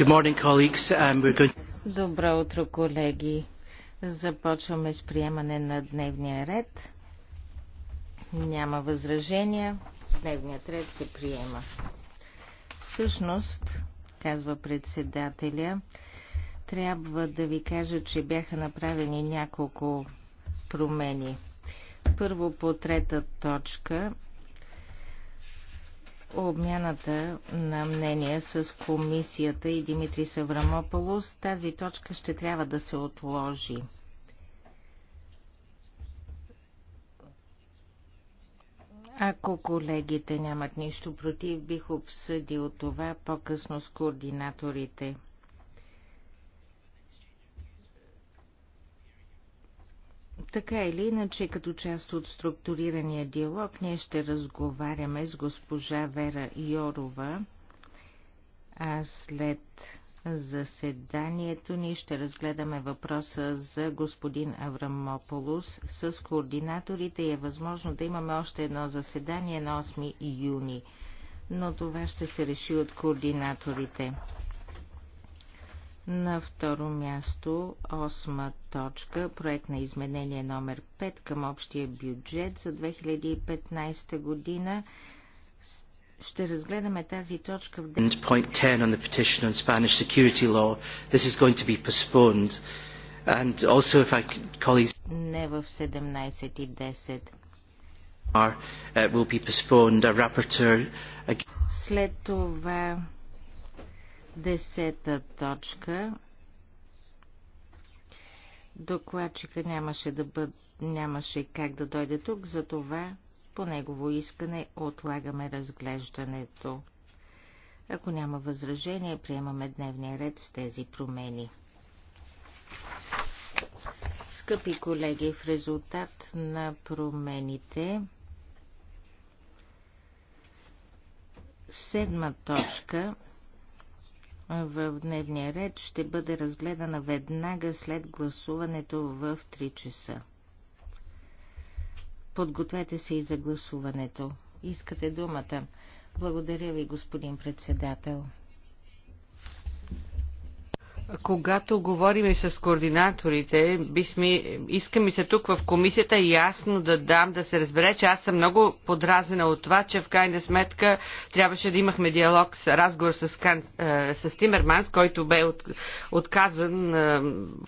Um, Добро утро, колеги. Започваме с приемане на дневния ред. Няма възражения. Дневният ред се приема. Всъщност, казва председателя, трябва да ви кажа, че бяха направени няколко промени. Първо по трета точка обмяната на мнение с комисията и Димитри Саврамополос, тази точка ще трябва да се отложи. Ако колегите нямат нищо против, бих обсъдил това по-късно с координаторите. Така или иначе, като част от структурирания диалог, ние ще разговаряме с госпожа Вера Йорова, а след заседанието ни ще разгледаме въпроса за господин Аврамополус с координаторите и е възможно да имаме още едно заседание на 8 юни, но това ще се реши от координаторите. На второ място, осма точка, проект на изменение номер 5 към общия бюджет за 2015 година. Ще разгледаме тази точка в... Point 10 on the petition on Spanish security law. This is going to be postponed. And also if I could, colleagues... Не в 17.10. Are, uh, will be postponed. A rapporteur... След това Десета точка. Докладчика нямаше, да бъд... нямаше как да дойде тук, затова по негово искане отлагаме разглеждането. Ако няма възражение, приемаме дневния ред с тези промени. Скъпи колеги, в резултат на промените, седма точка – в дневния ред ще бъде разгледана веднага след гласуването в 3 часа. Подгответе се и за гласуването. Искате думата. Благодаря ви, господин председател. Когато говорим и с координаторите, ми, иска ми се тук в комисията ясно да дам, да се разбере, че аз съм много подразена от това, че в крайна сметка трябваше да имахме диалог, с, разговор с, Кан, е, с Тимерманс, който бе от, отказан е,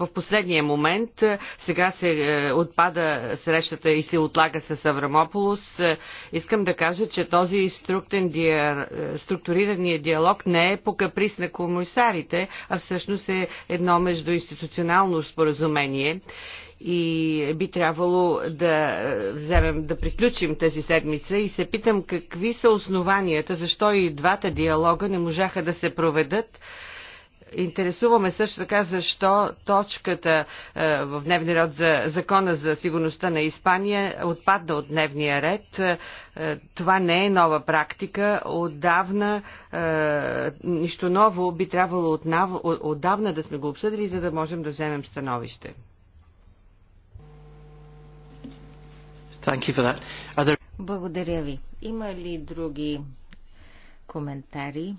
в последния момент. Сега се е, отпада срещата и се отлага с Аврамополос. Искам да кажа, че този структурирания диалог не е по каприз на комисарите, а всъщност се едно междуинституционално споразумение и би трябвало да е, вземем, да приключим тази седмица и се питам какви са основанията, защо и двата диалога не можаха да се проведат интересуваме също така защо точката е, в дневния ред за закона за сигурността на Испания отпадна от дневния ред. Е, това не е нова практика. Отдавна е, нищо ново би трябвало отдавна да сме го обсъдили, за да можем да вземем становище. There... Благодаря ви. Има ли други коментари?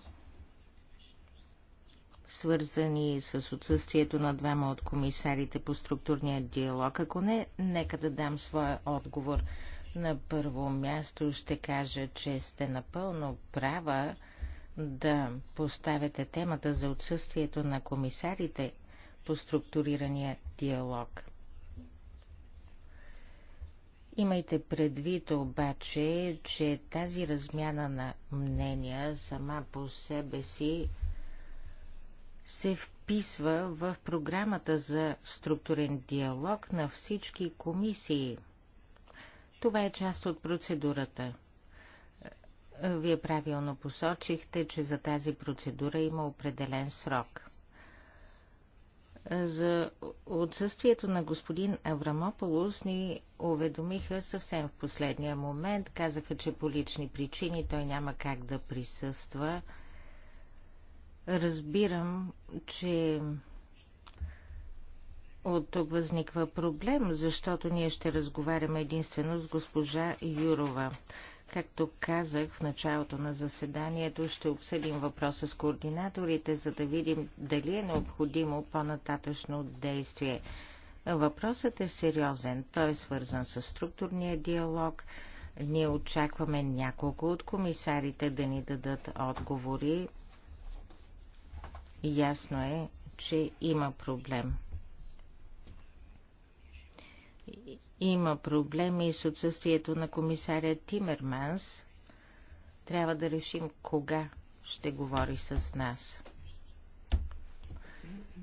свързани с отсъствието на двама от комисарите по структурния диалог. Ако не, нека да дам своя отговор. На първо място ще кажа, че сте напълно права да поставяте темата за отсъствието на комисарите по структурирания диалог. Имайте предвид обаче, че тази размяна на мнения сама по себе си се вписва в програмата за структурен диалог на всички комисии. Това е част от процедурата. Вие правилно посочихте, че за тази процедура има определен срок. За отсъствието на господин Аврамополус ни уведомиха съвсем в последния момент. Казаха, че по лични причини той няма как да присъства. Разбирам, че от тук възниква проблем, защото ние ще разговаряме единствено с госпожа Юрова. Както казах в началото на заседанието, ще обсъдим въпроса с координаторите, за да видим дали е необходимо по-нататъчно действие. Въпросът е сериозен. Той е свързан с структурния диалог. Ние очакваме няколко от комисарите да ни дадат отговори Ясно е, че има проблем. Има проблеми и с отсъствието на комисаря Тимерманс. Трябва да решим кога ще говори с нас.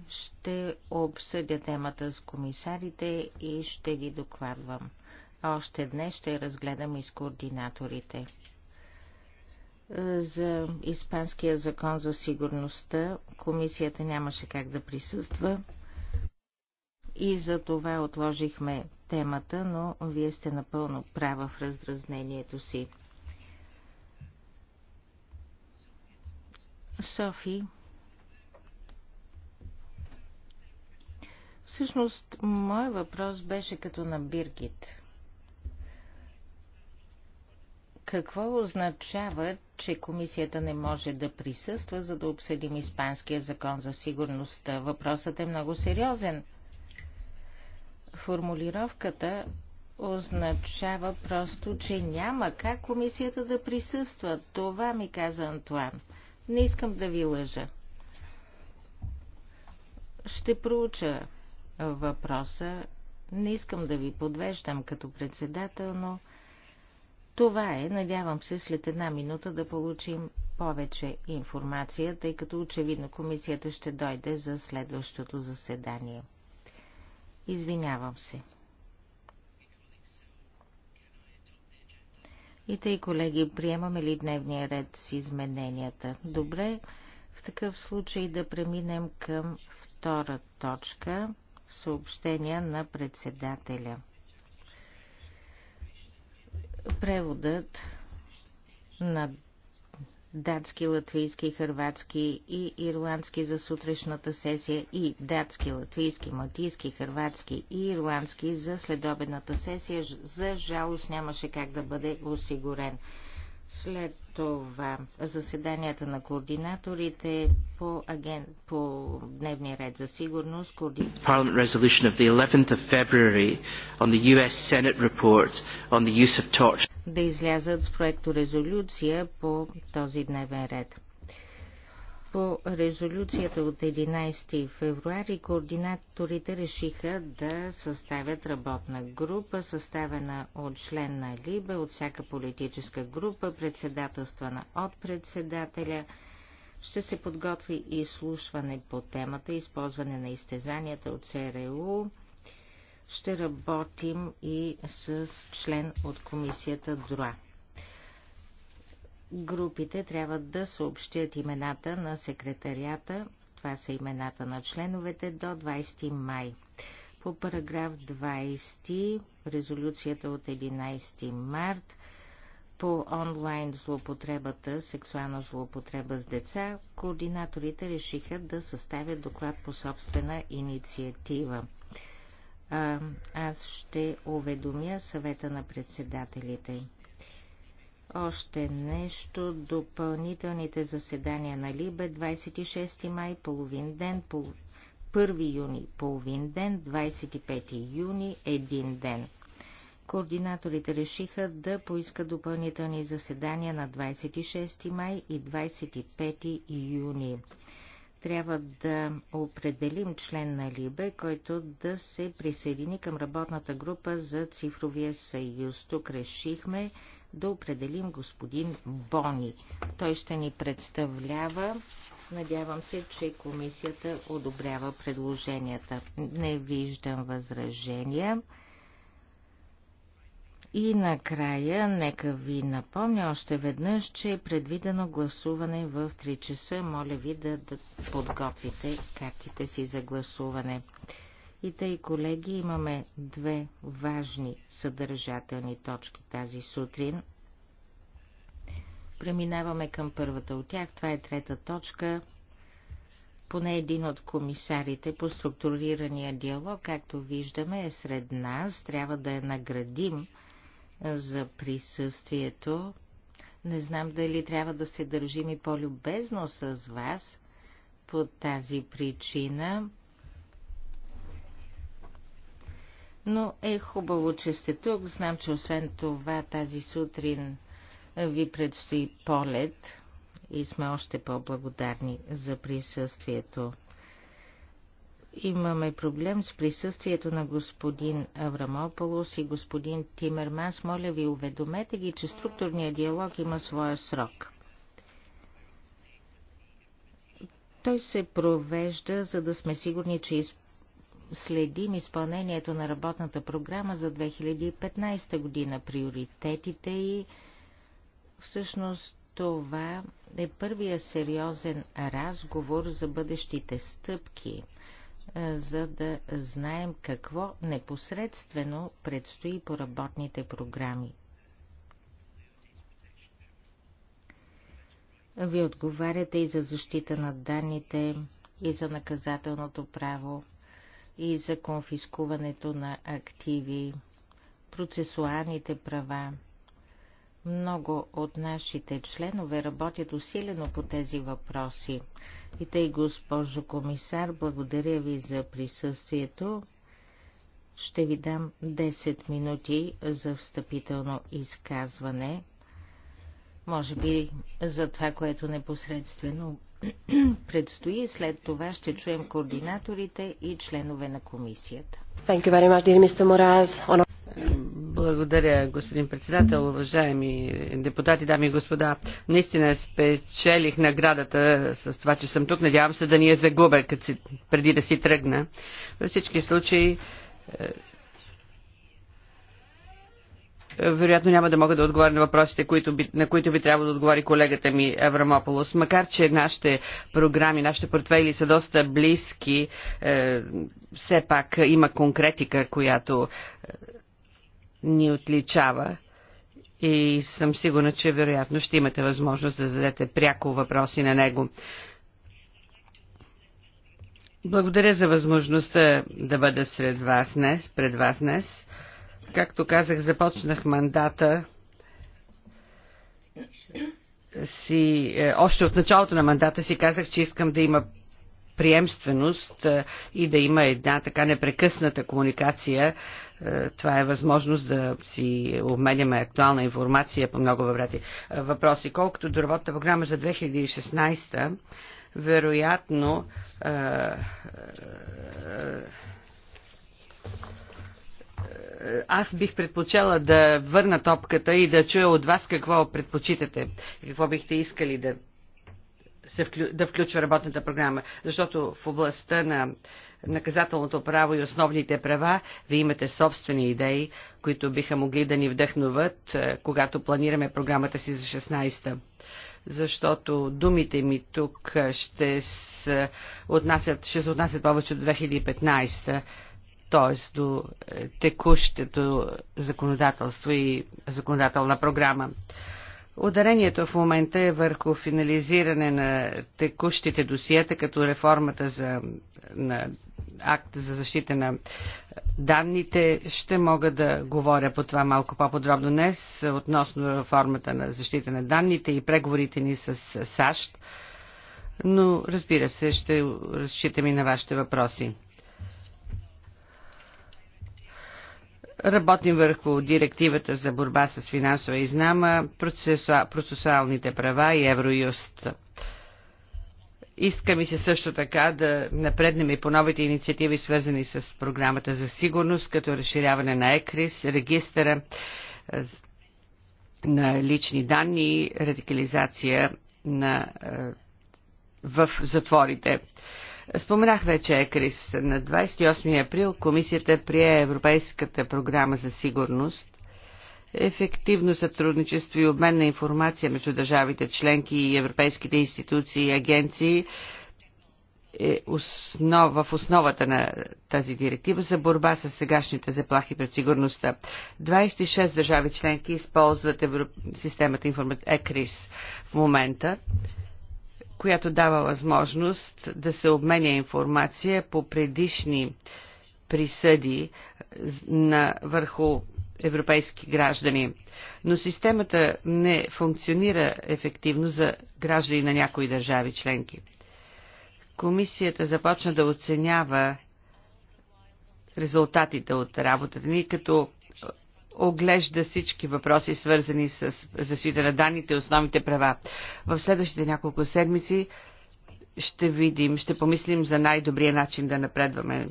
Ще обсъдя темата с комисарите и ще ви докладвам. Още днес ще разгледам и с координаторите за Испанския закон за сигурността. Комисията нямаше как да присъства и за това отложихме темата, но вие сте напълно права в раздразнението си. Софи, всъщност, мой въпрос беше като на Биргит – Какво означава, че комисията не може да присъства, за да обсъдим Испанския закон за сигурността? Въпросът е много сериозен. Формулировката означава просто, че няма как комисията да присъства. Това ми каза Антуан. Не искам да ви лъжа. Ще проуча въпроса. Не искам да ви подвеждам като председател, но това е, надявам се, след една минута да получим повече информация, тъй като очевидно комисията ще дойде за следващото заседание. Извинявам се. И тъй, колеги, приемаме ли дневния ред с измененията? Добре, в такъв случай да преминем към втора точка – съобщения на председателя – Преводът на датски, латвийски, хърватски и ирландски за сутрешната сесия и датски, латвийски, матийски, хърватски и ирландски за следобедната сесия, за жалост нямаше как да бъде осигурен. След това заседанията на координаторите по, аген... по дневния ред за сигурност. Коорди... 11 of February on the US Senate report on the use of torture. Да излязат с проекто резолюция по този дневен ред. По резолюцията от 11 февруари координаторите решиха да съставят работна група, съставена от член на Либе, от всяка политическа група, председателствана от председателя. Ще се подготви и слушване по темата използване на изтезанията от ЦРУ. Е Ще работим и с член от комисията ДРА. Групите трябва да съобщят имената на секретарията, това са имената на членовете, до 20 май. По параграф 20, резолюцията от 11 март, по онлайн злоупотребата, сексуална злоупотреба с деца, координаторите решиха да съставят доклад по собствена инициатива. А, аз ще уведомя съвета на председателите. Още нещо, допълнителните заседания на Либе 26 май, половин ден, пол... 1 юни, половин ден, 25 юни, един ден. Координаторите решиха да поискат допълнителни заседания на 26 май и 25 юни. Трябва да определим член на Либе, който да се присъедини към работната група за цифровия съюз. Тук решихме, да определим господин Бони. Той ще ни представлява. Надявам се, че комисията одобрява предложенията. Не виждам възражения. И накрая, нека ви напомня още веднъж, че е предвидено гласуване в 3 часа. Моля ви да подготвите картите си за гласуване. И тъй, колеги, имаме две важни съдържателни точки тази сутрин. Преминаваме към първата от тях. Това е трета точка. Поне един от комисарите по структурирания диалог, както виждаме, е сред нас. Трябва да я наградим за присъствието. Не знам дали трябва да се държим и по-любезно с вас по тази причина. но е хубаво, че сте тук. Знам, че освен това тази сутрин ви предстои полет и сме още по-благодарни за присъствието. Имаме проблем с присъствието на господин Аврамополос и господин Тимермас. Моля ви, уведомете ги, че структурният диалог има своя срок. Той се провежда, за да сме сигурни, че изпълняваме следим изпълнението на работната програма за 2015 година, приоритетите и всъщност това е първия сериозен разговор за бъдещите стъпки, е, за да знаем какво непосредствено предстои по работните програми. Ви отговаряте и за защита на данните, и за наказателното право, и за конфискуването на активи, процесуалните права. Много от нашите членове работят усилено по тези въпроси. И тъй, госпожо комисар, благодаря ви за присъствието. Ще ви дам 10 минути за встъпително изказване. Може би за това, което непосредствено предстои. След това ще чуем координаторите и членове на комисията. Благодаря, господин председател, уважаеми депутати, дами и господа. Наистина спечелих наградата с това, че съм тук. Надявам се да ни я загубя преди да си тръгна. Във всички случаи вероятно няма да мога да отговоря на въпросите, които би, на които би трябвало да отговори колегата ми Аврамополос. Макар, че нашите програми, нашите портфели са доста близки, е, все пак има конкретика, която е, ни отличава. И съм сигурна, че вероятно ще имате възможност да зададете пряко въпроси на него. Благодаря за възможността да бъда сред вас днес, пред вас днес. Както казах, започнах мандата си, е, още от началото на мандата си казах, че искам да има приемственост е, и да има една така непрекъсната комуникация. Е, това е възможност да си обменяме актуална информация по много въврати въпроси. Колкото до работата програма за 2016, вероятно е, аз бих предпочела да върна топката и да чуя от вас какво предпочитате, какво бихте искали да, се вклю, да включва работната програма. Защото в областта на наказателното право и основните права, вие имате собствени идеи, които биха могли да ни вдъхнуват, е, когато планираме програмата си за 16-та. Защото думите ми тук ще се отнасят, ще се отнасят повече до 2015 т.е. до е, текущето законодателство и законодателна програма. Ударението в момента е върху финализиране на текущите досиета, като реформата за на акт за защита на данните. Ще мога да говоря по това малко по-подробно днес относно реформата на защита на данните и преговорите ни с САЩ. Но разбира се, ще разчитам и на вашите въпроси. Работим върху директивата за борба с финансова изнама, процесуалните права и Евроюст. Иска ми се също така да напреднем и по новите инициативи, свързани с програмата за сигурност, като разширяване на ЕКРИС, регистъра е, на лични данни и радикализация на, е, в затворите. Споменах вече ЕКРИС. На 28 април комисията прие Европейската програма за сигурност ефективно сътрудничество и обмен на информация между държавите членки и европейските институции и агенции е основ, в основата на тази директива за борба с сегашните заплахи пред сигурността. 26 държави членки използват Европ... системата информат... ЕКРИС в момента която дава възможност да се обменя информация по предишни присъди на, върху европейски граждани. Но системата не функционира ефективно за граждани на някои държави членки. Комисията започна да оценява резултатите от работата ни, като оглежда всички въпроси, свързани с защита на данните и основните права. В следващите няколко седмици ще видим, ще помислим за най-добрия начин да напредваме.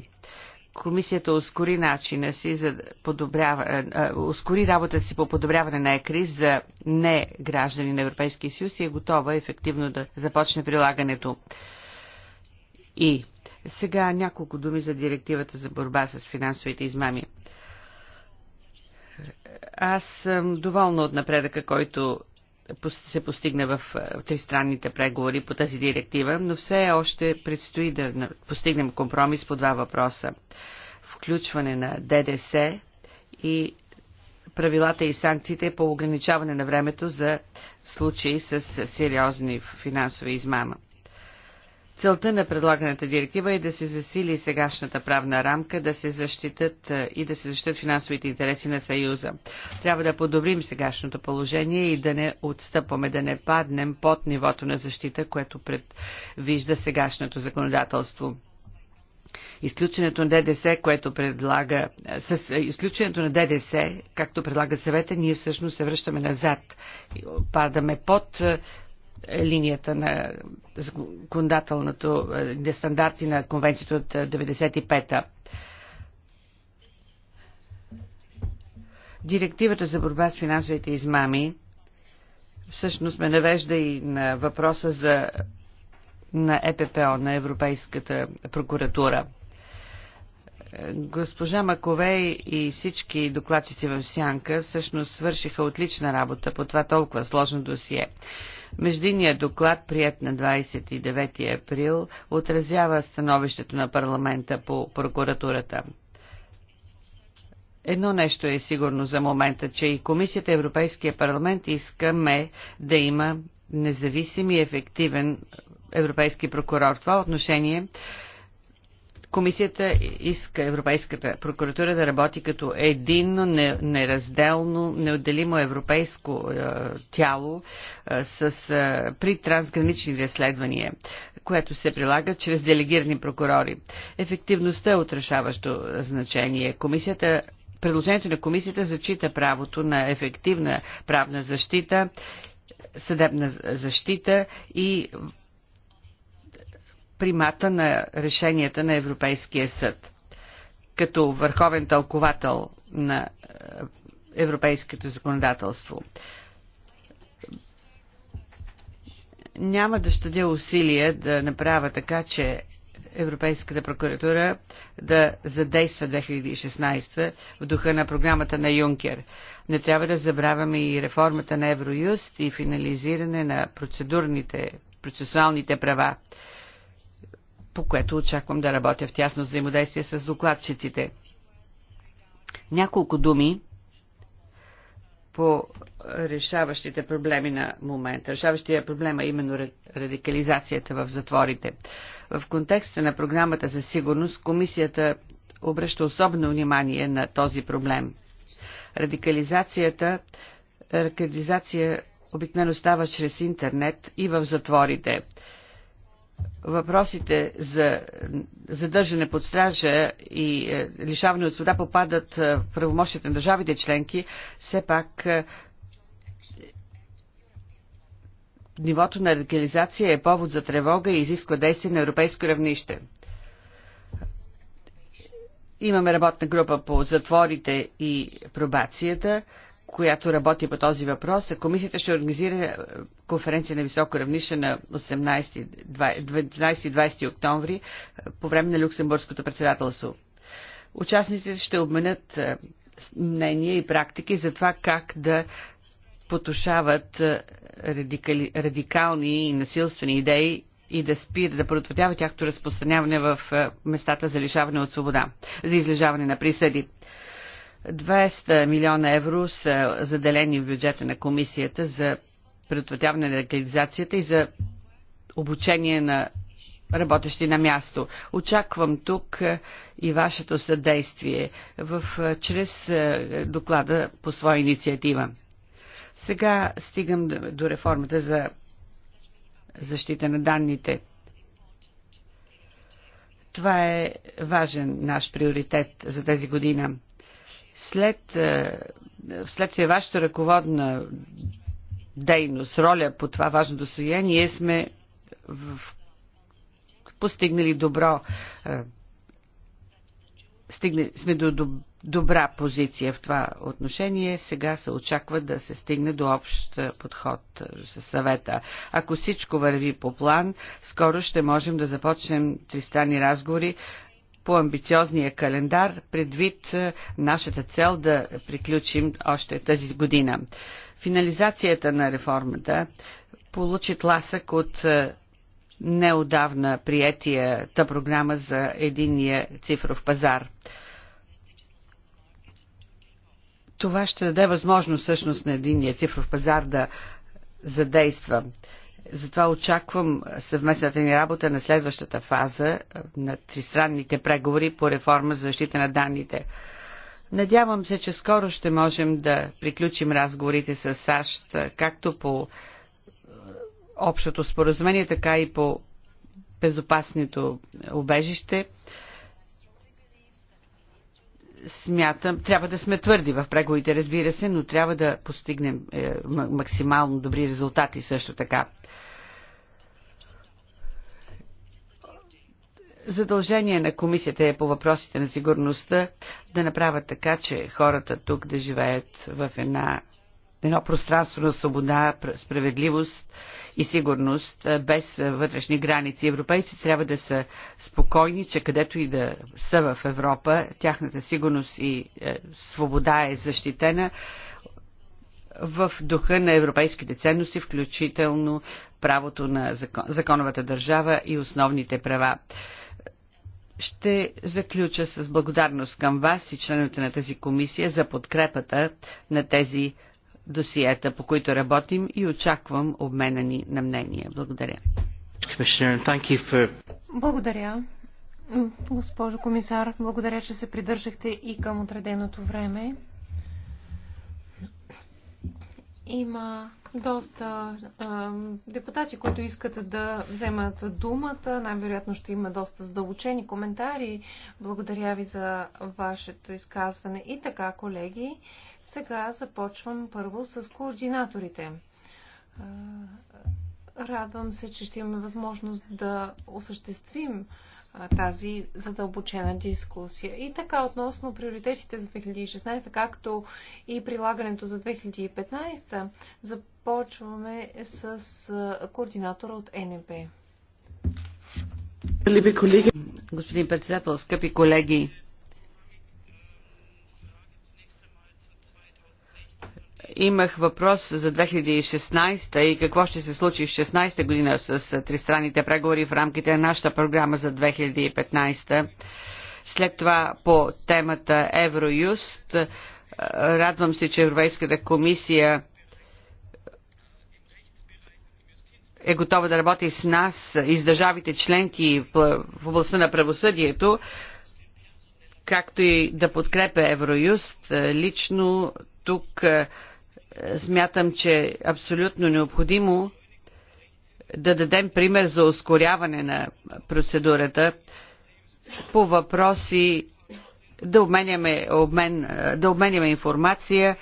Комисията ускори начина си за подобряване, е, ускори работата си по подобряване на ЕКРИС за не граждани на Европейския съюз и е готова ефективно да започне прилагането. И сега няколко думи за директивата за борба с финансовите измами. Аз съм доволна от напредъка, който се постигна в тристранните преговори по тази директива, но все още предстои да постигнем компромис по два въпроса. Включване на ДДС и правилата и санкциите по ограничаване на времето за случаи с сериозни финансови измама. Целта на предлаганата директива е да се засили сегашната правна рамка, да се защитат е, и да се защитат финансовите интереси на Съюза. Трябва да подобрим сегашното положение и да не отстъпваме, да не паднем под нивото на защита, което предвижда сегашното законодателство. Изключването на ДДС, което предлага, е, с е, изключването на ДДС, както предлага съвета, ние всъщност се връщаме назад. Падаме под е линията на законодателното е, стандарти на конвенцията от 95-та. Е, Директивата за борба с финансовите измами всъщност ме навежда и на въпроса за на ЕППО, на Европейската прокуратура. Госпожа Маковей и всички докладчици в Сянка всъщност свършиха отлична работа по това толкова сложно досие. Междиният доклад, прият на 29 април, отразява становището на парламента по прокуратурата. Едно нещо е сигурно за момента, че и Комисията Европейския парламент искаме да има независим и ефективен европейски прокурор. В това отношение Комисията иска Европейската прокуратура да работи като единно, неразделно, неотделимо европейско е, тяло е, с, е, при трансгранични разследвания, което се прилага чрез делегирани прокурори. Ефективността е отрешаващо значение. Комисията Предложението на комисията зачита правото на ефективна правна защита съдебна защита и примата на решенията на Европейския съд, като върховен тълковател на е, европейското законодателство. Няма да щадя усилия да направя така, че Европейската прокуратура да задейства 2016 в духа на програмата на Юнкер. Не трябва да забравяме и реформата на Евроюст и финализиране на процедурните, процесуалните права по което очаквам да работя в тясно взаимодействие с докладчиците. Няколко думи по решаващите проблеми на момента. Решаващия проблем е именно радикализацията в затворите. В контекста на програмата за сигурност, комисията обръща особено внимание на този проблем. Радикализацията радикализация обикновено става чрез интернет и в затворите въпросите за задържане под стража и е, лишаване от свобода попадат е, в правомощите на държавите членки, все пак е, нивото на радикализация е повод за тревога и изисква действие на европейско равнище. Имаме работна група по затворите и пробацията която работи по този въпрос. Е, комисията ще организира е, конференция на високо равнище на 18-20 октомври е, по време на Люксембургското председателство. Участниците ще обменят мнения и практики за това как да потушават радикали, радикални и насилствени идеи и да спира, да предотвратява тяхното разпространяване в местата за лишаване от свобода, за излежаване на присъди. 200 милиона евро са заделени в бюджета на комисията за предотвратяване на легализацията и за обучение на работещи на място. Очаквам тук е, и вашето съдействие в, е, чрез е, доклада по своя инициатива. Сега стигам до реформата за защита на данните. Това е важен наш приоритет за тази година. След, е, вследствие вашата ръководна дейност, роля по това важно досие, ние сме в, постигнали добро е, стигне, сме до добра позиция в това отношение. Сега се очаква да се стигне до общ е, подход със съвета. Ако всичко върви по план, скоро ще можем да започнем тристани разговори по амбициозния календар, предвид е, нашата цел да приключим още тази година. Финализацията на реформата получи тласък от е, неодавна приятията програма за единния цифров пазар. Това ще даде възможност всъщност на единния цифров пазар да задейства. Затова очаквам съвместната ни работа на следващата фаза е, на тристранните преговори по реформа за защита на данните. Надявам се, че скоро ще можем да приключим разговорите с САЩ, е, както по е, общото споразумение, така и по безопасното убежище смятам, трябва да сме твърди в преговорите, разбира се, но трябва да постигнем е, максимално добри резултати също така. Задължение на комисията е по въпросите на сигурността да направят така, че хората тук да живеят в една, едно пространство на свобода, справедливост и сигурност без вътрешни граници. Европейци трябва да са спокойни, че където и да са в Европа, тяхната сигурност и е, свобода е защитена в духа на европейските ценности, включително правото на закон, законовата държава и основните права. Ще заключа с благодарност към вас и членовете на тази комисия за подкрепата на тези досиета, по които работим и очаквам обмена ни на мнение. Благодаря. Благодаря. Госпожо комисар, благодаря, че се придържахте и към отреденото време. Има доста е, депутати, които искат да вземат думата. Най-вероятно ще има доста задълбочени коментари. Благодаря ви за вашето изказване. И така, колеги, сега започвам първо с координаторите. Радвам се, че ще имаме възможност да осъществим тази задълбочена дискусия. И така, относно приоритетите за 2016, както и прилагането за 2015, започваме с координатора от НП. Господин председател, скъпи колеги, Имах въпрос за 2016 и какво ще се случи в 16 година с тристранните преговори в рамките на нашата програма за 2015. След това по темата Евроюст. Радвам се, че Европейската комисия е готова да работи с нас и с държавите членки в областта на правосъдието, както и да подкрепя Евроюст. Лично тук Смятам, че е абсолютно необходимо да дадем пример за ускоряване на процедурата по въпроси, да обменяме, обмен, да обменяме информация.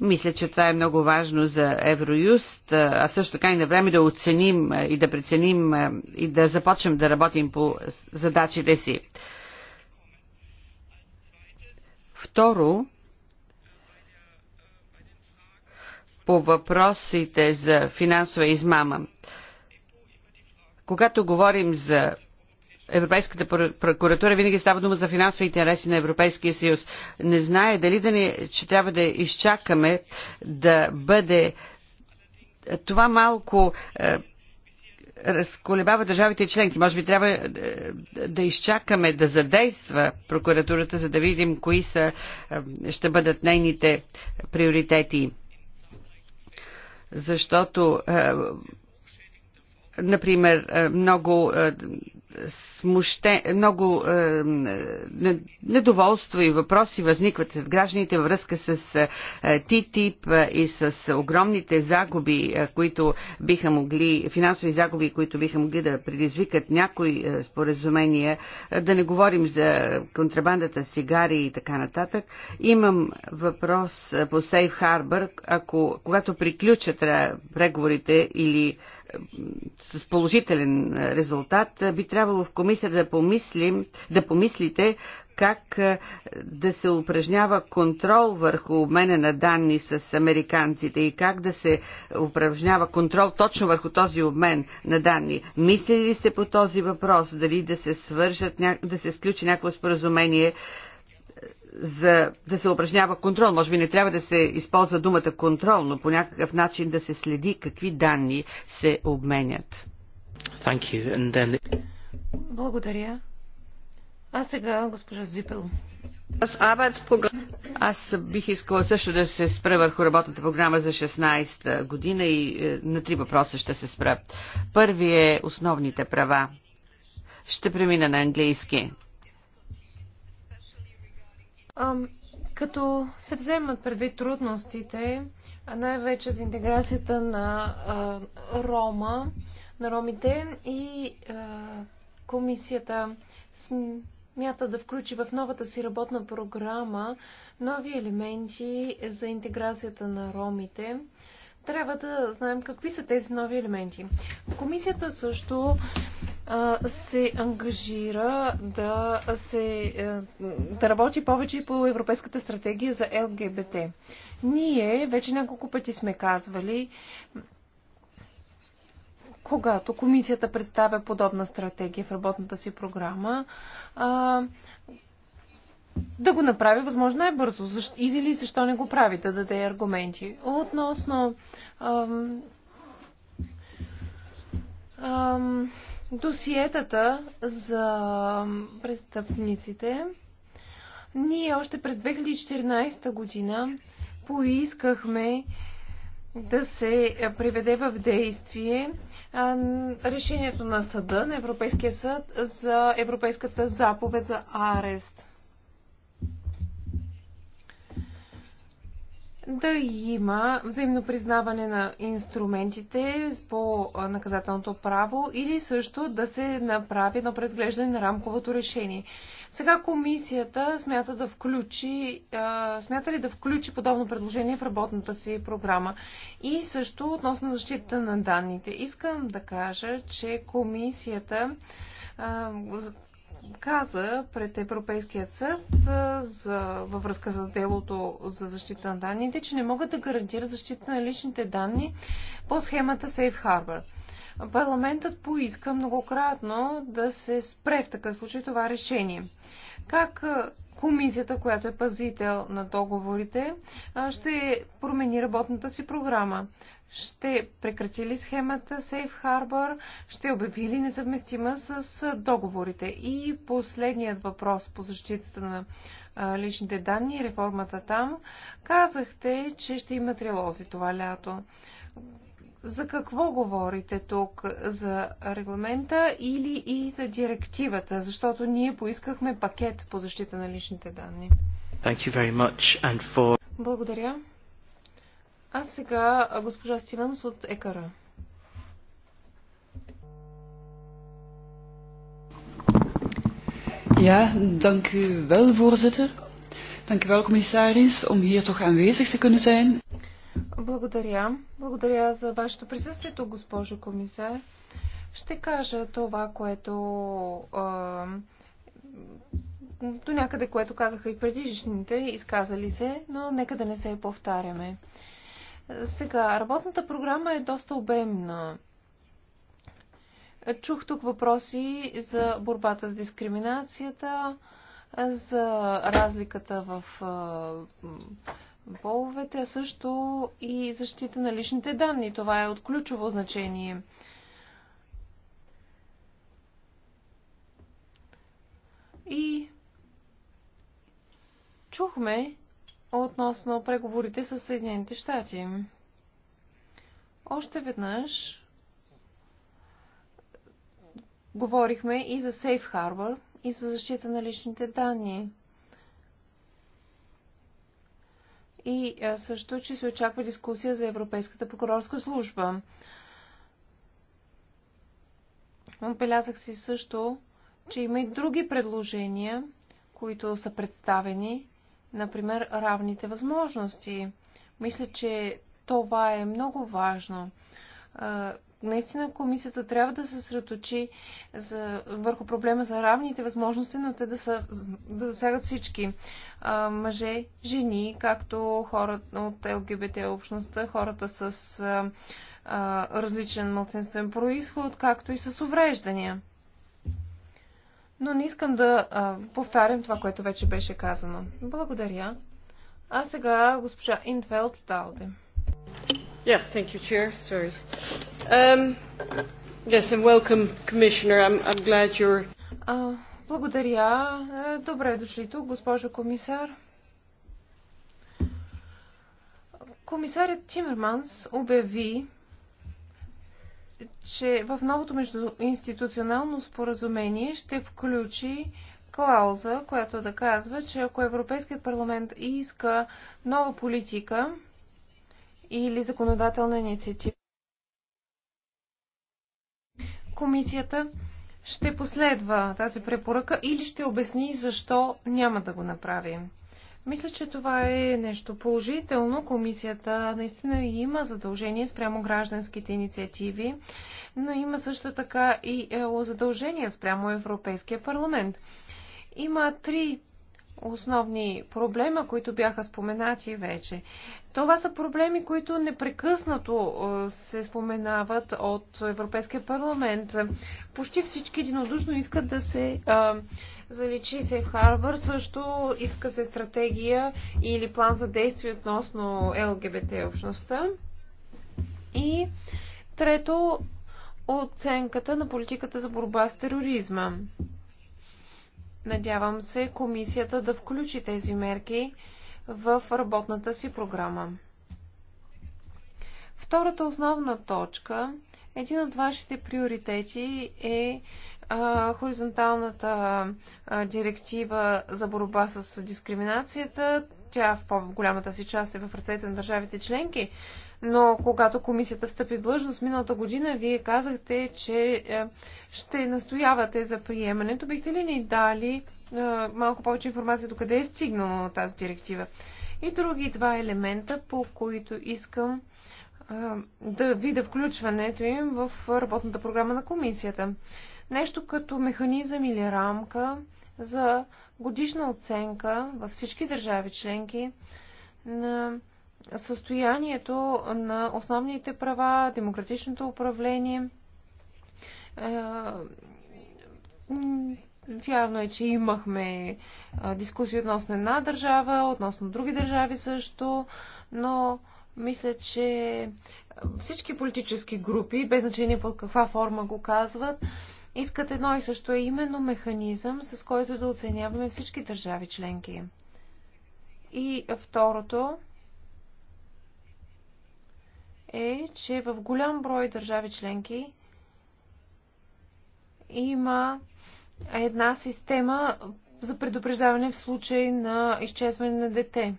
Мисля, че това е много важно за Евроюст, а също така и на време да оценим и да преценим и да започнем да работим по задачите си. Второ, по въпросите за финансова измама. Когато говорим за Европейската прокуратура винаги става дума за финансови интереси на Европейския съюз. Не знае дали да не, че трябва да изчакаме да бъде това малко е, разколебава държавите членки. Може би трябва е, да изчакаме да задейства прокуратурата, за да видим кои са, е, ще бъдат нейните приоритети защото е, например, е, много е, смуще, много е, недоволство и въпроси възникват с гражданите във връзка с е, ТИТИП и с огромните загуби, които биха могли, финансови загуби, които биха могли да предизвикат някои споразумения, да не говорим за контрабандата с и така нататък. Имам въпрос по Сейф Харбър, ако, когато приключат преговорите или с положителен резултат, би трябвало в комисията да, помислим, да помислите как да се упражнява контрол върху обмена на данни с американците и как да се упражнява контрол точно върху този обмен на данни. Мислили ли сте по този въпрос? Дали да се, свържат, да се сключи някакво споразумение? за да се упражнява контрол. Може би не трябва да се използва думата контрол, но по някакъв начин да се следи какви данни се обменят. Thank you. And then... Благодаря. А сега госпожа Зипел. Аз бих искала също да се спра върху работната програма за 16 година и е, на три въпроса ще се спра. Първи е основните права. Ще премина на английски като се вземат предвид трудностите, най-вече за интеграцията на Рома, на ромите и комисията смята да включи в новата си работна програма нови елементи за интеграцията на ромите. Трябва да знаем какви са тези нови елементи. Комисията също се ангажира да, се, е, да работи повече по Европейската стратегия за ЛГБТ. Ние вече няколко пъти сме казвали, когато комисията представя подобна стратегия в работната си програма, да го направи възможно най-бързо. Изили или защо не го прави, да даде аргументи. Относно ам, ам, досиетата за престъпниците, ние още през 2014 година поискахме да се приведе в действие решението на съда, на Европейския съд за Европейската заповед за арест. да има взаимно признаване на инструментите по наказателното право или също да се направи едно презглеждане на рамковото решение. Сега комисията смята да включи, смята ли да включи подобно предложение в работната си програма и също относно защита на данните. Искам да кажа, че комисията каза пред Европейският съд за, във връзка с делото за защита на данните, че не могат да гарантират защита на личните данни по схемата Safe Harbor. Парламентът поиска многократно да се спре в такъв случай това решение. Как комисията, която е пазител на договорите, ще промени работната си програма. Ще прекрати ли схемата Safe Harbor? Ще обяви ли незъвместима с договорите? И последният въпрос по защитата на личните данни и реформата там. Казахте, че ще има трилози това лято за какво говорите тук? За регламента или и за директивата? Защото ние поискахме пакет по защита на личните данни. Thank you very much and for... Благодаря. А сега госпожа Стивенс от ЕКАРА. Ja, dank u wel, voorzitter. Dank u wel, commissaris, om hier toch aanwezig te kunnen zijn. Благодаря. Благодаря за вашето присъствие, госпожо комисар. Ще кажа това, което а, до някъде, което казаха и предишните, изказали се, но нека да не се повтаряме. Сега, работната програма е доста обемна. Чух тук въпроси за борбата с дискриминацията, за разликата в половете, а също и защита на личните данни. Това е от ключово значение. И чухме относно преговорите с Съединените щати. Още веднъж говорихме и за Safe Harbor, и за защита на личните данни. и също, че се очаква дискусия за Европейската прокурорска служба. Отбелязах си също, че има и други предложения, които са представени, например равните възможности. Мисля, че това е много важно наистина комисията трябва да се съсредоточи върху проблема за равните възможности, но те да, са, да засягат всички а, мъже, жени, както хората от ЛГБТ общността, хората с а, а, различен мълцинствен происход, както и с увреждания. Но не искам да а, повтарям това, което вече беше казано. Благодаря. А сега госпожа Интвелд Талде. Yes, thank you, Chair. Sorry. Um, благодаря. Е, добре дошли тук, госпожо комисар. Комисарят Тимерманс обяви, че в новото междуинституционално споразумение ще включи клауза, която да казва, че ако Европейският парламент иска нова политика или законодателна инициатива, комисията ще последва тази препоръка или ще обясни защо няма да го направи. Мисля, че това е нещо положително. Комисията наистина има задължение спрямо гражданските инициативи, но има също така и е, задължение спрямо Европейския парламент. Има три основни проблема, които бяха споменати вече. Това са проблеми, които непрекъснато е, се споменават от Европейския парламент. Почти всички единодушно искат да се а, е, заличи Сейф Харбър, също иска се стратегия или план за действие относно ЛГБТ общността. И трето, оценката на политиката за борба с тероризма. Надявам се комисията да включи тези мерки в работната си програма. Втората основна точка, един от вашите приоритети е а, хоризонталната а, директива за борба с дискриминацията. Тя в по-голямата си част е в ръцете на държавите членки, но когато комисията встъпи в длъжност миналата година, вие казахте, че е, ще настоявате за приемането. Бихте ли ни дали е, малко повече информация до къде е стигнала тази директива? И други два елемента, по които искам е, да видя включването им в работната програма на комисията. Нещо като механизъм или рамка за годишна оценка във всички държави членки на състоянието на основните права, демократичното управление. Вярно е, че имахме дискусии относно една държава, относно други държави също, но мисля, че всички политически групи, без значение под каква форма го казват, искат едно и също е именно механизъм, с който да оценяваме всички държави членки. И второто, е, че в голям брой държави членки има една система за предупреждаване в случай на изчезване на дете.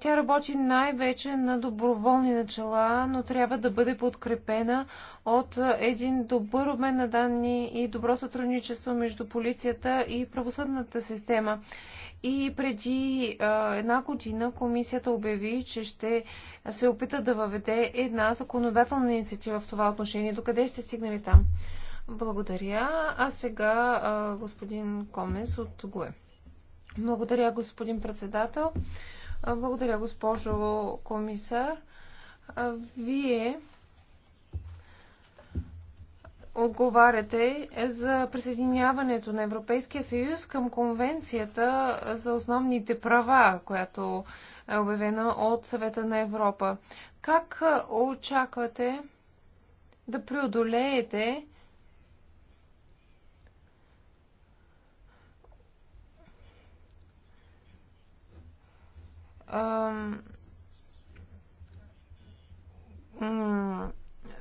Тя работи най-вече на доброволни начала, но трябва да бъде подкрепена от един добър обмен на данни и добро сътрудничество между полицията и правосъдната система. И преди а, една година комисията обяви, че ще се опита да въведе една законодателна инициатива в това отношение. Докъде сте стигнали там? Благодаря. А сега а, господин Комес от ГУЕ. Благодаря, господин председател. Благодаря, госпожо комисар. Вие отговаряте за присъединяването на Европейския съюз към Конвенцията за основните права, която е обявена от Съвета на Европа. Как очаквате да преодолеете ам,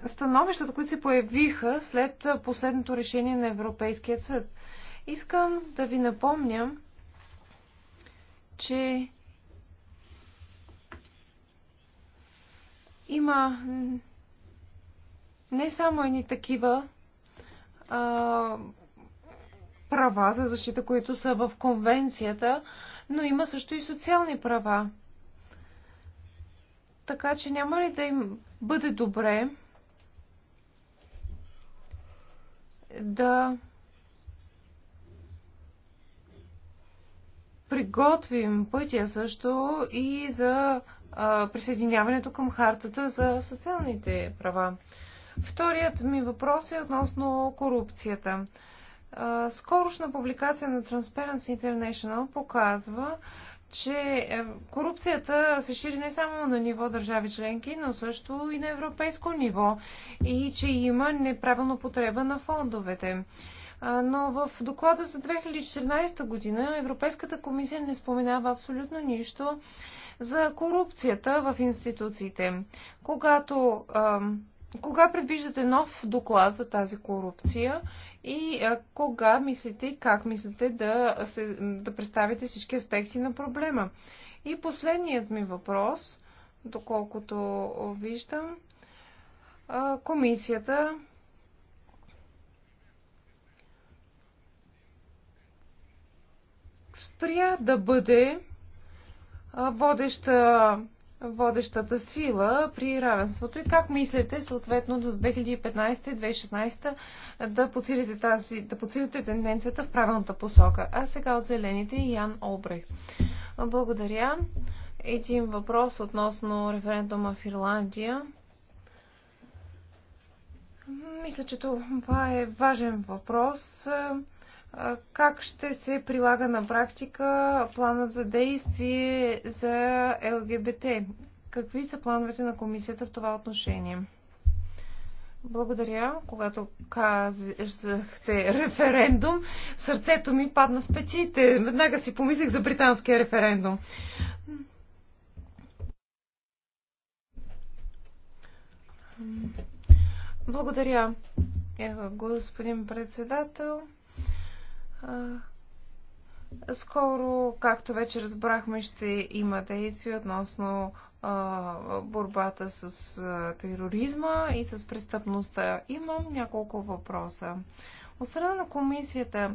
становищата, които се появиха след последното решение на Европейския съд. Искам да ви напомня, че има не само едни такива а, права за защита, които са в конвенцията, но има също и социални права. Така че няма ли да им бъде добре да приготвим пътя също и за присъединяването към хартата за социалните права. Вторият ми въпрос е относно корупцията. скорошна публикация на Transparency International показва, че е, корупцията се шири не само на ниво държави членки, но също и на европейско ниво и че има неправилно потреба на фондовете. Но в доклада за 2014 година Европейската комисия не споменава абсолютно нищо за корупцията в институциите. Когато, кога предвиждате нов доклад за тази корупция и а, кога мислите и как мислите да, се, да представите всички аспекти на проблема. И последният ми въпрос, доколкото виждам, а, комисията спря да бъде водеща водещата сила при равенството и как мислите съответно с 2015-2016 да подсилите, тази, да подсилите тенденцията в правилната посока. А сега от зелените Ян Обрех. Благодаря. Един въпрос относно референдума в Ирландия. Мисля, че това е важен въпрос как ще се прилага на практика планът за действие за ЛГБТ? Какви са плановете на комисията в това отношение? Благодаря. Когато казахте референдум, сърцето ми падна в петите. Веднага си помислих за британския референдум. Благодаря, господин председател. Скоро, както вече разбрахме, ще има действия относно а, борбата с а, тероризма и с престъпността. Имам няколко въпроса. От страна на комисията,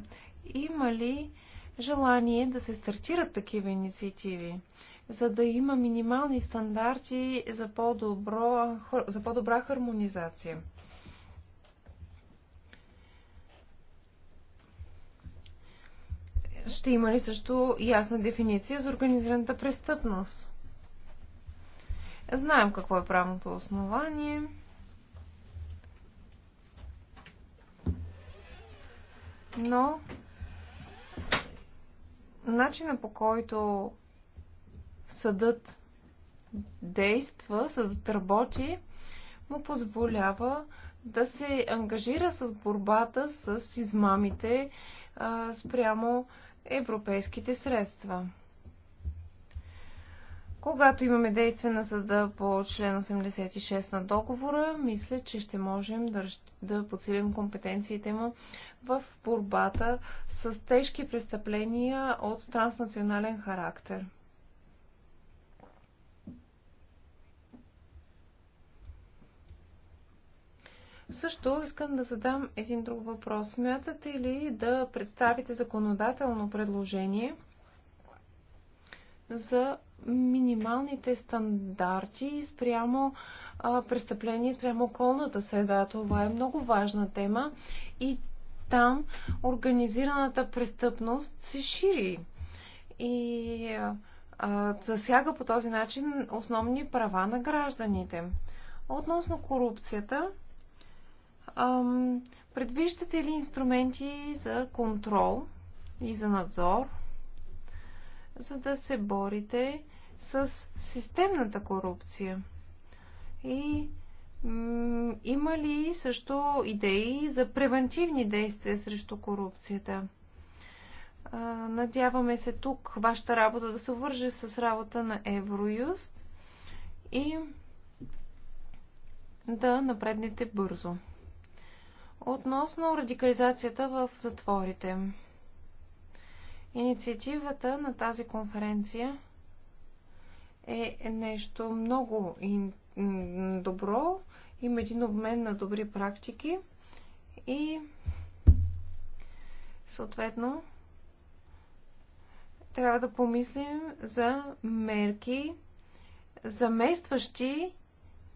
има ли желание да се стартират такива инициативи, за да има минимални стандарти за, по за по-добра хармонизация? ще има ли също ясна дефиниция за организираната престъпност? Знаем какво е правното основание. Но начина по който съдът действа, съдът работи, му позволява да се ангажира с борбата с измамите а, спрямо европейските средства. Когато имаме действие на съда по член 86 на договора, мисля, че ще можем да, да подсилим компетенциите му в борбата с тежки престъпления от транснационален характер. Също искам да задам един друг въпрос. Смятате ли да представите законодателно предложение за минималните стандарти спрямо а, престъпление, спрямо околната среда? Това е много важна тема и там организираната престъпност се шири и а, засяга по този начин основни права на гражданите. Относно корупцията, Ам, предвиждате ли инструменти за контрол и за надзор, за да се борите с системната корупция? И има ли също идеи за превентивни действия срещу корупцията? Надяваме се тук вашата работа да се върже с работа на Евроюст и да напреднете бързо. Относно радикализацията в затворите. Инициативата на тази конференция е нещо много добро. Има един обмен на добри практики и съответно трябва да помислим за мерки, заместващи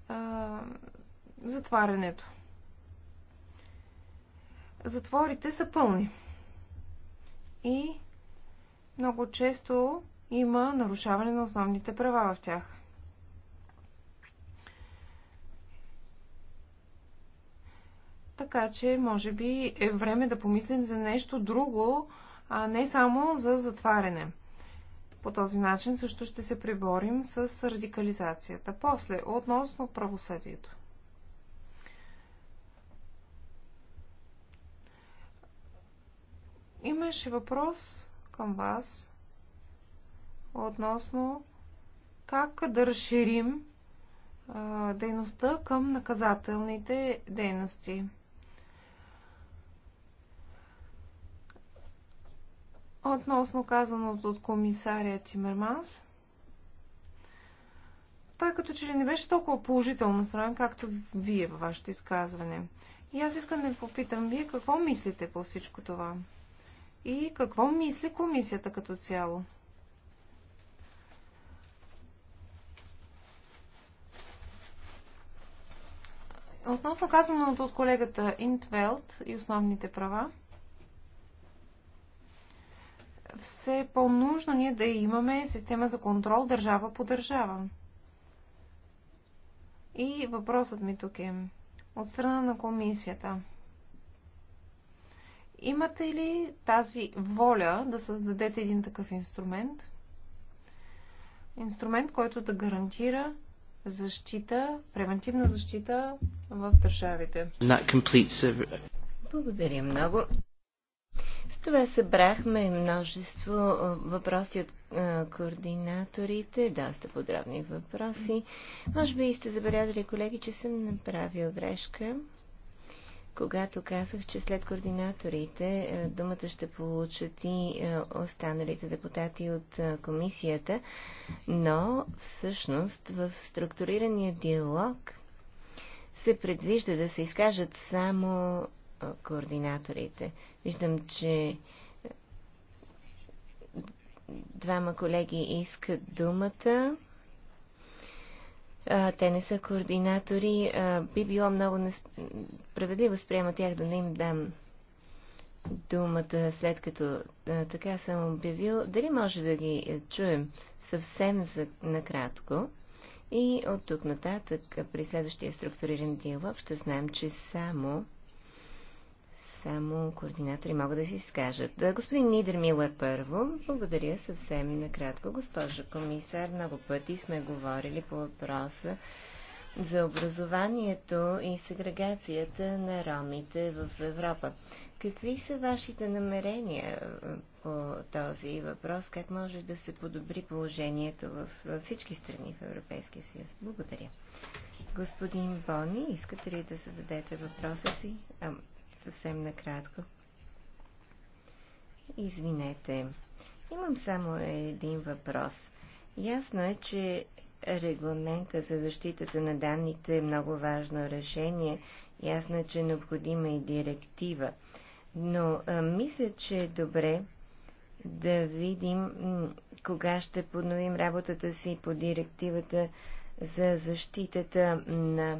а, затварянето затворите са пълни. И много често има нарушаване на основните права в тях. Така че, може би е време да помислим за нещо друго, а не само за затваряне. По този начин също ще се приборим с радикализацията. После, относно правосъдието. Имаше въпрос към вас относно как да разширим а, дейността към наказателните дейности. Относно казаното от комисаря Тимерманс, той като че ли не беше толкова положително настроен, както вие във вашето изказване. И аз искам да ви попитам, вие какво мислите по всичко това? и какво мисли комисията като цяло. Относно казаното от колегата Интвелт и основните права, все по-нужно ние да имаме система за контрол държава по държава. И въпросът ми тук е от страна на комисията – Имате ли тази воля да създадете един такъв инструмент? Инструмент, който да гарантира защита, превентивна защита в държавите. Благодаря много. С това събрахме множество въпроси от координаторите, доста подробни въпроси. Може би сте забелязали, колеги, че съм направил грешка когато казах, че след координаторите е, думата ще получат и е, останалите депутати от е, комисията, но всъщност в структурирания диалог се предвижда да се изкажат само координаторите. Виждам, че двама колеги искат думата а, те не са координатори, а, би било много справедливо, спрямо тях да не им дам думата, след като а, така съм обявил. Дали може да ги е, чуем съвсем за, накратко? И от тук нататък, при следващия структуриран диалог, ще знаем, че само само координатори могат да си скажат. Господин Нидермилер първо, благодаря съвсем накратко. Госпожа комисар, много пъти сме говорили по въпроса за образованието и сегрегацията на ромите в Европа. Какви са вашите намерения по този въпрос? Как може да се подобри положението в всички страни в Европейския съюз? Благодаря. Господин Бони, искате ли да зададете въпроса си? А, съвсем накратко. Извинете, имам само един въпрос. Ясно е, че регламента за защитата на данните е много важно решение. Ясно е, че е необходима и директива. Но а, мисля, че е добре да видим кога ще подновим работата си по директивата за защитата на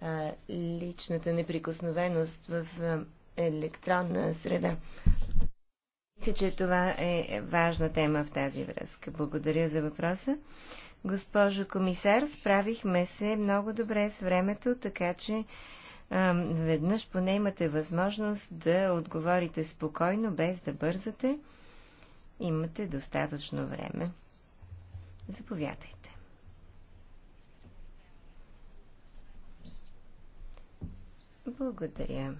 а, личната неприкосновеност в а, електронна среда. Мисля, че това е важна тема в тази връзка. Благодаря за въпроса. Госпожо комисар, справихме се много добре с времето, така че а, веднъж поне имате възможност да отговорите спокойно, без да бързате. Имате достатъчно време. Заповядайте. Благодаря.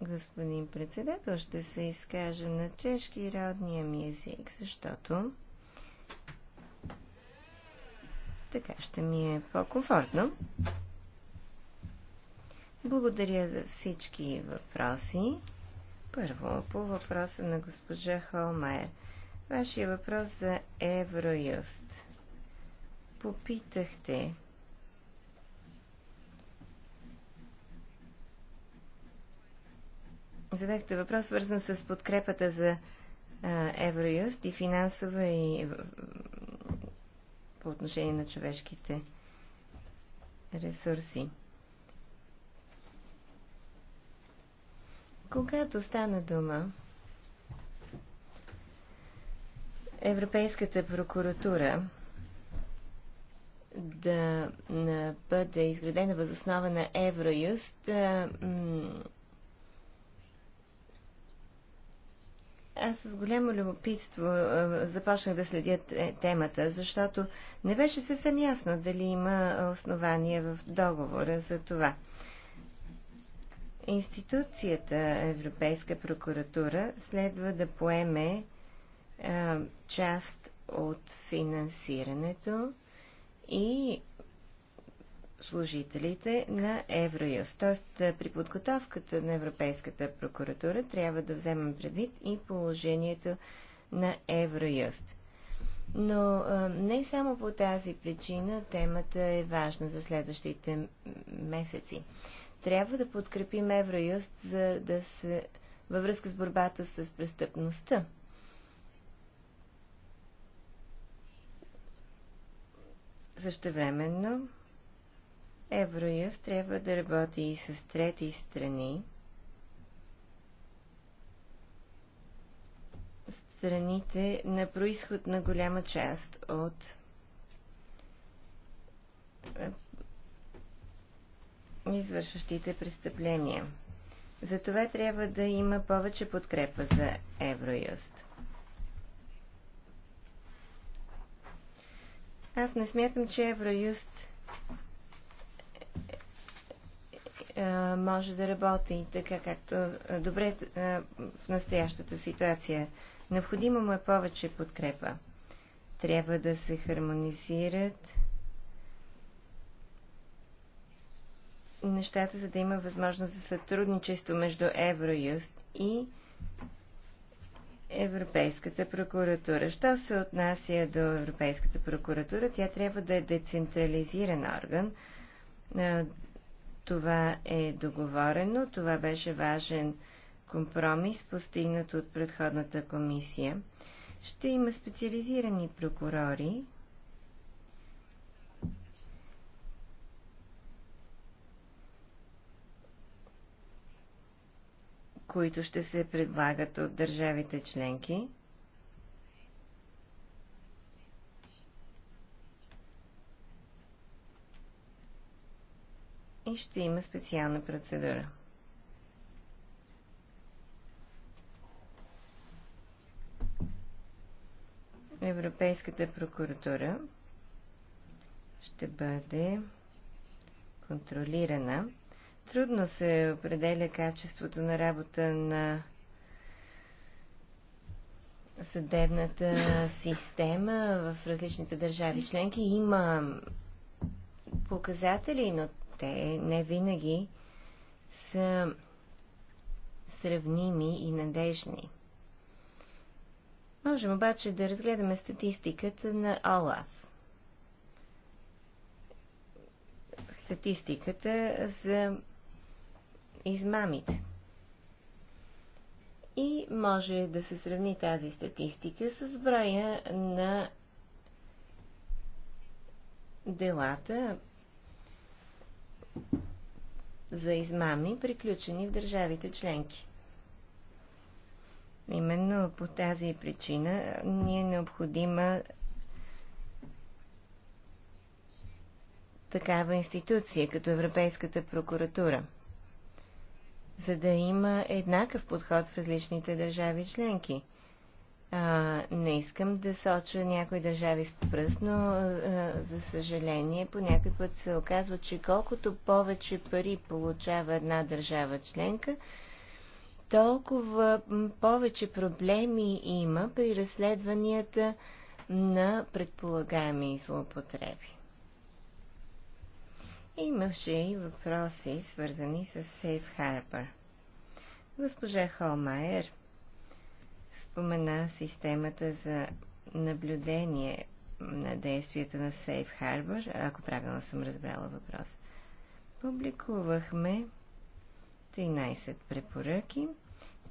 Господин председател, ще се изкажа на чешки родния ми език, защото така ще ми е по-комфортно. Благодаря за всички въпроси. Първо, по въпроса на госпожа Холмайер. Вашия въпрос за Евроюст. Попитахте задахте въпрос, свързан с подкрепата за Евроюст и финансова и по отношение на човешките ресурси. Когато стана дума, Европейската прокуратура да бъде изградена възоснова на Евроюст, Аз с голямо любопитство започнах да следя е, темата, защото не беше съвсем ясно дали има основания в договора за това. Институцията Европейска прокуратура следва да поеме част от финансирането и служителите на Евроюз. Тоест, е, при подготовката на Европейската прокуратура трябва да вземем предвид и положението на Евроюст. Но а, е, не само по тази причина темата е важна за следващите месеци. Трябва да подкрепим Евроюст за да се във връзка с борбата с престъпността. Същевременно, временно Евроюз трябва да работи и с трети страни, страните на происход на голяма част от е, извършващите престъпления. Затова трябва да има повече подкрепа за Евроюст. Аз не смятам, че Евроюст Е, може да работи така, както е, добре е, в настоящата ситуация. Необходимо му е повече подкрепа. Трябва да се хармонизират нещата, за да има възможност за сътрудничество между Евроюст и Европейската прокуратура. Що се отнася до Европейската прокуратура, тя трябва да е децентрализиран орган, това е договорено, това беше важен компромис, постигнат от предходната комисия. Ще има специализирани прокурори, които ще се предлагат от държавите членки. и ще има специална процедура. Европейската прокуратура ще бъде контролирана. Трудно се определя качеството на работа на съдебната система в различните държави членки. Има показатели, но те не винаги са сравними и надежни. Можем обаче да разгледаме статистиката на ОЛАФ. Статистиката за измамите. И може да се сравни тази статистика с броя на делата за измами, приключени в държавите членки. Именно по тази причина ни е необходима такава институция, като Европейската прокуратура, за да има еднакъв подход в различните държави членки – а, не искам да соча някои държави с пръст, но а, за съжаление по някой път се оказва, че колкото повече пари получава една държава членка, толкова повече проблеми има при разследванията на предполагаеми злоупотреби. Имаше и въпроси, свързани с Сейф Harbor. Госпожа Холмайер – спомена системата за наблюдение на действието на Safe Harbor, ако правилно съм разбрала въпрос. Публикувахме 13 препоръки,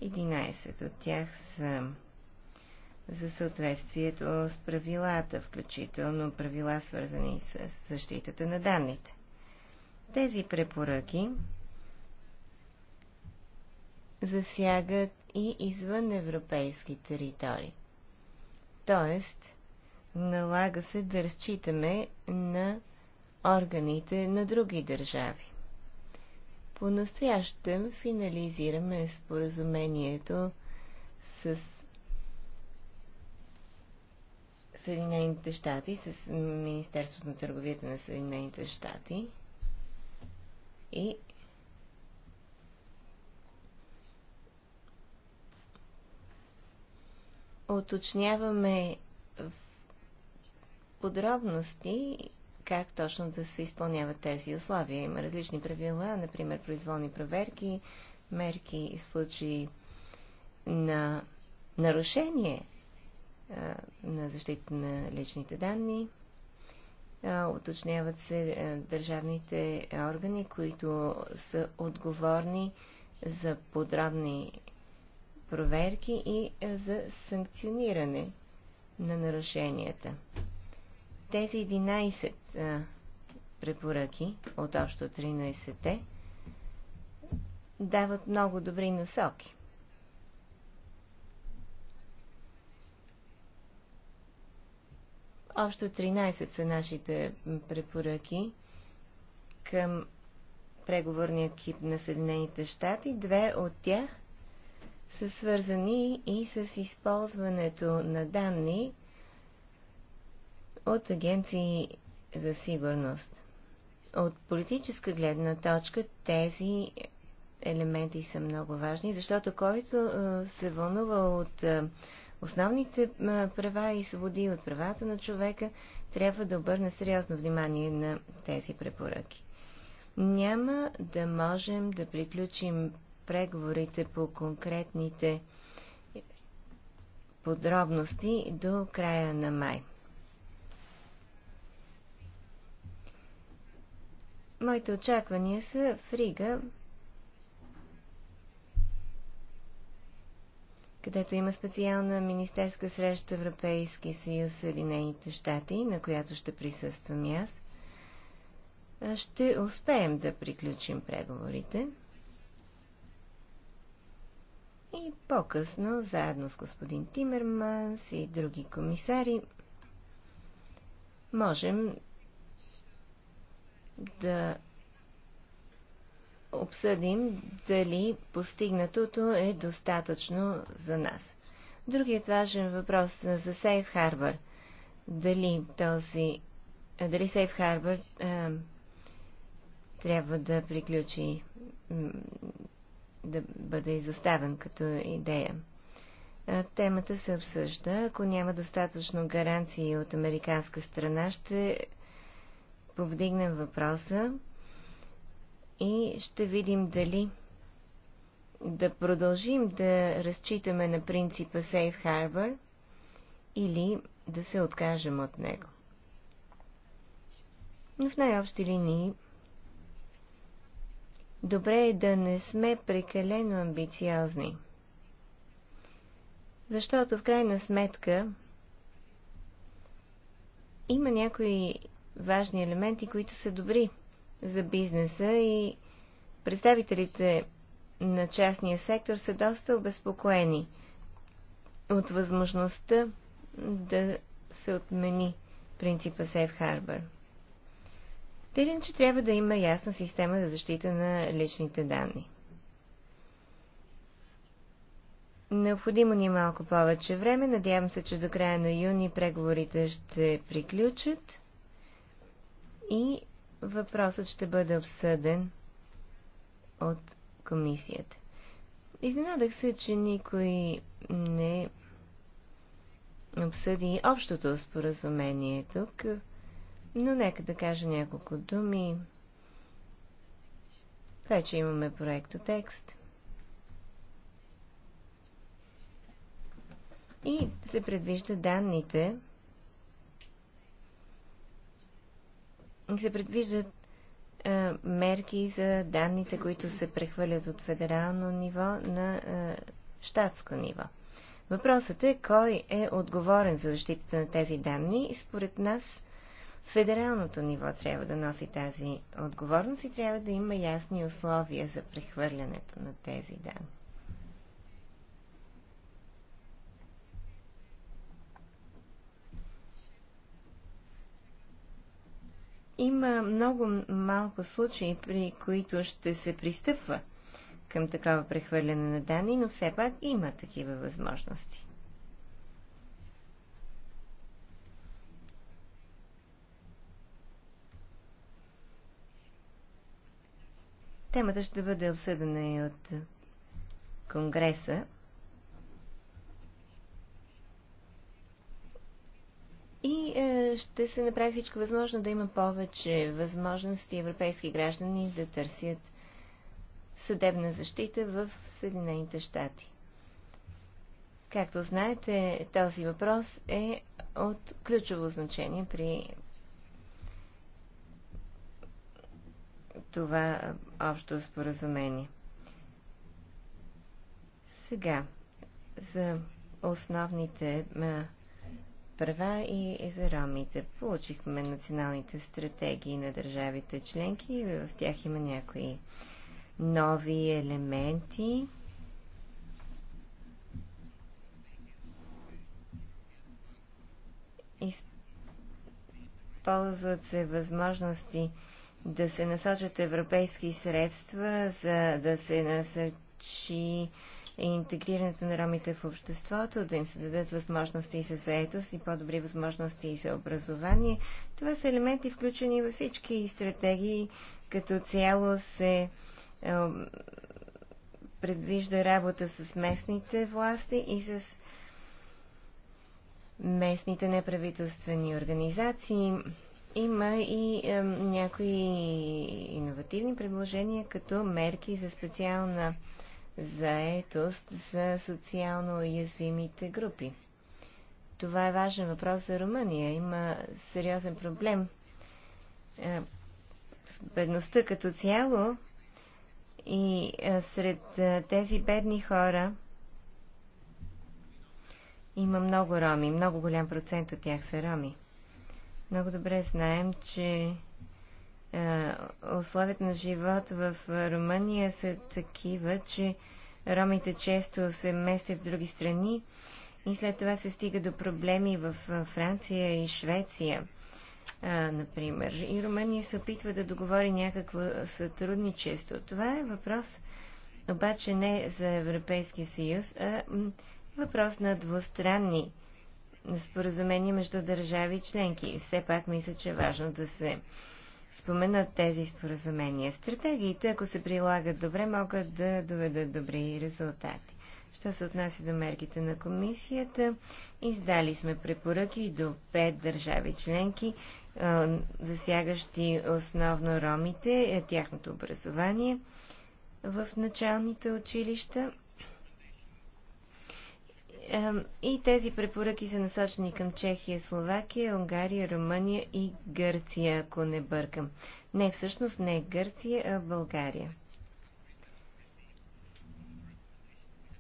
11 от тях са за съответствието с правилата, включително правила свързани с защитата на данните. Тези препоръки засягат и извън европейски територии. Тоест, налага се да разчитаме на органите на други държави. По-настоящем финализираме споразумението с Съединените щати, с Министерството на търговията на Съединените щати и Оточняваме в подробности как точно да се изпълняват тези условия. Има различни правила, например произволни проверки, мерки и случаи на нарушение на защита на личните данни. Оточняват уточняват се държавните органи, които са отговорни за подробни проверки и е, за санкциониране на нарушенията. Тези 11 а, е, препоръки от общо 13-те дават много добри насоки. Общо 13 са нашите препоръки към преговорния екип на Съединените щати. Две от тях са свързани и с използването на данни от агенции за сигурност. От политическа гледна точка тези елементи са много важни, защото който се вълнува от основните права и свободи, от правата на човека, трябва да обърне сериозно внимание на тези препоръки. Няма да можем да приключим преговорите по конкретните подробности до края на май. Моите очаквания са в Рига, където има специална министерска среща Европейски съюз Съединените щати, на която ще присъствам и аз. Ще успеем да приключим преговорите. И по-късно, заедно с господин Тимерманс и други комисари, можем да обсъдим дали постигнатото е достатъчно за нас. Другият важен въпрос за Сейф Харбър. Дали този... Дали Сейф Харбър трябва да приключи да бъде изоставен като идея. Темата се обсъжда. Ако няма достатъчно гаранции от американска страна, ще повдигнем въпроса и ще видим дали да продължим да разчитаме на принципа Safe Harbor или да се откажем от него. Но в най-общи линии Добре е да не сме прекалено амбициозни. Защото в крайна сметка има някои важни елементи, които са добри за бизнеса и представителите на частния сектор са доста обезпокоени от възможността да се отмени принципа Safe Harbor. Тъй че трябва да има ясна система за защита на личните данни. Необходимо ни е малко повече време. Надявам се, че до края на юни преговорите ще приключат и въпросът ще бъде обсъден от комисията. Изненадах се, че никой не обсъди общото споразумение тук. Но нека да кажа няколко думи. Вече имаме проекто текст. И се предвижда данните. Се предвиждат е, мерки за данните, които се прехвърлят от федерално ниво на е, щатско ниво. Въпросът е кой е отговорен за защитата на тези данни и според нас федералното ниво трябва да носи тази отговорност и трябва да има ясни условия за прехвърлянето на тези данни. Има много малко случаи, при които ще се пристъпва към такова прехвърляне на данни, но все пак има такива възможности. Темата ще бъде обсъдена и от Конгреса. И е, ще се направи всичко възможно да има повече възможности европейски граждани да търсят съдебна защита в Съединените щати. Както знаете, този въпрос е от ключово значение при това общо споразумение. Сега, за основните права и за ромите. Получихме националните стратегии на държавите членки и в тях има някои нови елементи. Използват се възможности да се насочат европейски средства, за да се насърчи интегрирането на ромите в обществото, да им се дадат възможности и за заетост и по-добри възможности и за образование. Това са елементи, включени във всички стратегии. Като цяло се е, предвижда работа с местните власти и с местните неправителствени организации. Има и е, някои иновативни предложения, като мерки за специална заетост за социално уязвимите групи. Това е важен въпрос за Румъния. Има сериозен проблем е, с бедността като цяло и е, сред е, тези бедни хора има много роми. Много голям процент от тях са роми. Много добре знаем, че е, условията на живот в е, Румъния са такива, че ромите често се местят в други страни и след това се стига до проблеми в е, Франция и Швеция, например. И Румъния се опитва да договори някакво сътрудничество. Това е въпрос обаче не за Европейския съюз, а въпрос на двустранни споразумения между държави и членки. Все пак мисля, че е важно да се споменат тези споразумения. Стратегиите, ако се прилагат добре, могат да доведат добри резултати. Що се отнася до мерките на комисията, издали сме препоръки до пет държави членки, засягащи основно ромите, тяхното образование в началните училища. И тези препоръки са насочени към Чехия, Словакия, Унгария, Румъния и Гърция, ако не бъркам. Не, всъщност не Гърция, а България.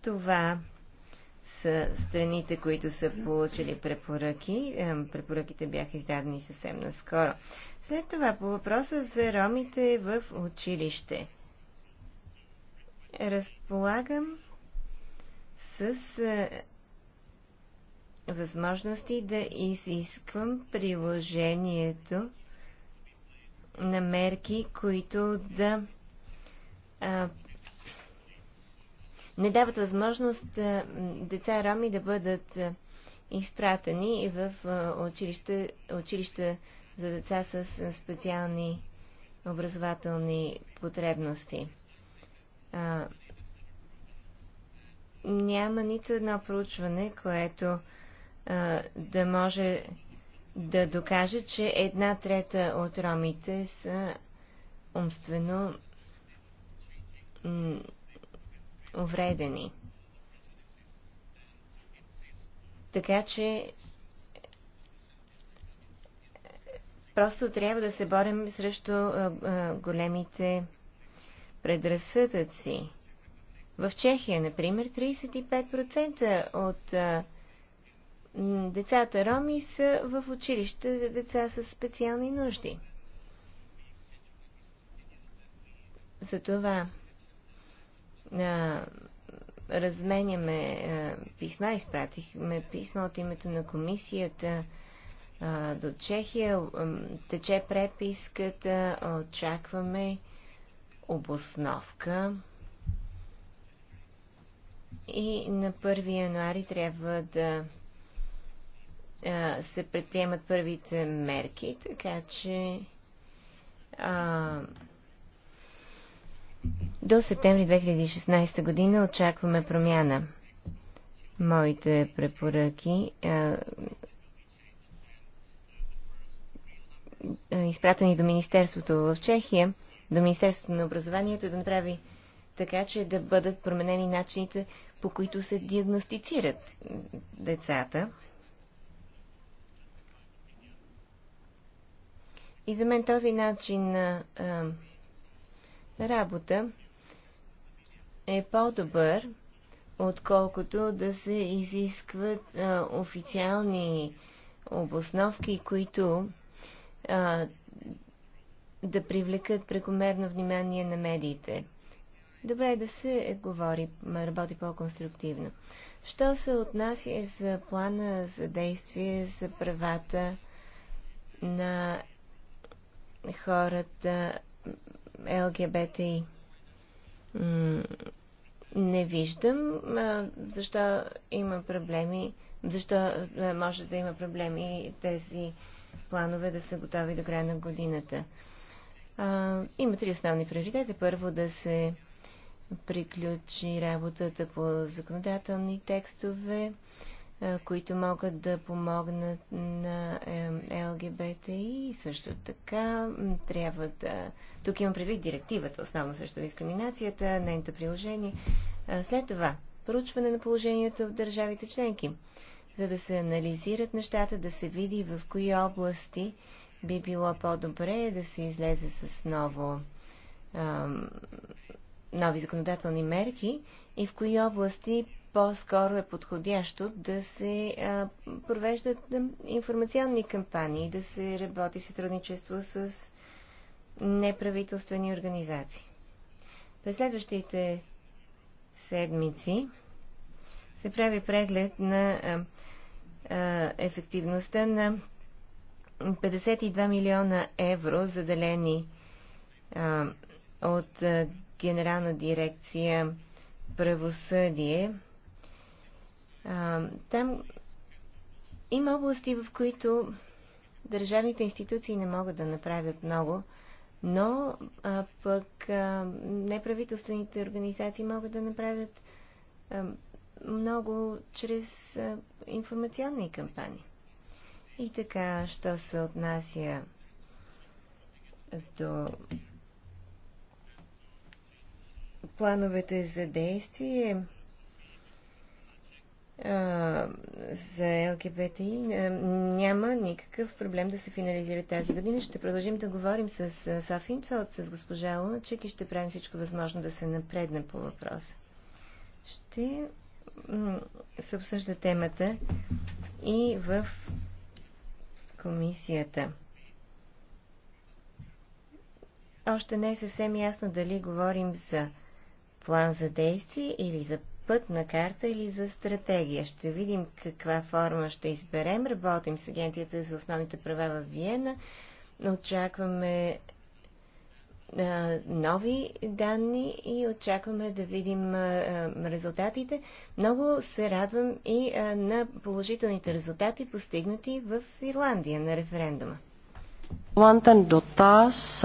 Това са страните, които са получили препоръки. Препоръките бяха издадени съвсем наскоро. След това по въпроса за ромите в училище. Разполагам с възможности да изисквам приложението на мерки, които да а, не дават възможност а, деца роми да бъдат а, изпратени в а, училище, училища за деца с а, специални образователни потребности. А, няма нито едно проучване, което да може да докаже, че една трета от ромите са умствено увредени. Така че просто трябва да се борим срещу а, а, големите предразсъдъци. В Чехия, например, 35% от а, децата роми са в училище за деца с специални нужди. Затова а, разменяме а, писма, изпратихме писма от името на комисията а, до Чехия, а, тече преписката, очакваме обосновка. И на 1 януари трябва да се предприемат първите мерки, така че а, до септември 2016 година очакваме промяна. Моите препоръки, а, изпратени до Министерството в Чехия, до Министерството на образованието, да направи така, че да бъдат променени начините, по които се диагностицират децата И за мен този начин на работа е по-добър, отколкото да се изискват а, официални обосновки, които а, да привлекат прекомерно внимание на медиите. Добре е да се говори, работи по-конструктивно. Що се отнася за плана за действие за правата на хората ЛГБТИ. Не виждам защо има проблеми, защо може да има проблеми тези планове да са готови до края на годината. Има три основни приоритета. Първо да се приключи работата по законодателни текстове, които могат да помогнат на е, ЛГБТ И също така трябва да... Тук имам предвид директивата, основно срещу дискриминацията, нейното приложение. След това, проучване на положението в държавите членки, за да се анализират нещата, да се види в кои области би било по-добре да се излезе с ново, ам, нови законодателни мерки и в кои области по-скоро е подходящо да се провеждат информационни кампании, да се работи в сътрудничество с неправителствени организации. През следващите седмици се прави преглед на а, а, ефективността на 52 милиона евро, заделени а, от Генерална дирекция правосъдие а, там има области, в които държавните институции не могат да направят много, но а, пък а, неправителствените организации могат да направят а, много чрез а, информационни кампании. И така, що се отнася до плановете за действие, за ЛГБТИ няма никакъв проблем да се финализира тази година. Ще продължим да говорим с Софи Инфелд, с госпожа Луначек и ще правим всичко възможно да се напредне по въпроса. Ще се обсъжда темата и в комисията. Още не е съвсем ясно дали говорим за план за действие или за пътна карта или за стратегия. Ще видим каква форма ще изберем. Работим с Агенцията за основните права в Виена. Очакваме а, нови данни и очакваме да видим а, резултатите. Много се радвам и а, на положителните резултати, постигнати в Ирландия на референдума. Mám ten dotaz,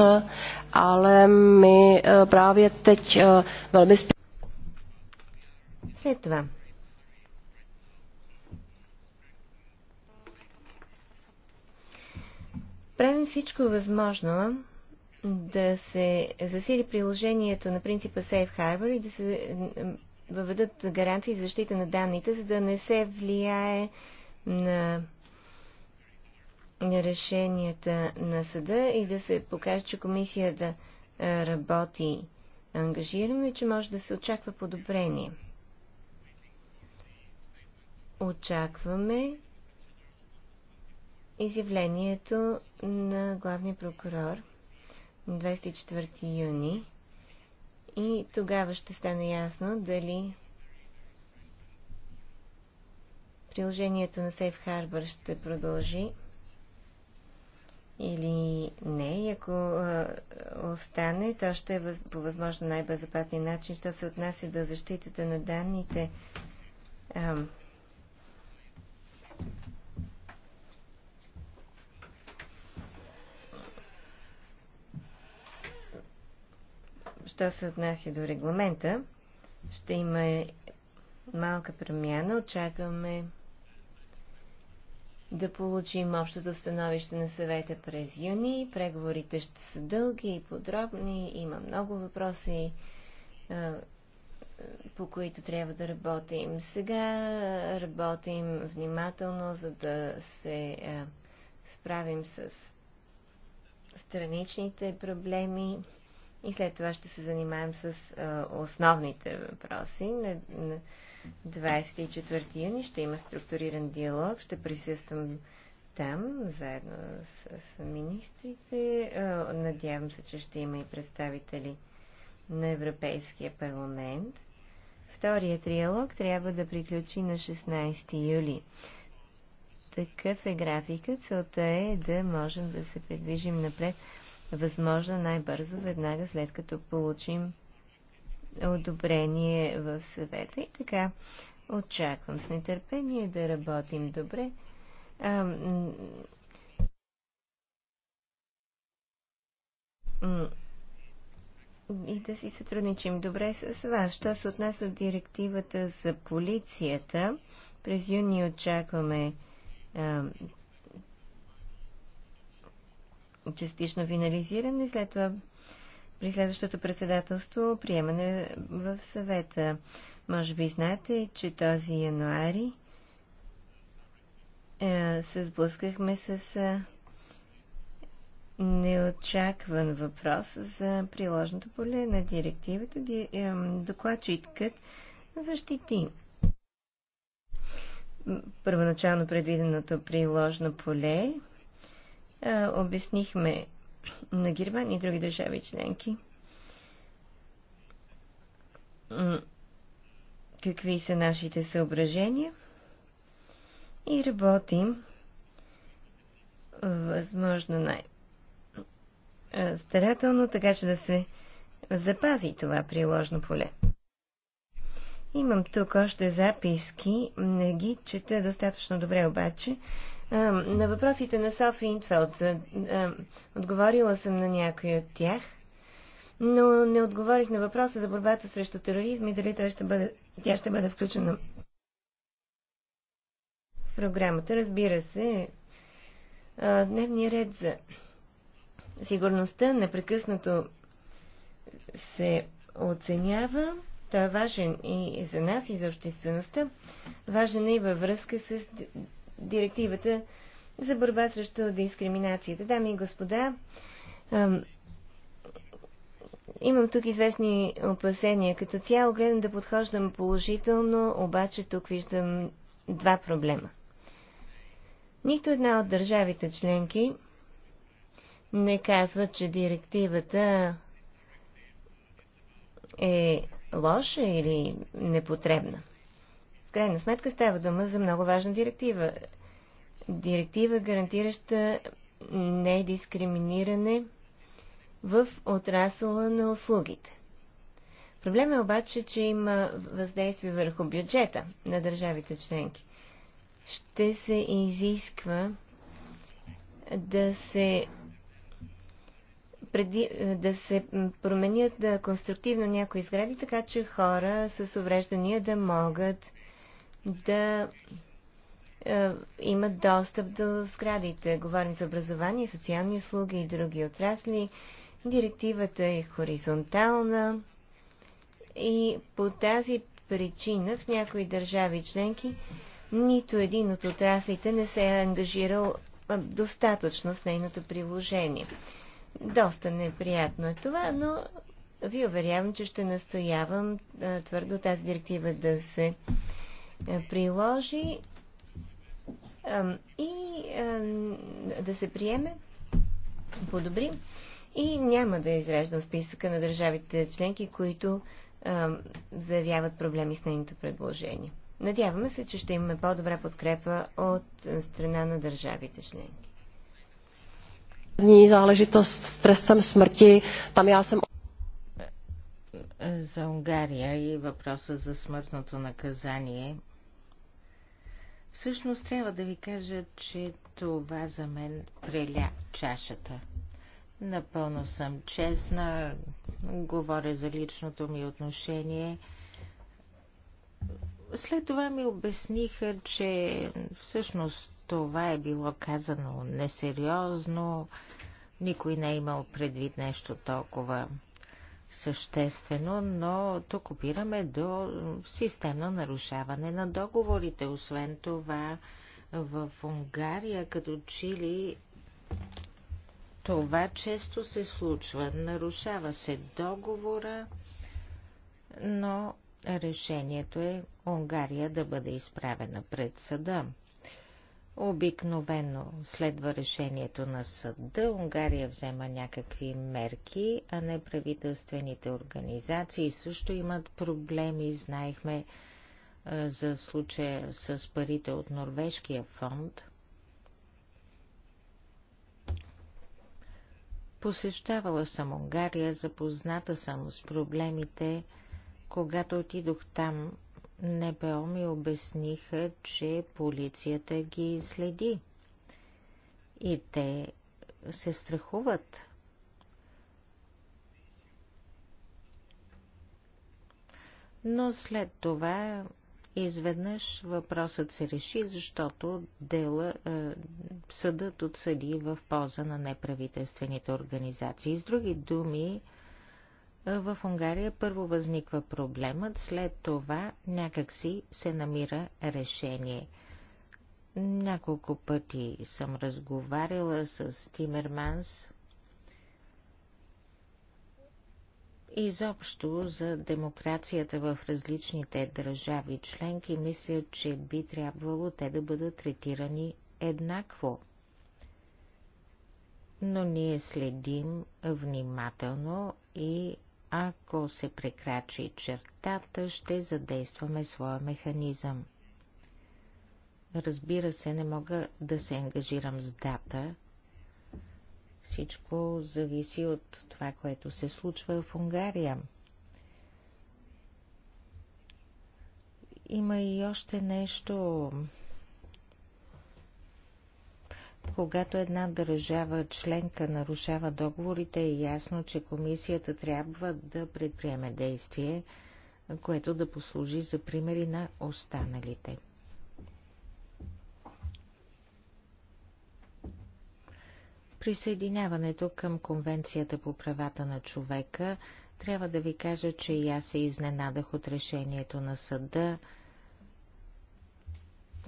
ale my právě teď velmi след това. Правим всичко възможно да се засили приложението на принципа Safe Harbor и да се въведат гаранции за защита на данните, за да не се влияе на решенията на съда и да се покаже, че комисията работи ангажирано и че може да се очаква подобрение очакваме изявлението на главния прокурор на 24 юни и тогава ще стане ясно дали приложението на Safe Harbor ще продължи или не. Ако остане, то ще е по възможно най-безопасния начин, що се отнася до защитата на данните. Що се отнася до регламента, ще има е малка промяна. Очакваме да получим общото становище на съвета през юни. Преговорите ще са дълги и подробни. Има много въпроси, е, по които трябва да работим. Сега е, работим внимателно, за да се справим с страничните проблеми и след това ще се занимаем с а, основните въпроси. На, на 24 юни ще има структуриран диалог. Ще присъствам там, заедно с, с министрите. А, надявам се, че ще има и представители на Европейския парламент. Втория триалог трябва да приключи на 16 юли. Такъв е графика. Целта е да можем да се придвижим напред възможно най-бързо, веднага след като получим одобрение в съвета. И така, очаквам с нетърпение да работим добре. А, и да си сътрудничим добре с вас. Що се отнася от директивата за полицията, през юни очакваме а, частично финализиран и след това при следващото председателство приемане в съвета. Може би знаете, че този януари е, се сблъскахме с е, неочакван въпрос за приложното поле на директивата. Ди, е, докладчиткът защити първоначално предвиденото приложно поле е, обяснихме на Германия и други държави членки какви са нашите съображения и работим възможно най- старателно, така че да се запази това приложно поле. Имам тук още записки, не ги чета достатъчно добре обаче, на въпросите на Софи Интфелд отговорила съм на някои от тях, но не отговорих на въпроса за борбата срещу тероризма и дали той ще бъде, тя ще бъде включена в програмата. Разбира се, дневният ред за сигурността непрекъснато се оценява. Той е важен и за нас, и за обществеността. Важен е и във връзка с директивата за борба срещу дискриминацията. Дами и господа, имам тук известни опасения. Като цяло гледам да подхождам положително, обаче тук виждам два проблема. Нито една от държавите членки не казва, че директивата е лоша или непотребна крайна сметка става дума за много важна директива. Директива, гарантираща недискриминиране в отрасъла на услугите. Проблем е обаче, че има въздействие върху бюджета на държавите членки. Ще се изисква да се преди, да се променят да конструктивно някои сгради, така че хора с увреждания да могат да е, имат достъп до сградите. Говорим за образование, социални услуги и други отрасли. Директивата е хоризонтална и по тази причина в някои държави членки нито един от отраслите не се е ангажирал е, достатъчно с нейното приложение. Доста неприятно е това, но ви уверявам, че ще настоявам е, твърдо тази директива да се е, приложи и е, да се приеме, по-добри. И няма да изреждам списъка на държавите членки, които заявяват проблеми с нейното предложение. Надяваме се, че ще имаме по-добра подкрепа от страна на държавите членки. Залежитост с s смърти, там я съм... За Унгария и въпроса за смъртното наказание Всъщност трябва да ви кажа, че това за мен преля чашата. Напълно съм честна, говоря за личното ми отношение. След това ми обясниха, че всъщност това е било казано несериозно, никой не е имал предвид нещо толкова съществено, но тук опираме до системно нарушаване на договорите. Освен това, в Унгария, като Чили, това често се случва. Нарушава се договора, но решението е Унгария да бъде изправена пред съда. Обикновено следва решението на съда, Унгария взема някакви мерки, а неправителствените организации също имат проблеми. Знаехме е, за случая с парите от Норвежкия фонд. Посещавала съм Унгария, запозната съм с проблемите. Когато отидох там, НПО ми обясниха, че полицията ги следи. И те се страхуват. Но след това изведнъж въпросът се реши, защото дела, е, съдът отсъди в полза на неправителствените организации. С други думи, в Унгария първо възниква проблемът, след това някакси се намира решение. Няколко пъти съм разговаряла с Тимерманс изобщо за демокрацията в различните държави членки, мисля, че би трябвало те да бъдат третирани еднакво. Но ние следим внимателно и ако се прекрачи чертата, ще задействаме своя механизъм. Разбира се, не мога да се ангажирам с дата. Всичко зависи от това, което се случва в Унгария. Има и още нещо. Когато една държава членка нарушава договорите, е ясно, че комисията трябва да предприеме действие, което да послужи за примери на останалите. Присъединяването към Конвенцията по правата на човека трябва да ви кажа, че и аз се изненадах от решението на съда,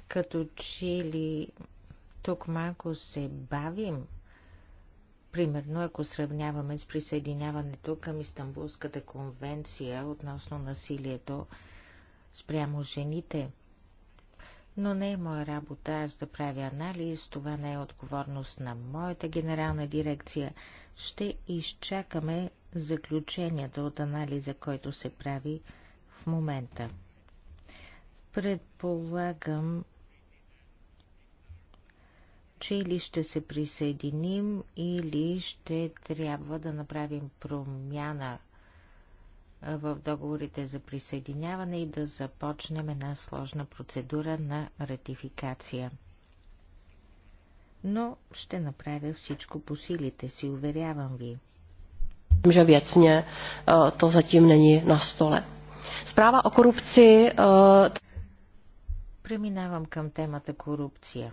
като че ли тук малко се бавим. Примерно, ако сравняваме с присъединяването към Истанбулската конвенция относно насилието спрямо жените. Но не е моя работа аз да правя анализ, това не е отговорност на моята генерална дирекция. Ще изчакаме заключенията от анализа, който се прави в момента. Предполагам, че или ще се присъединим, или ще трябва да направим промяна в договорите за присъединяване и да започнем една сложна процедура на ратификация. Но ще направя всичко по силите си, уверявам ви. Že то затим не není на столе. Справа о корупции... Преминавам към темата корупция.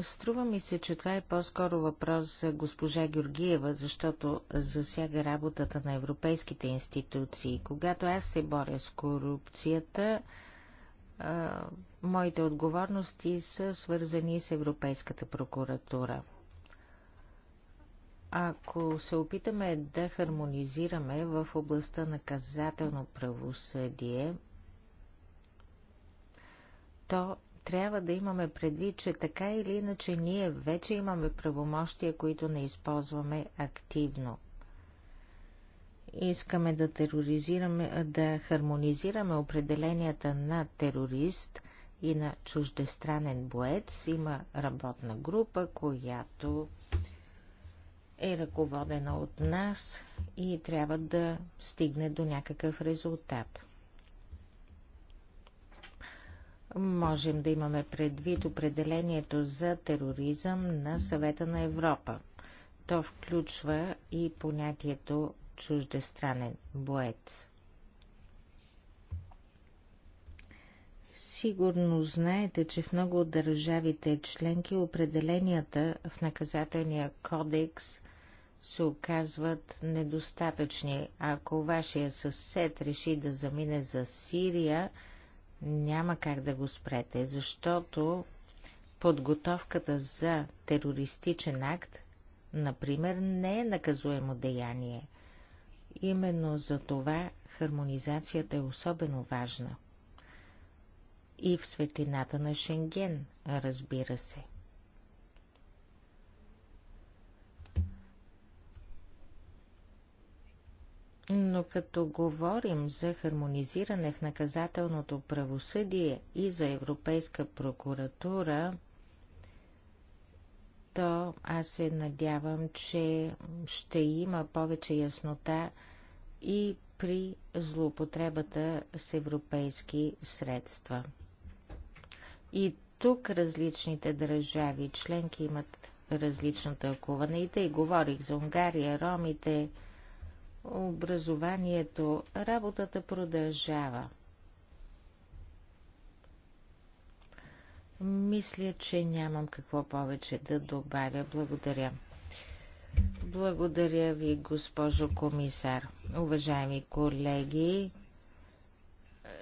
Струва ми се, че това е по-скоро въпрос за госпожа Георгиева, защото засяга работата на европейските институции. Когато аз се боря с корупцията, моите отговорности са свързани с Европейската прокуратура. Ако се опитаме да хармонизираме в областта наказателно правосъдие, то трябва да имаме предвид, че така или иначе ние вече имаме правомощия, които не използваме активно. Искаме да тероризираме, да хармонизираме определенията на терорист и на чуждестранен боец. Има работна група, която е ръководена от нас и трябва да стигне до някакъв резултат можем да имаме предвид определението за тероризъм на Съвета на Европа. То включва и понятието чуждестранен боец. Сигурно знаете, че в много от държавите членки определенията в наказателния кодекс се оказват недостатъчни. Ако вашия съсед реши да замине за Сирия, няма как да го спрете, защото подготовката за терористичен акт, например, не е наказуемо деяние. Именно за това хармонизацията е особено важна. И в светлината на Шенген, разбира се. Но като говорим за хармонизиране в наказателното правосъдие и за Европейска прокуратура, то аз се надявам, че ще има повече яснота и при злоупотребата с европейски средства. И тук различните държави членки имат различно тълкуване. И тъй говорих за Унгария, ромите, образованието. Работата продължава. Мисля, че нямам какво повече да добавя. Благодаря. Благодаря ви, госпожо комисар. Уважаеми колеги,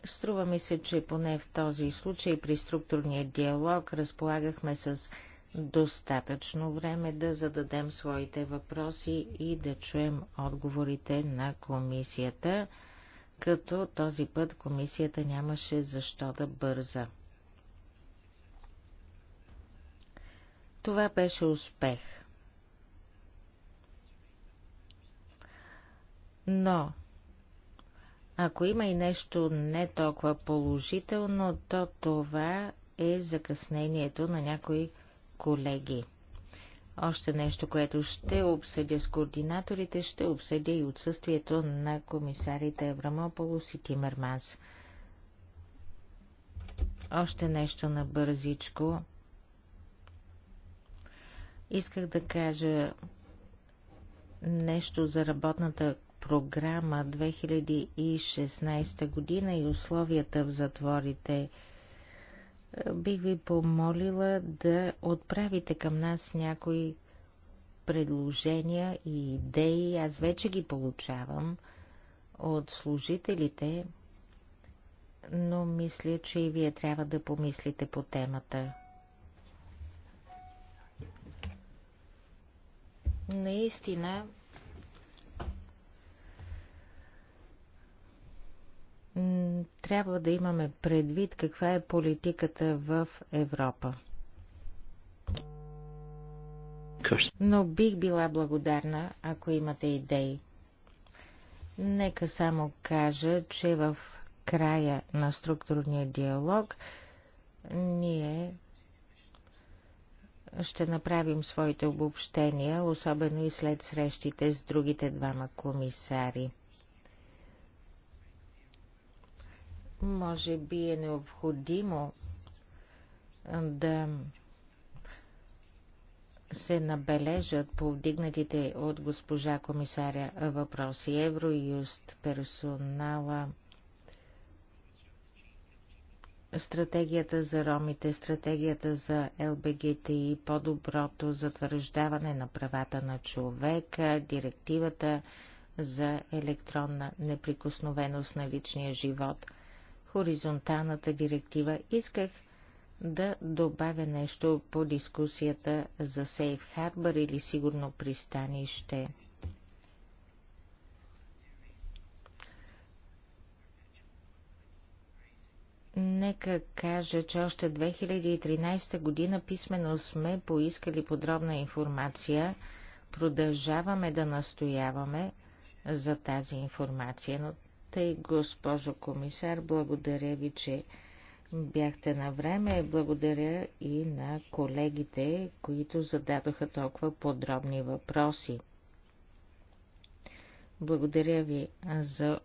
струва ми се, че поне в този случай при структурния диалог разполагахме с достатъчно време да зададем своите въпроси и да чуем отговорите на комисията, като този път комисията нямаше защо да бърза. Това беше успех. Но, ако има и нещо не толкова положително, то това е закъснението на някои колеги. Още нещо, което ще обсъдя с координаторите, ще обсъдя и отсъствието на комисарите Еврамополос и Тимерманс. Още нещо на бързичко. Исках да кажа нещо за работната програма 2016 година и условията в затворите – е, бих ви помолила да отправите към нас някои предложения и идеи. Аз вече ги получавам от служителите, но мисля, че и вие трябва да помислите по темата. Наистина, трябва да имаме предвид каква е политиката в Европа. Но бих била благодарна, ако имате идеи. Нека само кажа, че в края на структурния диалог ние ще направим своите обобщения, особено и след срещите с другите двама комисари. Може би е необходимо да се набележат повдигнатите от госпожа комисаря въпроси Евроюст, персонала, стратегията за ромите, стратегията за ЛБГТ и по-доброто затвърждаване на правата на човека, директивата за електронна неприкосновеност на личния живот – хоризонталната директива. Исках да добавя нещо по дискусията за Сейф Харбър или сигурно пристанище. Нека кажа, че още 2013 година писменно сме поискали подробна информация. Продължаваме да настояваме за тази информация, но тъй, госпожо комисар, благодаря ви, че бяхте на време. Благодаря и на колегите, които зададоха толкова подробни въпроси. Благодаря ви за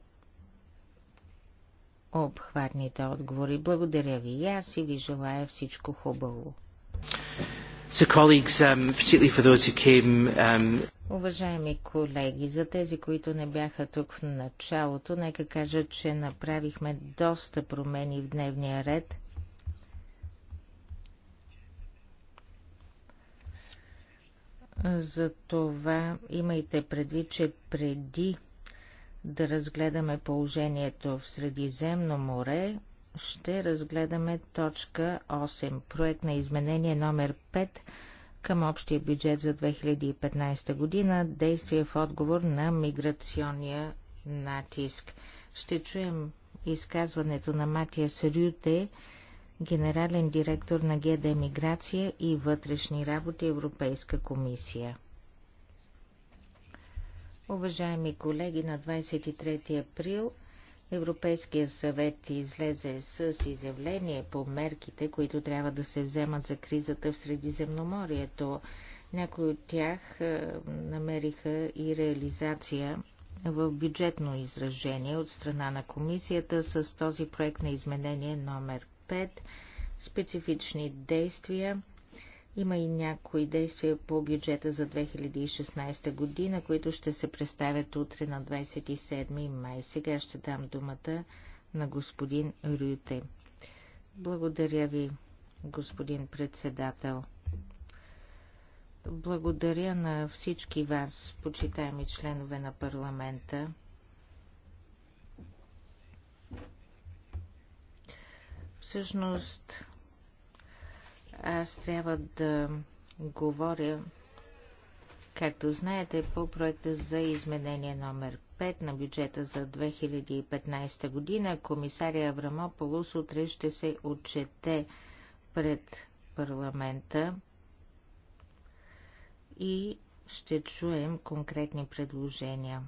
обхватните отговори. Благодаря ви и аз и ви желая всичко хубаво. So colleagues, um, particularly for those who came um, Уважаеми колеги, за тези, които не бяха тук в началото, нека кажа, че направихме доста промени в дневния ред. Затова имайте предвид, че преди да разгледаме положението в Средиземно море, ще разгледаме точка 8, проект на изменение номер 5 към общия бюджет за 2015 година, действие в отговор на миграционния натиск. Ще чуем изказването на Матия Сарюте, генерален директор на ГД Миграция и вътрешни работи Европейска комисия. Уважаеми колеги, на 23 април Европейския съвет излезе с изявление по мерките, които трябва да се вземат за кризата в Средиземноморието. Някои от тях е, намериха и реализация в бюджетно изражение от страна на комисията с този проект на изменение номер 5 специфични действия има и някои действия по бюджета за 2016 година, които ще се представят утре на 27 май. Сега ще дам думата на господин Рюте. Благодаря ви, господин председател. Благодаря на всички вас, почитаеми членове на парламента. Всъщност, аз трябва да говоря, както знаете, по проекта за изменение номер 5 на бюджета за 2015 година. Комисария Аврамополус утре ще се отчете пред парламента и ще чуем конкретни предложения.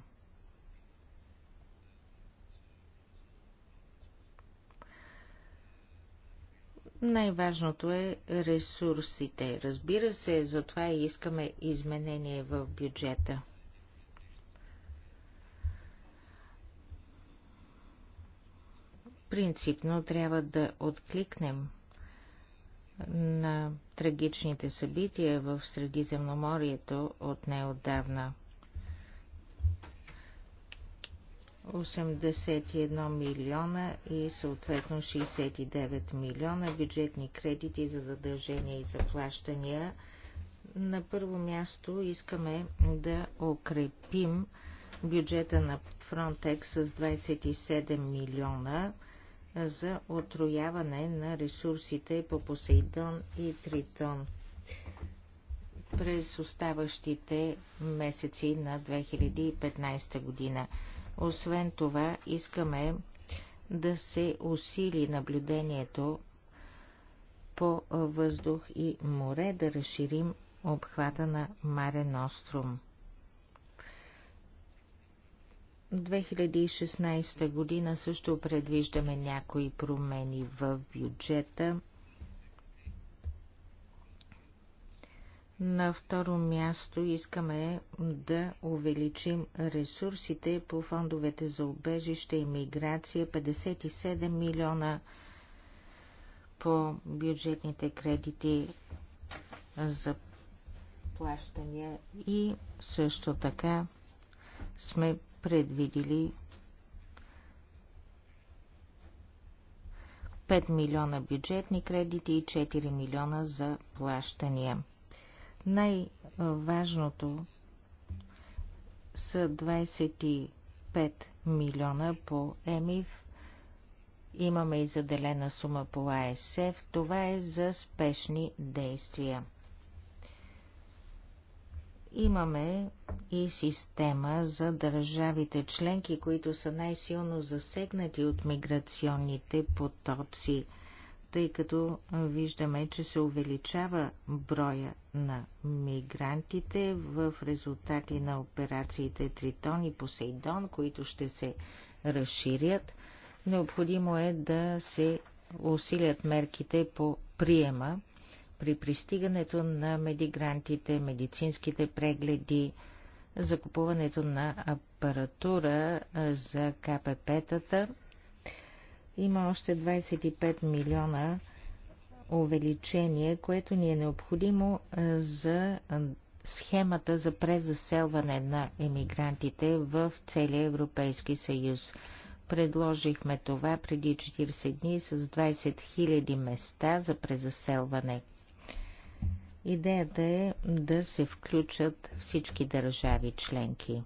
Най-важното е ресурсите. Разбира се, затова и искаме изменение в бюджета. Принципно трябва да откликнем на трагичните събития в Средиземноморието от неотдавна – 81 милиона и съответно 69 милиона бюджетни кредити за задължения и заплащания. На първо място искаме да укрепим бюджета на Frontex с 27 милиона за отрояване на ресурсите по Посейдон и Тритон през оставащите месеци на 2015 година. Освен това, искаме да се усили наблюдението по въздух и море, да разширим обхвата на Маре Ностром. 2016 година също предвиждаме някои промени в бюджета – На второ място искаме да увеличим ресурсите по фондовете за убежище и миграция 57 милиона по бюджетните кредити за плащания и също така сме предвидили 5 милиона бюджетни кредити и 4 милиона за плащания. Най-важното са 25 милиона по ЕМИФ. Имаме и заделена сума по АСФ. Това е за спешни действия. Имаме и система за държавите членки, които са най-силно засегнати от миграционните потоци – тъй като виждаме, че се увеличава броя на мигрантите в резултати на операциите Тритон и Посейдон, които ще се разширят. Необходимо е да се усилят мерките по приема при пристигането на медигрантите, медицинските прегледи, закупуването на апаратура за КПП-тата има още 25 милиона увеличение, което ни е необходимо е, за е, схемата за презаселване на емигрантите в целия Европейски съюз. Предложихме това преди 40 дни с 20 000 места за презаселване. Идеята е да се включат всички държави членки.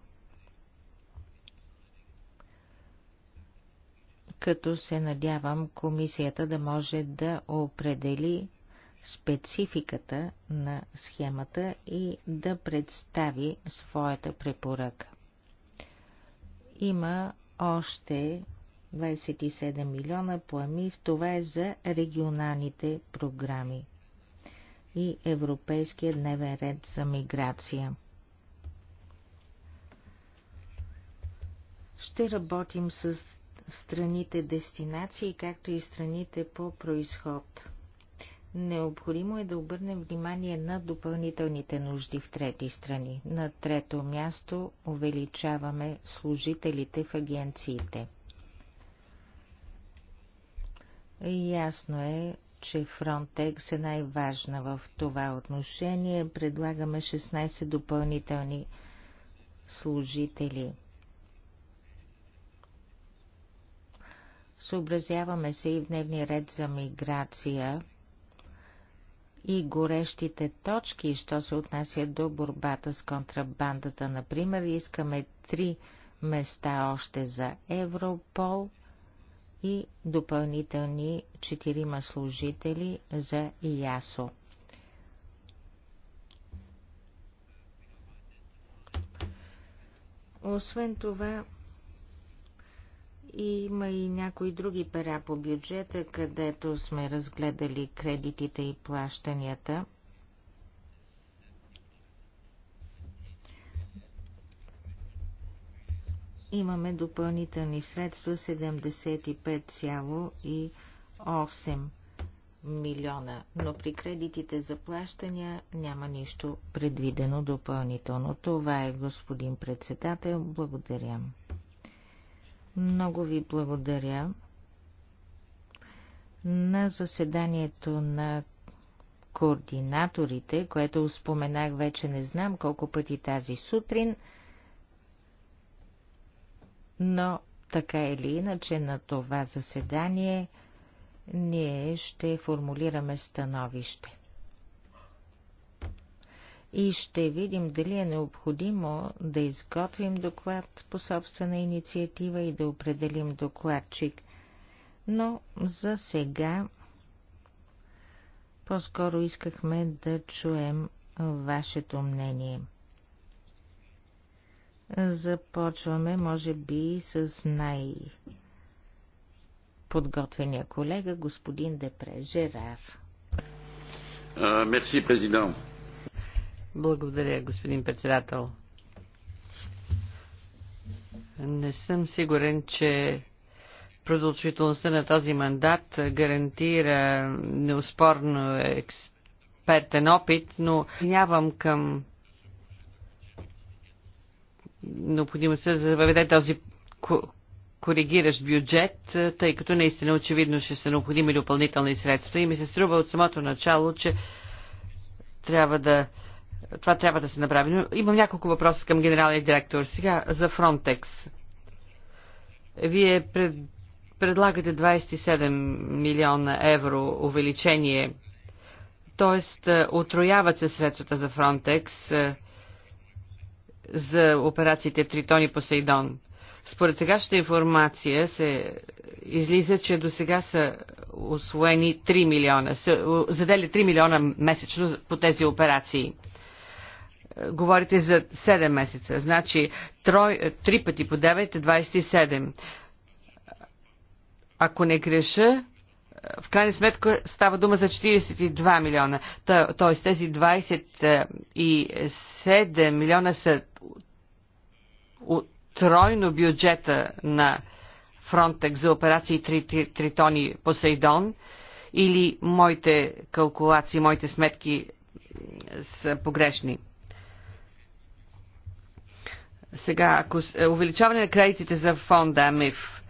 като се надявам комисията да може да определи спецификата на схемата и да представи своята препоръка. Има още 27 милиона плами, в това е за регионалните програми и Европейския дневен ред за миграция. Ще работим с страните дестинации, както и страните по происход. Необходимо е да обърнем внимание на допълнителните нужди в трети страни. На трето място увеличаваме служителите в агенциите. Ясно е, че Frontex е най-важна в това отношение. Предлагаме 16 допълнителни служители – Съобразяваме се и в дневния ред за миграция и горещите точки, що се отнася до борбата с контрабандата. Например, искаме три места още за Европол и допълнителни четирима служители за ИАСО. Освен това, и има и някои други пера по бюджета, където сме разгледали кредитите и плащанията. Имаме допълнителни средства 75,8 милиона, но при кредитите за плащания няма нищо предвидено допълнително. Това е господин председател. Благодаря. Много ви благодаря. На заседанието на координаторите, което споменах вече не знам колко пъти тази сутрин, но така или иначе на това заседание ние ще формулираме становище и ще видим дали е необходимо да изготвим доклад по собствена инициатива и да определим докладчик. Но за сега по-скоро искахме да чуем вашето мнение. Започваме, може би, с най- подготвения колега, господин Депре Жерар. Мерси, президент. Благодаря, господин председател. Не съм сигурен, че продължителността на този мандат гарантира неоспорно експертен опит, но нямам към необходимостта да въведе този коригиращ бюджет, тъй като наистина очевидно ще са необходими допълнителни средства и ми се струва от самото начало, че трябва да това трябва да се направи. Но имам няколко въпроса към генералния директор. Сега за Фронтекс. Вие пред, предлагате 27 милиона евро увеличение, т.е. отрояват се средствата за Фронтекс е, за операциите Тритон и Сейдон. Според сегашната информация се излиза, че до сега са освоени 3 милиона, са задели 3 милиона месечно по тези операции говорите за 7 месеца, значи трой, 3 пъти по 9 е 27. Ако не греша, в крайна сметка става дума за 42 милиона. Тоест тези 27 милиона са от тройно бюджета на Фронтек за операции Тритони Посейдон или моите калкулации, моите сметки са погрешни. Сега, ако е, увеличаване на кредитите за фонда МИФ,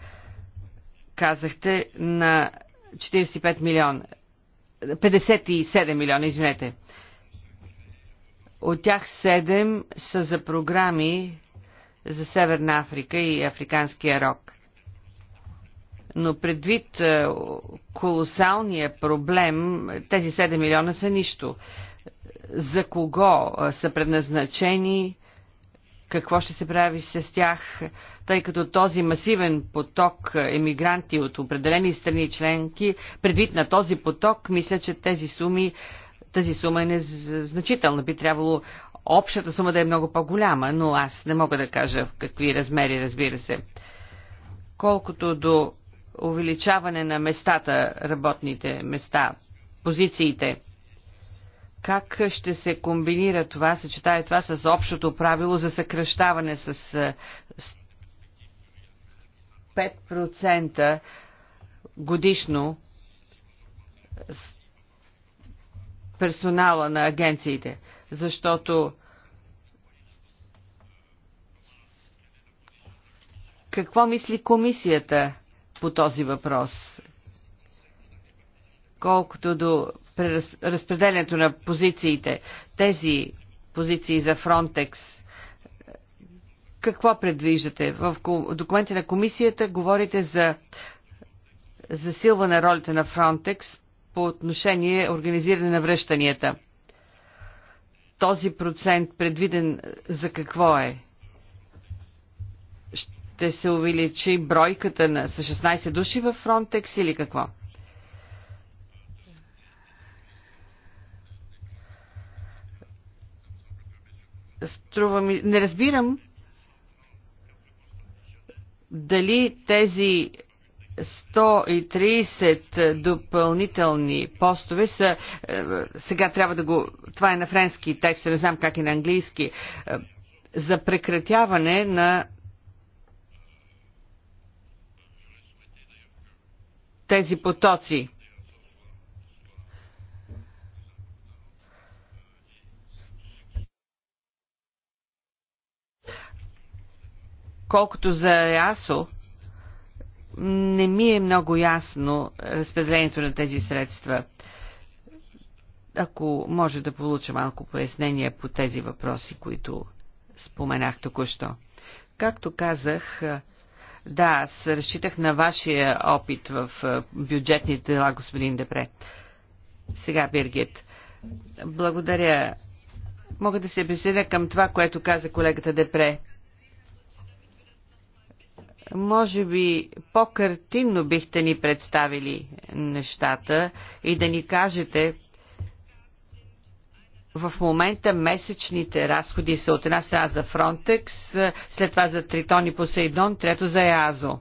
казахте, на 45 милиона, 57 милиона, извинете. От тях 7 са за програми за Северна Африка и Африканския рок. Но предвид е, колосалния проблем, тези 7 милиона са нищо. За кого е, са предназначени? какво ще се прави с тях, тъй като този масивен поток емигранти от определени страни членки, предвид на този поток, мисля, че тези суми, тази сума е незначителна. Би трябвало общата сума да е много по-голяма, но аз не мога да кажа в какви размери, разбира се. Колкото до увеличаване на местата, работните места, позициите, как ще се комбинира това, съчетая това с общото правило за съкръщаване с, с 5% годишно с персонала на агенциите? Защото Какво мисли комисията по този въпрос? Колкото до разпределението на позициите, тези позиции за Фронтекс, какво предвиждате? В документи на комисията говорите за засилване ролите на Фронтекс по отношение организиране на връщанията. Този процент предвиден за какво е? Ще се увеличи бройката на, с 16 души в Фронтекс или какво? Струва ми, не разбирам дали тези 130 допълнителни постове са, е, сега трябва да го, това е на френски текст, не знам как е на английски, е, за прекратяване на тези потоци. Колкото за АСО, не ми е много ясно разпределението на тези средства. Ако може да получа малко пояснение по тези въпроси, които споменах току-що. Както казах, да, аз разчитах на вашия опит в бюджетните дела, господин Депре. Сега, Биргит, благодаря. Мога да се присъединя към това, което каза колегата Депре. Може би по-картинно бихте ни представили нещата и да ни кажете в момента месечните разходи са от една страна за Фронтекс, след това за Тритон и Посейдон, трето за ЕАЗО.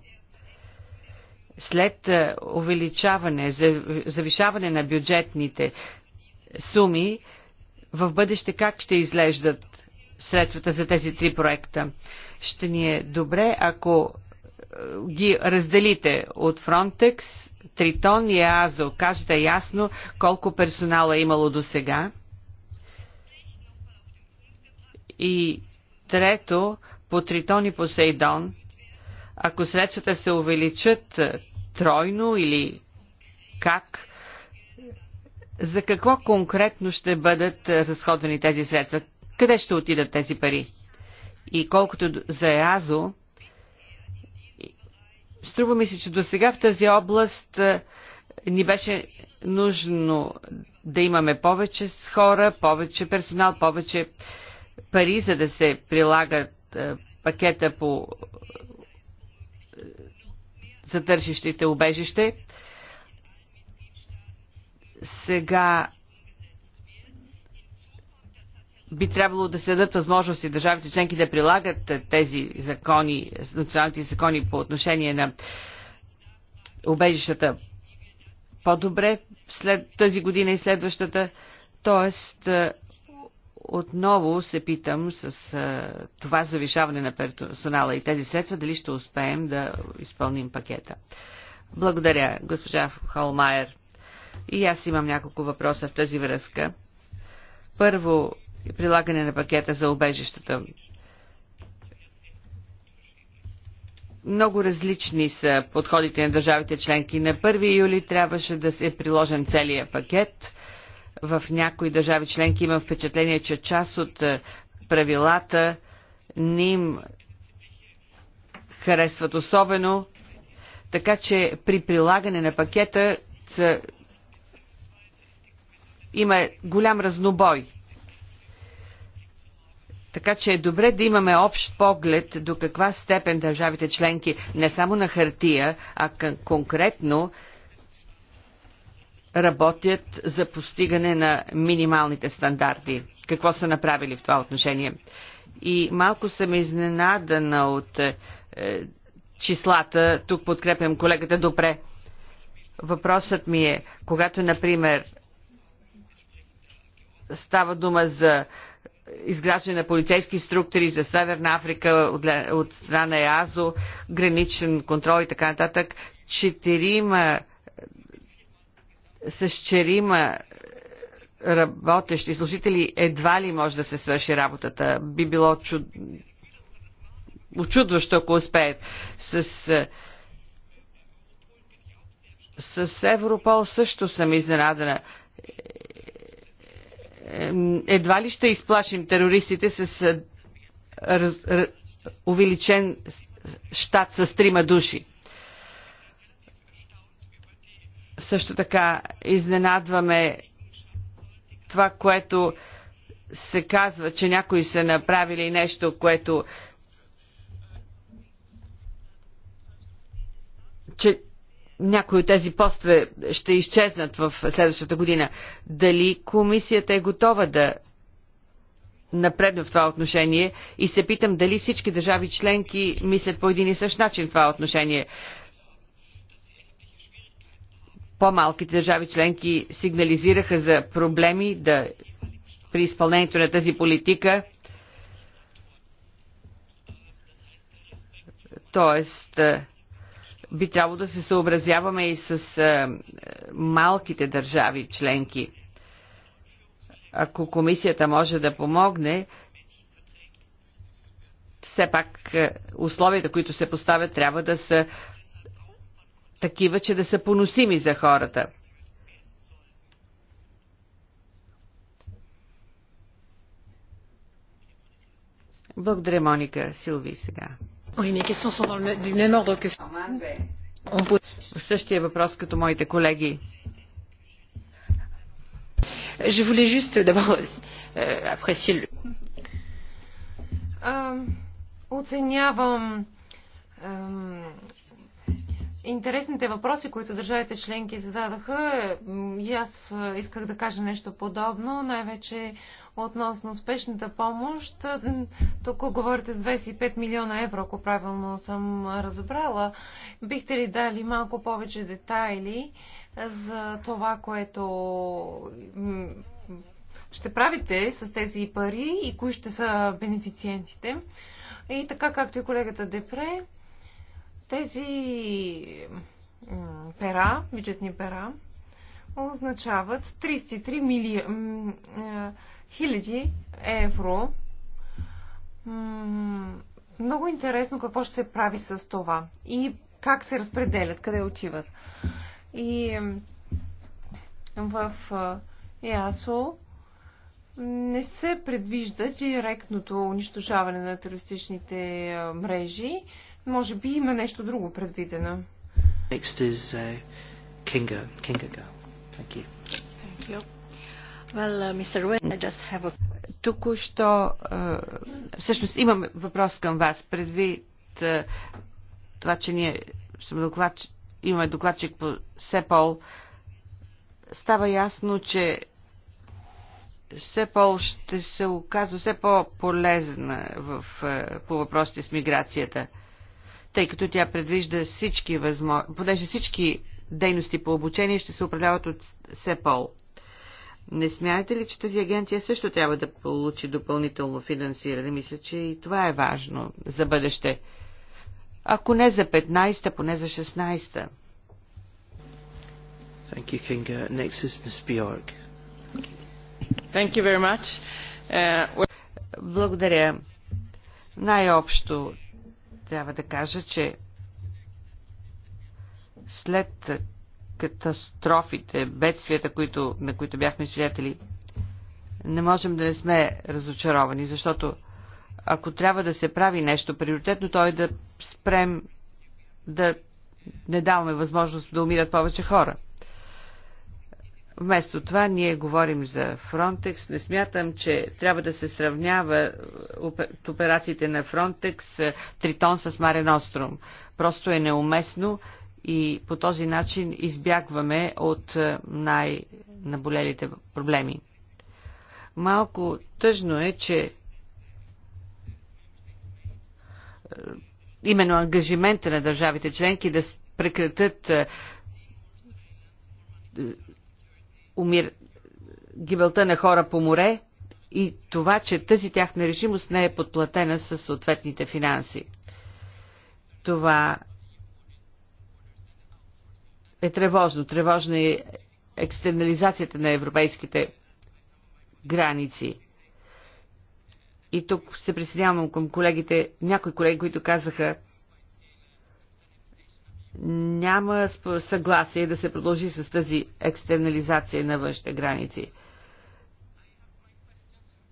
След е, увеличаване, завишаване на бюджетните суми, в бъдеще как ще изглеждат средствата за тези три проекта? Ще ни е добре, ако ги разделите от Frontex, Тритон и Азо. Кажете ясно колко персонала е имало до сега. И трето, по Тритон и Посейдон, ако средствата се увеличат е, тройно или как, за какво конкретно ще бъдат е, разходвани тези средства? Къде ще отидат тези пари? И колкото за Еазо, Струва ми се, че до сега в тази област е, ни беше нужно да имаме повече хора, повече персонал, повече пари, за да се прилагат е, пакета по е, затършищите убежище. Сега би трябвало да се дадат възможности държавите членки да прилагат е, тези закони, националните закони по отношение на убежищата по-добре след тази година и следващата. Тоест, е, отново се питам с е, това завишаване на персонала и тези средства, дали ще успеем да изпълним пакета. Благодаря, госпожа Холмайер. И аз имам няколко въпроса в тази връзка. Първо, прилагане на пакета за обежищата. Много различни са подходите на държавите членки. На 1 юли трябваше да се е приложен целият пакет. В някои държави членки има впечатление, че част от е, правилата не им харесват особено. Така че при прилагане на пакета има голям разнобой така че е добре да имаме общ поглед до каква степен държавите членки не само на хартия, а конкретно работят за постигане на минималните стандарти. Какво са направили в това отношение? И малко съм изненадана от е, числата. Тук подкрепям колегата добре. Въпросът ми е, когато, например, става дума за изграждане на полицейски структури за Северна Африка от, от страна на ЕАЗО, граничен контрол и така нататък. Четирима е, с черима работещи служители едва ли може да се свърши работата. Би било чуд... очудващо, ако успеят. С, е, с Европол също съм изненадана е, едва ли ще изплашим терористите с раз, раз, увеличен щат с трима души. Също така изненадваме това, което се казва, че някои са направили нещо, което че някои от тези постове ще изчезнат в следващата година. Дали комисията е готова да напредне в това отношение и се питам дали всички държави членки мислят по един и същ начин това отношение. По-малките държави членки сигнализираха за проблеми да, при изпълнението на тази политика. Тоест, би трябвало да се съобразяваме и с е, малките държави членки. Ако комисията може да помогне, все пак е, условията, които се поставят, трябва да са такива, че да са поносими за хората. Благодаря, Моника Силви, сега. Същия въпрос като моите колеги. Je voulais juste d'abord euh, apprécier le... оценявам интересните въпроси, които държавите членки зададаха. И аз исках да кажа нещо подобно, най-вече относно спешната помощ. Тук говорите с 25 милиона евро, ако правилно съм разбрала. Бихте ли дали малко повече детайли за това, което ще правите с тези пари и кои ще са бенефициентите? И така, както и колегата Депре, тези пера, бюджетни пера, означават 33 мили... Е, хиляди евро. Много интересно какво ще се прави с това и как се разпределят, къде отиват. И в ЕАСО не се предвижда директното унищожаване на терористичните мрежи. Може би има нещо друго предвидено. Next is uh, Kinga, Kinga Girl. Thank you. Thank you. Well, uh, a... Току-що, всъщност имам въпрос към вас. Предвид това, че ние доклад, имаме докладчик по СЕПОЛ, става ясно, че СЕПОЛ ще се оказва все по-полезна в, по въпросите с миграцията, тъй като тя предвижда всички възможности, понеже всички дейности по обучение ще се управляват от СЕПОЛ. Не смятате ли, че тази агенция също трябва да получи допълнително финансиране? Мисля, че и това е важно за бъдеще. Ако не за 15-та, поне за 16-та. Thank you, Kinga. Next is Ms. Bjork. Thank you very much. Uh, Благодаря. Най-общо трябва да кажа, че след катастрофите, бедствията, които, на които бяхме свидетели, не можем да не сме разочаровани, защото ако трябва да се прави нещо приоритетно, той е да спрем да не даваме възможност да умират повече хора. Вместо това ние говорим за Фронтекс. Не смятам, че трябва да се сравнява операциите на Фронтекс е, Тритон с Марен Остром. Просто е неуместно и по този начин избягваме от е, най-наболелите проблеми. Малко тъжно е, че е, именно ангажимента на държавите членки да прекратят е, умир... гибелта на хора по море и това, че тази тяхна решимост не е подплатена с съответните финанси. Това е тревожно. Тревожна е екстернализацията на европейските граници. И тук се присъединявам към колегите, някои колеги, които казаха, няма съгласие да се продължи с тази екстернализация на външните граници.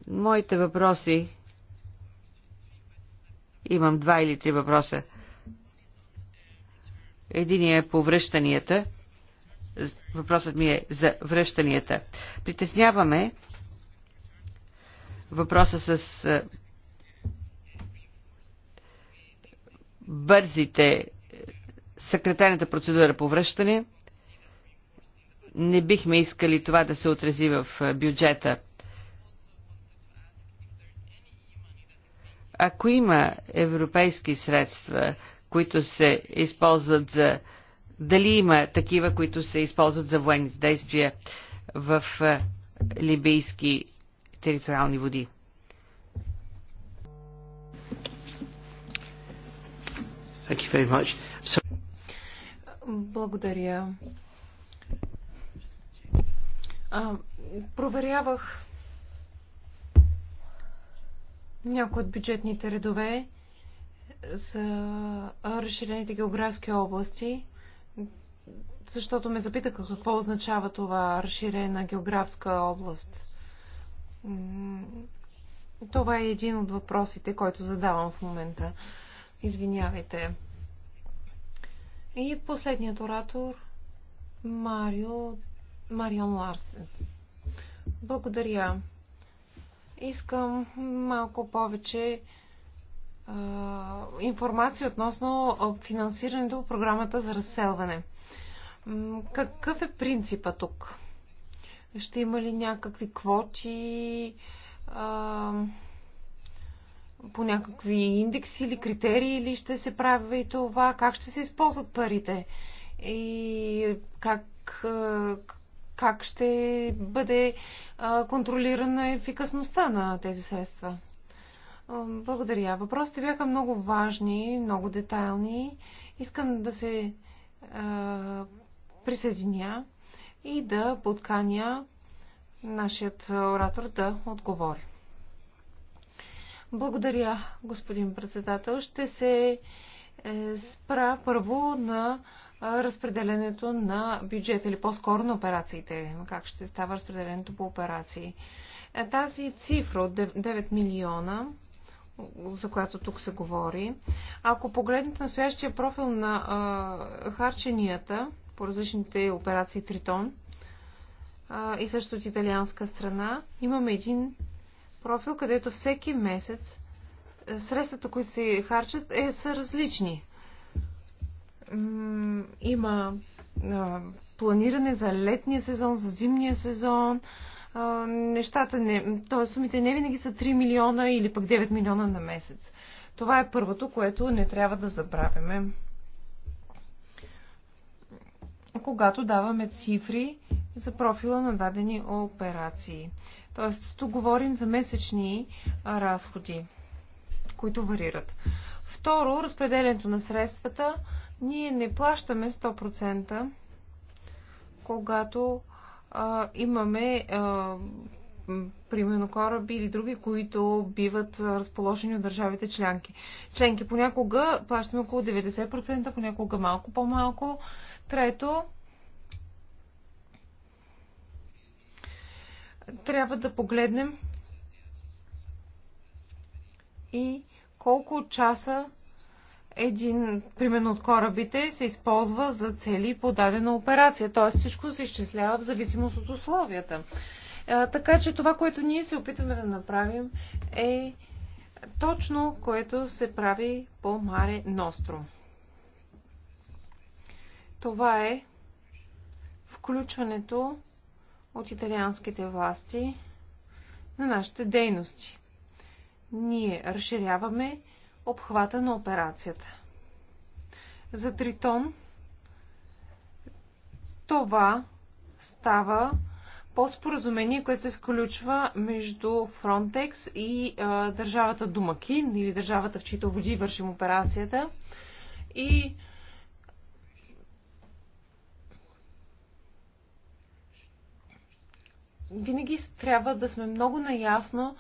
Моите въпроси. Имам два или три въпроса. Единият е по връщанията. Въпросът ми е за връщанията. Притесняваме въпроса с бързите съкретената процедура по връщане. Не бихме искали това да се отрази в бюджета. Ако има европейски средства, които се използват за... Дали има такива, които се използват за военни действия в е, либийски териториални води? Благодаря. А, проверявах някои от бюджетните редове за разширените географски области, защото ме запитаха какво означава това разширена географска област. Това е един от въпросите, който задавам в момента. Извинявайте. И последният оратор Марио Марион Ларсен. Благодаря. Искам малко повече информация относно финансирането по програмата за разселване. Какъв е принципа тук? Ще има ли някакви квоти по някакви индекси или критерии или ще се прави и това? Как ще се използват парите? И как, как ще бъде контролирана ефикасността на тези средства? Благодаря. Въпросите бяха много важни, много детайлни. Искам да се а, присъединя и да подканя нашият оратор да отговори. Благодаря, господин председател. Ще се е, спра първо на разпределението на бюджета или по-скоро на операциите. Как ще става разпределението по операции? Е, тази цифра от 9 милиона за която тук се говори. Ако погледнете настоящия профил на а, харченията по различните операции Тритон а, и също от италианска страна, имаме един профил, където всеки месец средствата, които се харчат, е, са различни. Има а, планиране за летния сезон, за зимния сезон, нещата не, т.е. сумите не винаги са 3 милиона или пък 9 милиона на месец. Това е първото, което не трябва да забравяме. Когато даваме цифри за профила на дадени операции. Т.е. тук говорим за месечни разходи, които варират. Второ, разпределението на средствата. Ние не плащаме 100%, когато а, имаме а, примерно кораби или други, които биват разположени от държавите членки. Членки понякога плащаме около 90%, понякога малко по-малко. Трето, трябва да погледнем и колко часа един, примерно от корабите, се използва за цели по дадена операция. Т.е. всичко се изчислява в зависимост от условията. Така че това, което ние се опитваме да направим е точно което се прави по Маре Ностро. Това е включването от италианските власти на нашите дейности. Ние разширяваме обхвата на операцията. За Тритон това става по споразумение, което се сключва между Frontex и а, държавата Думакин или държавата, в чието води вършим операцията. И винаги трябва да сме много наясно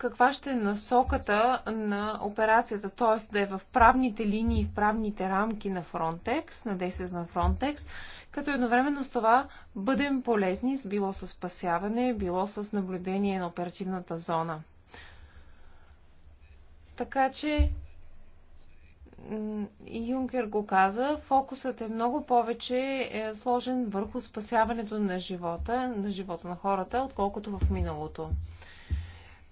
каква ще е насоката на операцията, т.е. да е в правните линии, в правните рамки на Frontex, на действието на Frontex, като едновременно с това бъдем полезни, с било с спасяване, било с наблюдение на оперативната зона. Така че Юнкер го каза, фокусът е много повече е сложен върху спасяването на живота, на живота на хората, отколкото в миналото.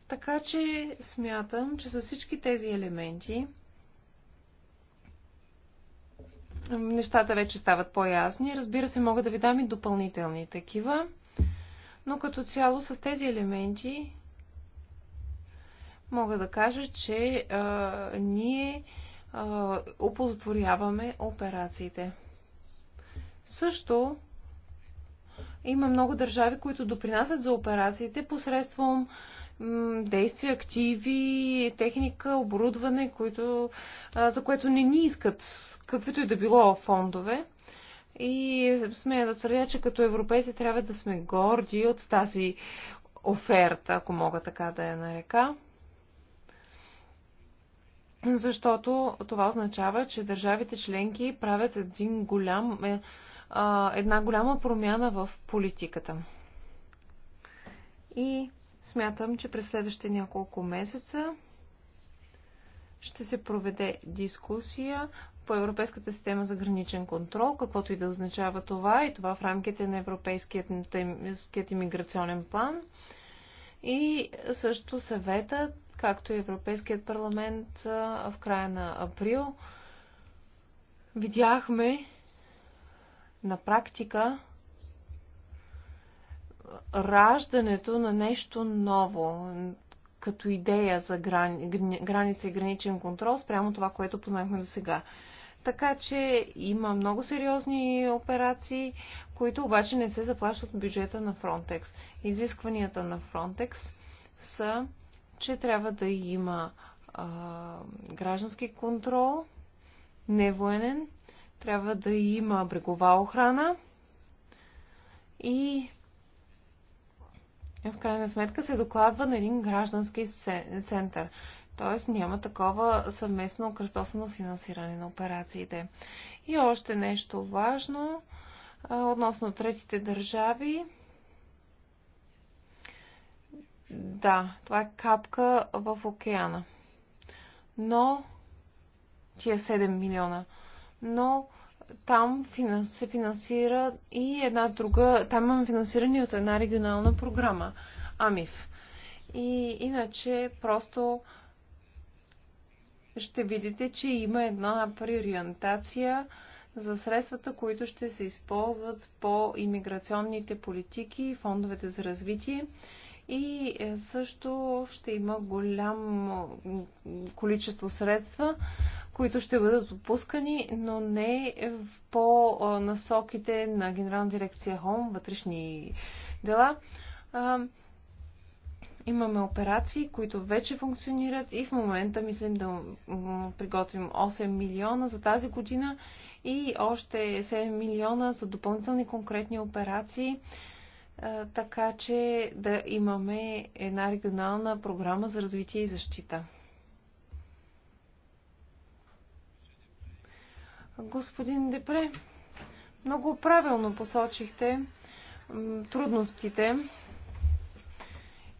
Така че смятам, че с всички тези елементи нещата вече стават по-ясни. Разбира се, мога да ви дам и допълнителни такива, но като цяло с тези елементи мога да кажа, че а, ние а, опозотворяваме операциите. Също има много държави, които допринасят за операциите посредством действия, активи, техника, оборудване, които, за което не ни искат каквито и да било фондове. И сме да твърдя, че като европейци трябва да сме горди от тази оферта, ако мога така да я нарека. Защото това означава, че държавите членки правят един голям, е, една голяма промяна в политиката. И Смятам, че през следващите няколко месеца ще се проведе дискусия по Европейската система за граничен контрол, каквото и да означава това, и това в рамките на Европейският иммиграционен план. И също съвета, както и Европейският парламент в края на април, видяхме на практика раждането на нещо ново, като идея за грани, граница и граничен контрол спрямо това, което познахме до сега. Така че има много сериозни операции, които обаче не се заплащат от бюджета на Frontex. Изискванията на Frontex са, че трябва да има а, граждански контрол, невоенен, трябва да има брегова охрана и в крайна сметка се докладва на един граждански център. Т.е. няма такова съвместно кръстосано финансиране на операциите. И още нещо важно относно третите държави. Да, това е капка в океана. Но тия 7 милиона. Но там се финансира и една друга, там имаме финансиране от една регионална програма, АМИФ. И иначе просто ще видите, че има една приориентация за средствата, които ще се използват по иммиграционните политики и фондовете за развитие и е, също ще има голям количество средства, които ще бъдат отпускани, но не по е, насоките на Генерална дирекция ХОМ, вътрешни дела. Имаме операции, които вече функционират и в момента мислим да приготвим 8 милиона за тази година и още 7 милиона за допълнителни конкретни операции, така че да имаме една регионална програма за развитие и защита. Господин Депре, много правилно посочихте трудностите.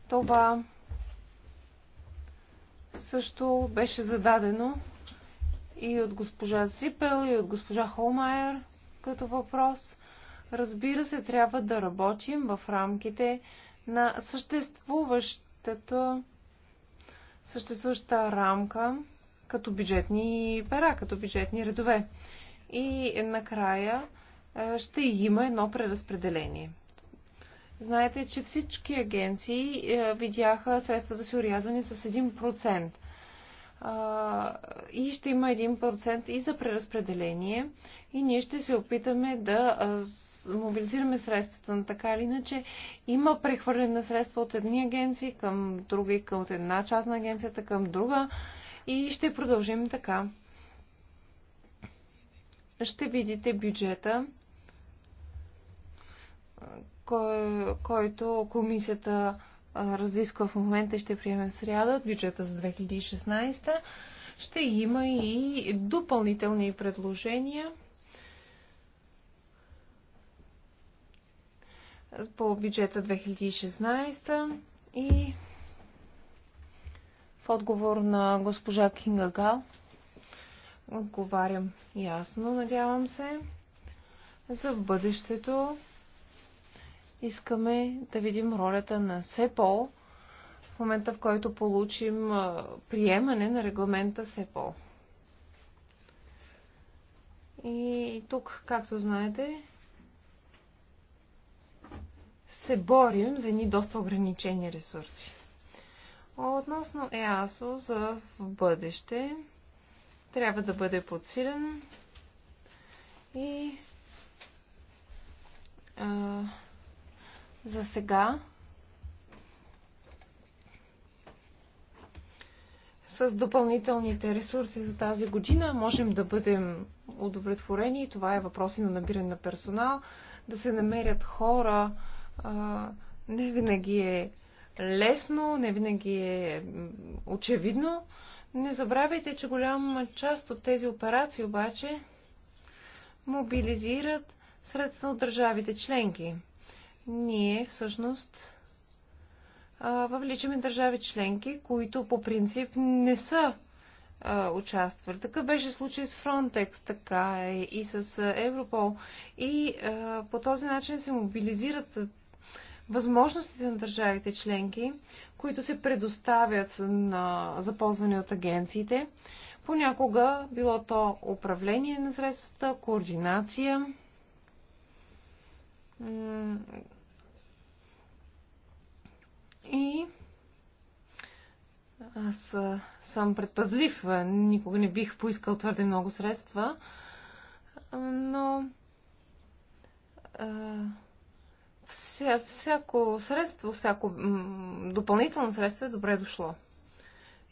Това също беше зададено и от госпожа Зипел, и от госпожа Холмайер като въпрос – Разбира се, трябва да работим в рамките на съществуващата, съществуваща рамка като бюджетни пера, като бюджетни редове. И накрая е, ще има едно преразпределение. Знаете, че всички агенции е, видяха средствата си урязани с 1%. И ще има 1% и за преразпределение. И ние ще се опитаме да мобилизираме средствата, на така или иначе има прехвърляне на средства от едни агенции към други, към от една част на агенцията към друга и ще продължим така. Ще видите бюджета, кой, който комисията разисква в момента и ще приемем сряда, бюджета за 2016. Ще има и допълнителни предложения. по бюджета 2016 и в отговор на госпожа Кинга Гал отговарям ясно, надявам се. За бъдещето искаме да видим ролята на СЕПОЛ в момента, в който получим приемане на регламента СЕПОЛ. И тук, както знаете, се борим за едни доста ограничени ресурси. Относно ЕАСО за в бъдеще, трябва да бъде подсилен и а, за сега с допълнителните ресурси за тази година можем да бъдем удовлетворени. Това е въпроси на набиране на персонал, да се намерят хора, не винаги е лесно, не винаги е очевидно. Не забравяйте, че голяма част от тези операции обаче мобилизират средства от държавите членки. Ние всъщност въвличаме държави членки, които по принцип не са участвали. Така беше случай с Frontex, така е и с Европол. И по този начин се мобилизират възможностите на държавите членки, които се предоставят на, за ползване от агенциите, понякога било то управление на средствата, координация, и аз съм предпазлив, никога не бих поискал твърде много средства, но вся, всяко средство, всяко допълнително средство е добре дошло.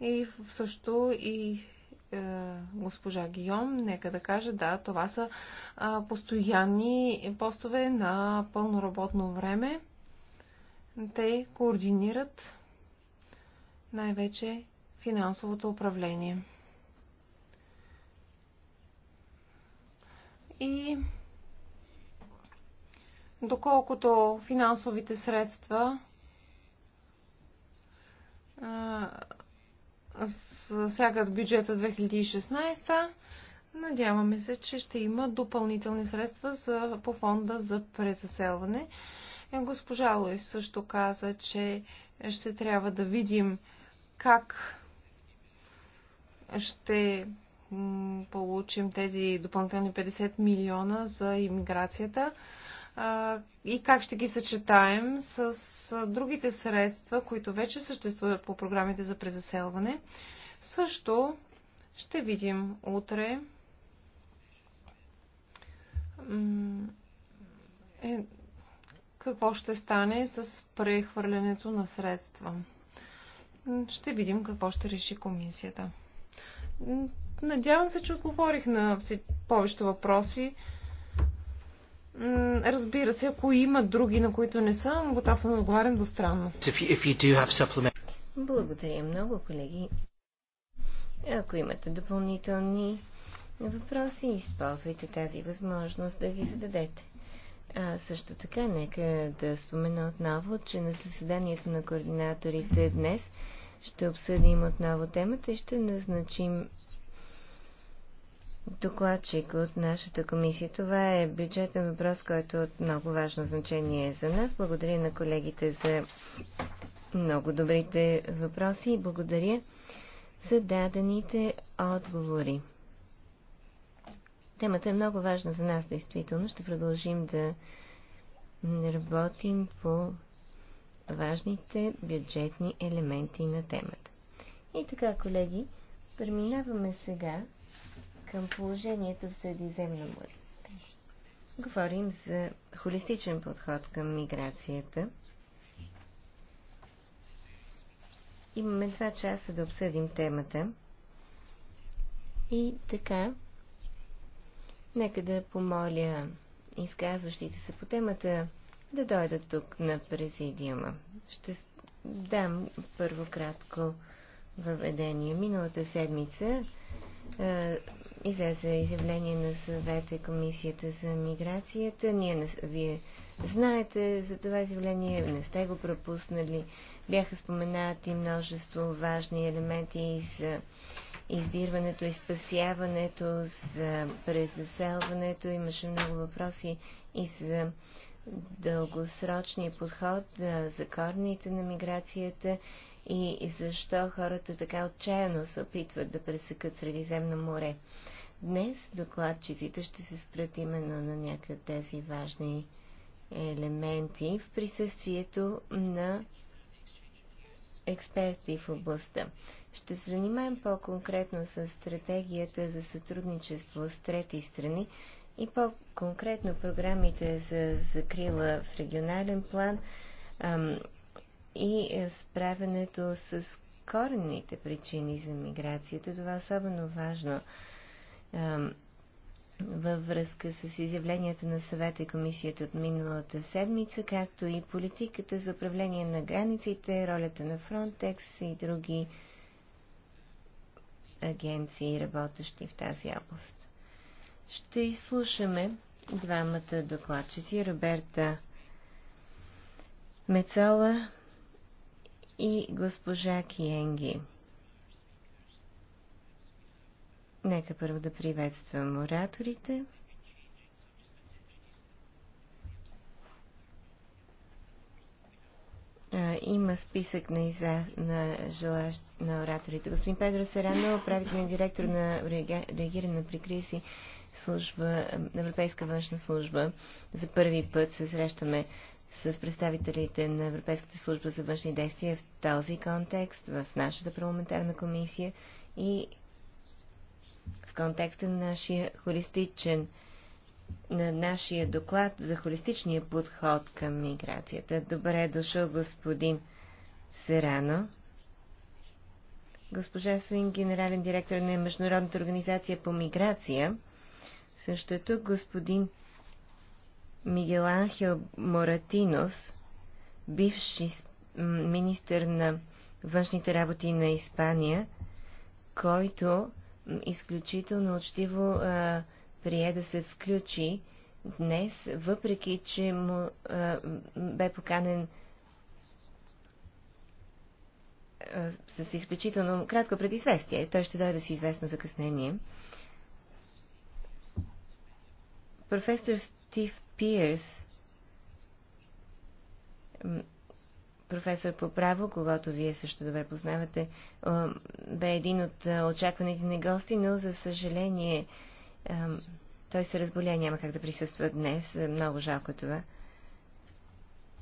И също и е, госпожа Гийом, нека да каже, да, това са е, постоянни постове на пълно работно време. Те координират най-вече финансовото управление. И доколкото финансовите средства засягат бюджета 2016, надяваме се, че ще има допълнителни средства за, по фонда за презаселване. Е, госпожа Луис също каза, че ще трябва да видим как ще получим тези допълнителни 50 милиона за иммиграцията и как ще ги съчетаем с другите средства, които вече съществуват по програмите за презаселване. Също ще видим утре е, какво ще стане с прехвърлянето на средства. Ще видим какво ще реши комисията. Надявам се, че отговорих на повечето въпроси. Разбира се, ако има други, на които не съм, готов съм да отговарям до странно. Благодаря много, колеги. Ако имате допълнителни въпроси, използвайте тази възможност да ги зададете. А, също така, нека да спомена отново, че на съседанието на координаторите днес ще обсъдим отново темата и ще назначим докладчик от нашата комисия. Това е бюджетен въпрос, който е от много важно значение за нас. Благодаря на колегите за много добрите въпроси и благодаря за дадените отговори. Темата е много важна за нас, действително. Ще продължим да работим по важните бюджетни елементи на темата. И така, колеги, преминаваме сега към положението в Средиземно море. Говорим за холистичен подход към миграцията. Имаме два часа да обсъдим темата. И така, нека да помоля изказващите се по темата да дойдат тук на президиума. Ще дам първо кратко въведение. Миналата седмица излезе изявление на съвета и комисията за миграцията. Ние не, вие знаете за това изявление, не сте го пропуснали. Бяха споменати множество важни елементи и за издирването и спасяването, за презаселването. Имаше много въпроси и за дългосрочния подход, за корните на миграцията и защо хората така отчаяно се опитват да пресекат Средиземно море. Днес докладчиците ще се спрат именно на някои от тези важни елементи в присъствието на експерти в областта. Ще се занимаем по-конкретно с стратегията за сътрудничество с трети страни и по-конкретно програмите за закрила в регионален план ам, и справянето с коренните причини за миграцията. Това е особено важно във връзка с изявленията на съвета и комисията от миналата седмица, както и политиката за управление на границите, ролята на Frontex и други агенции, работещи в тази област. Ще изслушаме двамата докладчици, Роберта Мецола и госпожа Киенги. Нека първо да приветствам ораторите. Има списък на, иза, на, желащ, на ораторите. Господин Педро Серано, управителен директор на реагиране на прикриси служба, на Европейска външна служба. За първи път се срещаме с представителите на Европейската служба за външни действия в този контекст, в нашата парламентарна комисия и контекста на нашия холистичен на нашия доклад за холистичния подход към миграцията. Добре е дошъл господин Серано. Госпожа Суин, генерален директор на Международната организация по миграция. Също е тук господин Мигел Анхел Моратинос, бивши министър на външните работи на Испания, който изключително учтиво а, прие да се включи днес, въпреки че му а, бе поканен а, с изключително кратко предизвестие. Той ще дойде с известно закъснение. Професор Стив Пиерс професор по право, когато вие също добре познавате, бе един от очакваните ни гости, но за съжаление той се разболя, няма как да присъства днес. Е, много жалко това.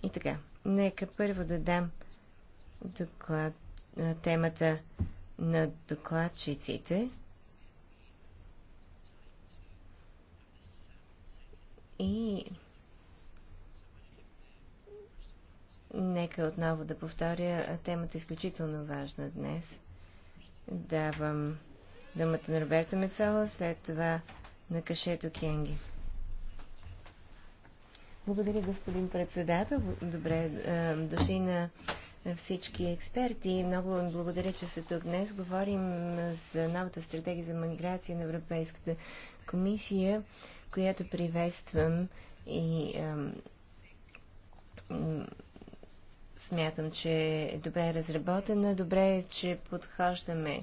И така, нека първо да дам доклад, темата на докладчиците. И Нека отново да повторя, темата е изключително важна днес. Давам думата на Роберта Мецала, след това на кашето Кенги. Благодаря, господин председател. Добре е, дошли на всички експерти. Много им благодаря, че са тук днес. Говорим за новата стратегия за миграция на Европейската комисия, която приветствам и Смятам, че е добре разработена, добре е, че подхождаме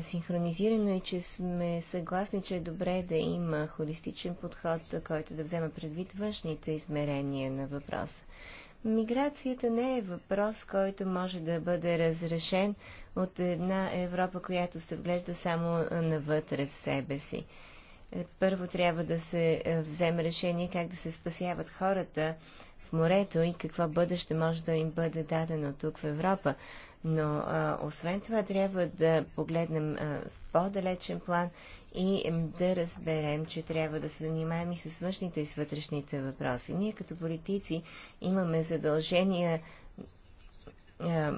синхронизирано и че сме съгласни, че е добре да има холистичен подход, който да взема предвид външните измерения на въпроса. Миграцията не е въпрос, който може да бъде разрешен от една Европа, която се вглежда само навътре в себе си. Първо трябва да се вземе решение как да се спасяват хората морето и какво бъдеще може да им бъде дадено тук в Европа. Но а, освен това трябва да погледнем а, в по-далечен план и да разберем, че трябва да се занимаем и с външните и с вътрешните въпроси. Ние като политици имаме задължения а,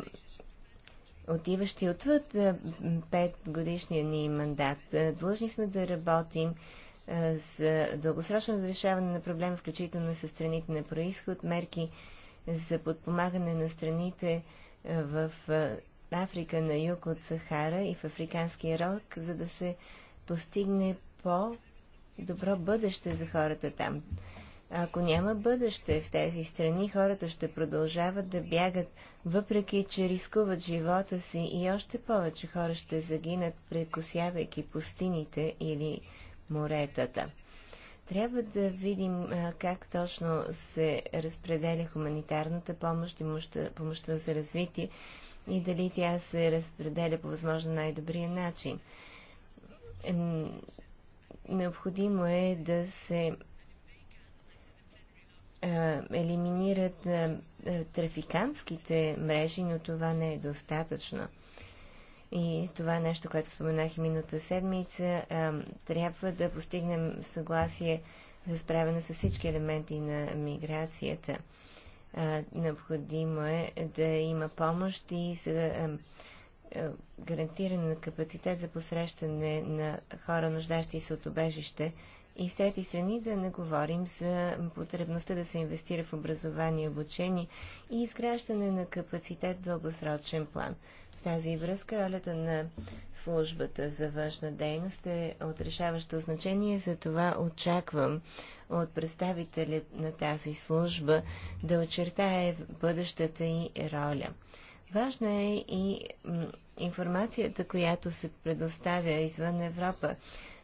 отиващи отвъд пет годишния ни мандат. Длъжни сме да работим е, за дългосрочно разрешаване на проблема, включително с страните на происход, мерки за подпомагане на страните е, в е, Африка на юг от Сахара и в Африканския рог, за да се постигне по-добро бъдеще за хората там. Ако няма бъдеще в тези страни, хората ще продължават да бягат, въпреки че рискуват живота си и още повече хора ще загинат, прекосявайки пустините или моретата. Трябва да видим как точно се разпределя хуманитарната помощ и помощта за развитие и дали тя се разпределя по възможно най-добрия начин. Необходимо е да се елиминират трафикантските мрежи, но това не е достатъчно. И това е нещо, което споменах и миналата седмица. Трябва да постигнем съгласие за справяне с всички елементи на миграцията. Необходимо е да има помощ и за гарантиране на капацитет за посрещане на хора, нуждащи се от обежище. И в трети страни да не говорим за потребността да се инвестира в образование и обучение и изграждане на капацитет в дългосрочен план тази връзка ролята на службата за външна дейност е от решаващо значение, за това очаквам от представителя на тази служба да очертае бъдещата и роля. Важна е и информацията, която се предоставя извън Европа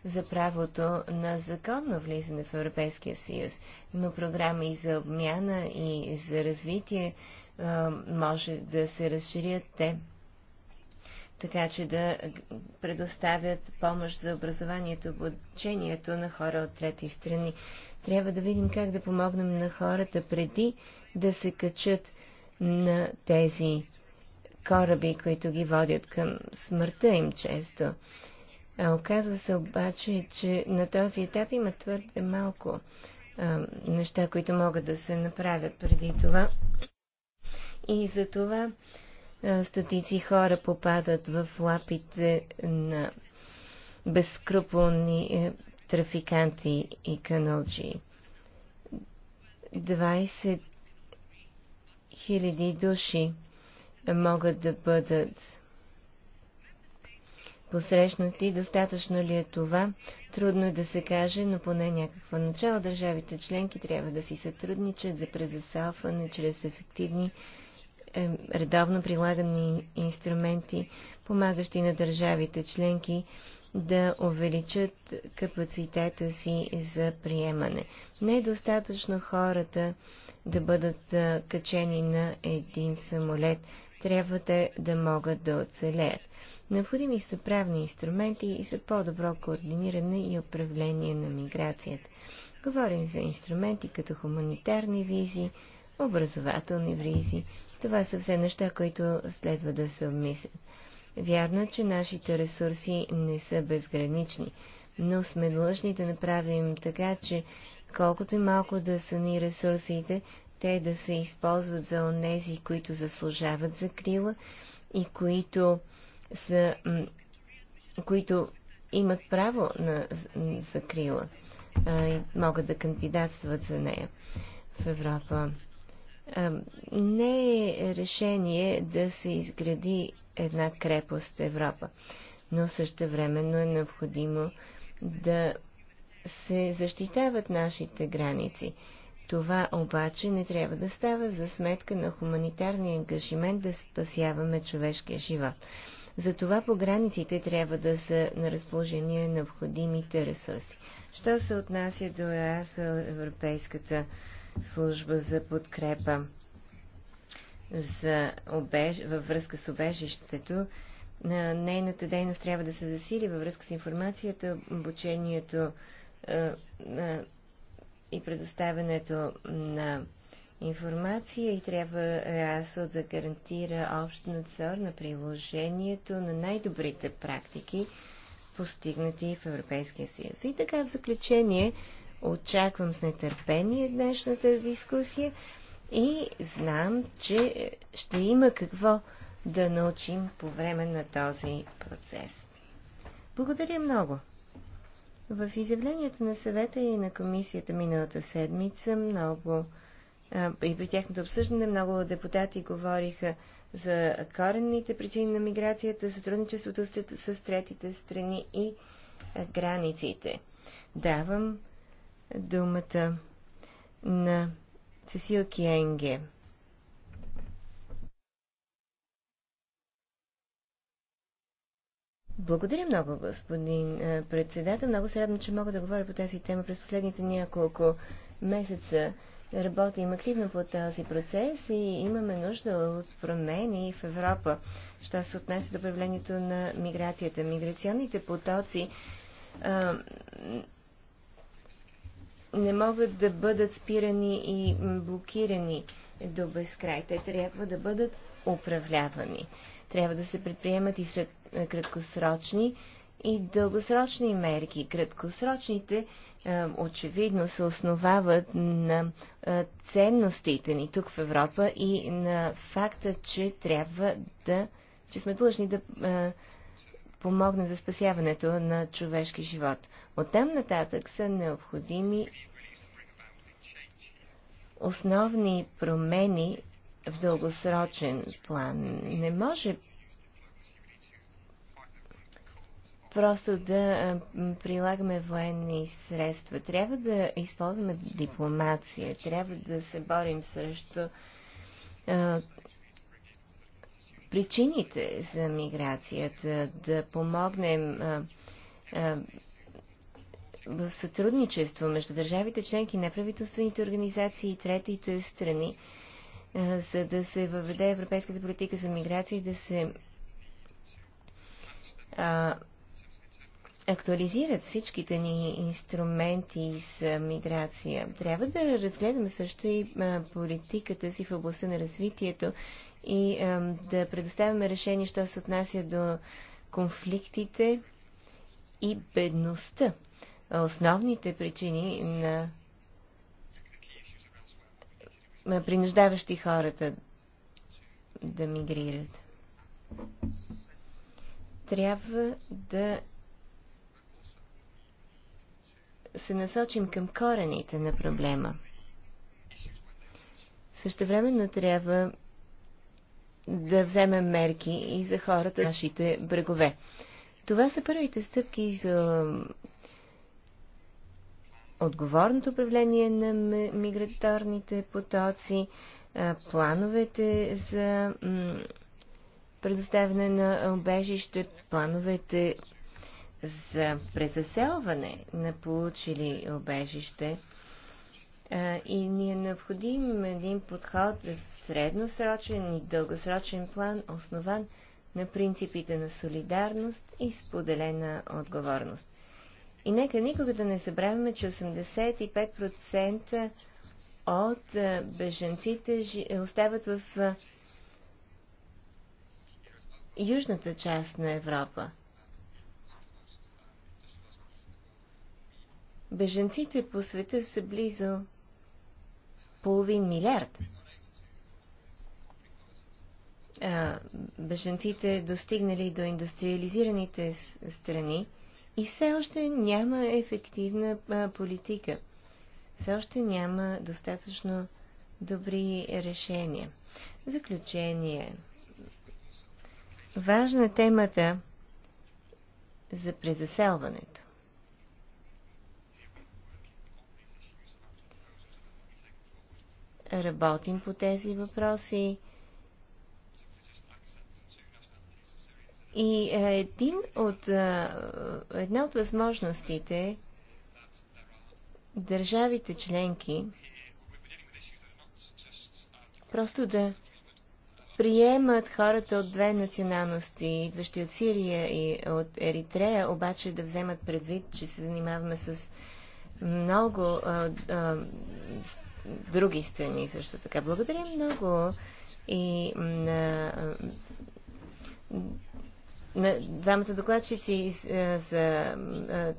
за правото на законно влизане в Европейския съюз. Има програми за обмяна и за развитие. Може да се разширят те така че да предоставят помощ за образованието, обучението на хора от трети страни. Трябва да видим как да помогнем на хората преди да се качат на тези кораби, които ги водят към смъртта им често. А оказва се обаче, че на този етап има твърде малко а, неща, които могат да се направят преди това. И за това е, стотици хора попадат в лапите на безскрупулни е, трафиканти и каналджи. 20 хиляди души могат да бъдат посрещнати. Достатъчно ли е това? Трудно е да се каже, но поне някаква начало държавите членки трябва да си сътрудничат за презасалване чрез ефективни е редовно прилагани инструменти, помагащи на държавите членки да увеличат капацитета си за приемане. Не е достатъчно хората да бъдат качени на един самолет. Трябва те да могат да оцелеят. Необходими са правни инструменти и за по-добро координиране и управление на миграцията. Говорим за инструменти като хуманитарни визи, образователни визи, това са все неща, които следва да се обмислят. Вярно е, че нашите ресурси не са безгранични, но сме длъжни да направим така, че колкото и малко да са ни ресурсите, те да се използват за онези, които заслужават закрила и които, са, които имат право на закрила и могат да кандидатстват за нея в Европа не е решение да се изгради една крепост Европа, но също времено е необходимо да се защитават нашите граници. Това обаче не трябва да става за сметка на хуманитарния ангажимент да спасяваме човешкия живот. Затова по границите трябва да са на разположение необходимите ресурси. Що се отнася до ЕАСО, Европейската служба за подкрепа за обеж... във връзка с обежището. Нейната дейност трябва да се засили във връзка с информацията, обучението и предоставянето на информация и трябва РАСО да гарантира общ надзор на приложението на най-добрите практики, постигнати в Европейския съюз. И така в заключение Очаквам с нетърпение днешната дискусия и знам, че ще има какво да научим по време на този процес. Благодаря много. В изявленията на съвета и на комисията миналата седмица много и при тяхното обсъждане много депутати говориха за коренните причини на миграцията, сътрудничеството с третите страни и границите. Давам думата на Цесил Киенге. Благодаря много, господин председател. Много се радвам, че мога да говоря по тази тема. През последните няколко месеца работим активно по този процес и имаме нужда от промени в Европа, що се отнесе до появлението на миграцията. Миграционните потоци не могат да бъдат спирани и блокирани до безкрай. Те трябва да бъдат управлявани. Трябва да се предприемат и сред е, краткосрочни и дългосрочни мерки. Краткосрочните е, очевидно се основават на е, ценностите ни тук в Европа и на факта, че трябва да, че сме длъжни да помогне за спасяването на човешки живот. Оттам нататък са необходими основни промени в дългосрочен план. Не може просто да прилагаме военни средства. Трябва да използваме дипломация. Трябва да се борим срещу причините за миграцията, да помогнем в сътрудничество между държавите членки, неправителствените организации и третите страни, за да се въведе европейската политика за миграция и да се актуализират всичките ни инструменти за миграция. Трябва да разгледаме също и политиката си в областта на развитието и да предоставяме решение, що се отнася до конфликтите и бедността. Основните причини на принуждаващи хората да мигрират. Трябва да се насочим към корените на проблема. Също времено трябва да вземем мерки и за хората на нашите брегове. Това са първите стъпки за отговорното управление на миграторните потоци, плановете за предоставяне на обежище, плановете за презаселване на получили обежище – и ни е необходим един подход в средносрочен и дългосрочен план, основан на принципите на солидарност и споделена отговорност. И нека никога да не забравяме, че 85% от беженците е, остават в южната част на Европа. Беженците по света са близо половин милиард. А, бежанците достигнали до индустриализираните страни и все още няма ефективна а, политика. Все още няма достатъчно добри решения. Заключение. Важна темата за презаселването. работим по тези въпроси. И е, един от, е, една от възможностите държавите членки просто да приемат хората от две националности, идващи от Сирия и от Еритрея, обаче да вземат предвид, че се занимаваме с много а, е, а, други страни също така. Благодаря много и на, на двамата докладчици е, за е,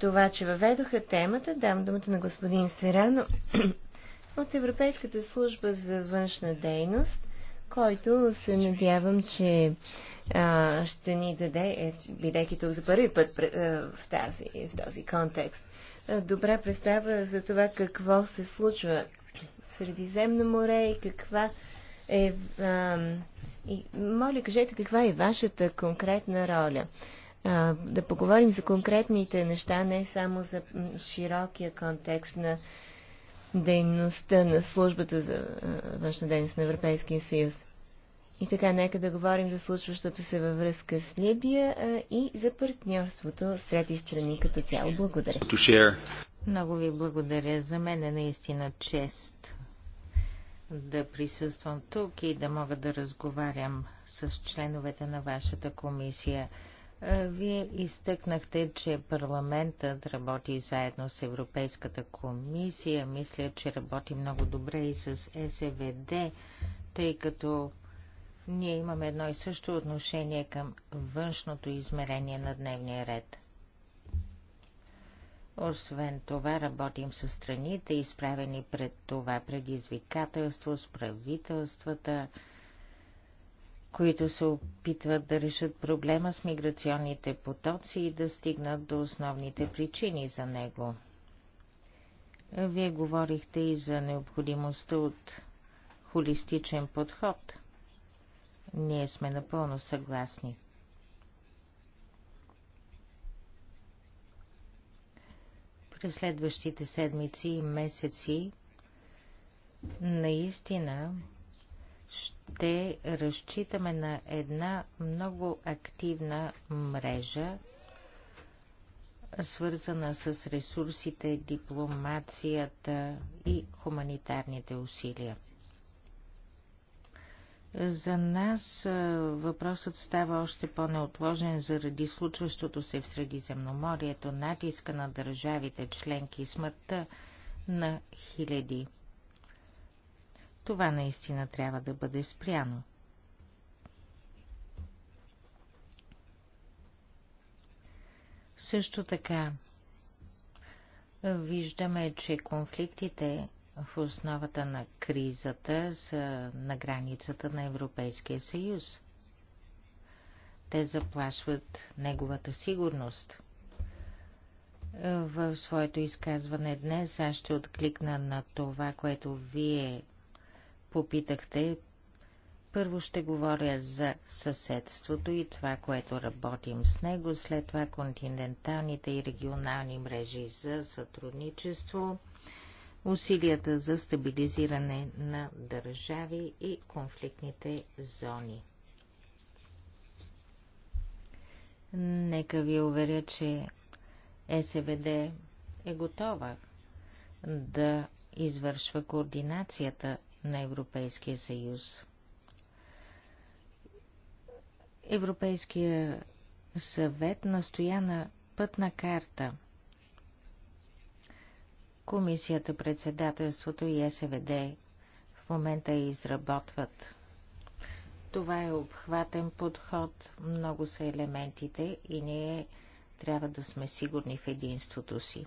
това, че въведоха темата. Дам думата на господин Серано от Европейската служба за външна дейност, който се надявам, че а, ще ни даде, е, бидейки тук за първи път а, в, тази, в този контекст, добра представа за това какво се случва в Средиземно море и каква е... А, и, моля, кажете каква е вашата конкретна роля. А, да поговорим за конкретните неща, не само за широкия контекст на дейността на службата за външна дейност на Европейския съюз. И така, нека да говорим за случващото се във връзка с Либия а, и за партньорството с трети страни като цяло. Благодаря. Много ви благодаря. За мен е наистина чест да присъствам тук и да мога да разговарям с членовете на вашата комисия. Вие изтъкнахте, че парламентът работи заедно с Европейската комисия. Мисля, че работи много добре и с СВД, тъй като ние имаме едно и също отношение към външното измерение на дневния ред. Освен това, работим с страните, изправени пред това предизвикателство, с правителствата, които се опитват да решат проблема с миграционните потоци и да стигнат до основните причини за него. Вие говорихте и за необходимостта от холистичен подход – ние сме напълно съгласни. През следващите седмици и месеци наистина ще разчитаме на една много активна мрежа, свързана с ресурсите, дипломацията и хуманитарните усилия. За нас въпросът става още по-неотложен заради случващото се в Средиземноморието, натиска на държавите членки и смъртта на хиляди. Това наистина трябва да бъде спряно. Също така, виждаме, че конфликтите в основата на кризата са на границата на Европейския съюз. Те заплашват неговата сигурност. В своето изказване днес аз ще откликна на това, което вие попитахте. Първо ще говоря за съседството и това, което работим с него, след това континенталните и регионални мрежи за сътрудничество – усилията за стабилизиране на държави и конфликтните зони. Нека ви уверя, че СВД е готова да извършва координацията на Европейския съюз. Европейския съвет настоя на пътна карта – Комисията, председателството и СВД в момента изработват. Това е обхватен подход, много са елементите и ние трябва да сме сигурни в единството си.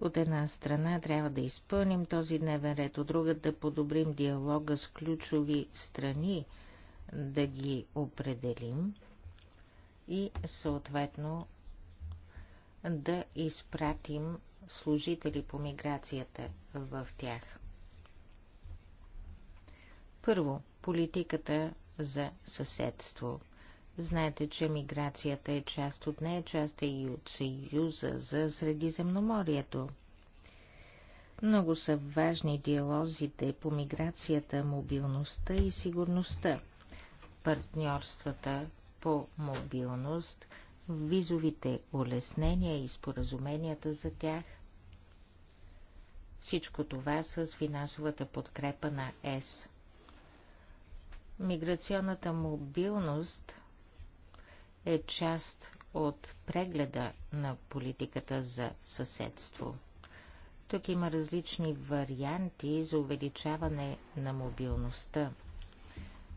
От една страна трябва да изпълним този дневен ред, от друга да подобрим диалога с ключови страни, да ги определим и съответно да изпратим служители по миграцията в тях. Първо, политиката за съседство. Знаете, че миграцията е част от нея, част е и от Съюза за Средиземноморието. Много са важни диалозите по миграцията, мобилността и сигурността. Партньорствата по мобилност визовите улеснения и споразуменията за тях. Всичко това с финансовата подкрепа на ЕС. Миграционната мобилност е част от прегледа на политиката за съседство. Тук има различни варианти за увеличаване на мобилността.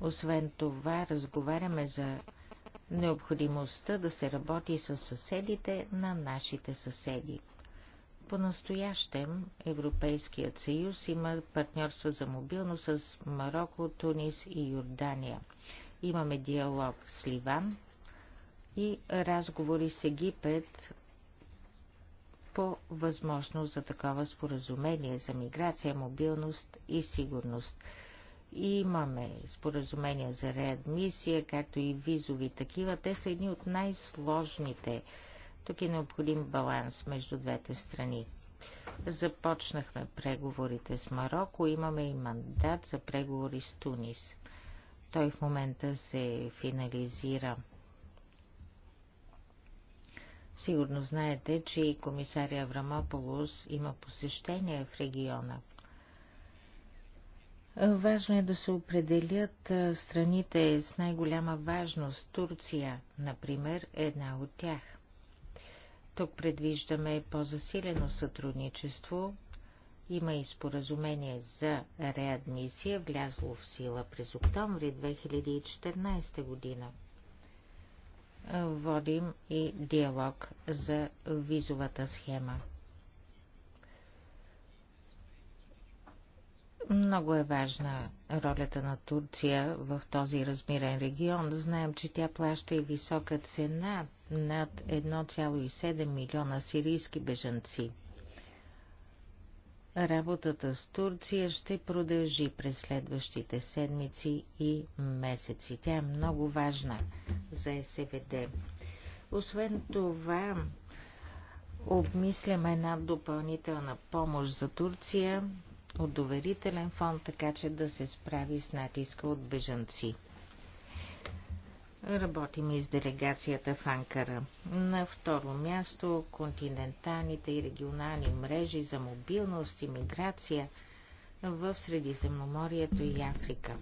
Освен това, разговаряме за необходимостта да се работи с съседите на нашите съседи. По-настоящем Европейският съюз има партньорства за мобилно с Марокко, Тунис и Йордания. Имаме диалог с Ливан и разговори с Египет по възможност за такова споразумение за миграция, мобилност и сигурност. И имаме споразумения за реадмисия, както и визови такива. Те са едни от най-сложните. Тук е необходим баланс между двете страни. Започнахме преговорите с Марокко, имаме и мандат за преговори с Тунис. Той в момента се финализира. Сигурно знаете, че и комисария Аврамополос има посещение в региона – Важно е да се определят страните с най-голяма важност. Турция, например, е една от тях. Тук предвиждаме по-засилено сътрудничество. Има и споразумение за реадмисия, влязло в сила през октомври 2014 година. Водим и диалог за визовата схема. Много е важна ролята на Турция в този размирен регион. Знаем, че тя плаща и висока цена над 1,7 милиона сирийски бежанци. Работата с Турция ще продължи през следващите седмици и месеци. Тя е много важна за СВД. Освен това, обмисляме една допълнителна помощ за Турция от доверителен фонд, така че да се справи с натиска от бежанци. Работим и с делегацията в Анкара. На второ място континенталните и регионални мрежи за мобилност и миграция в Средиземноморието и Африка.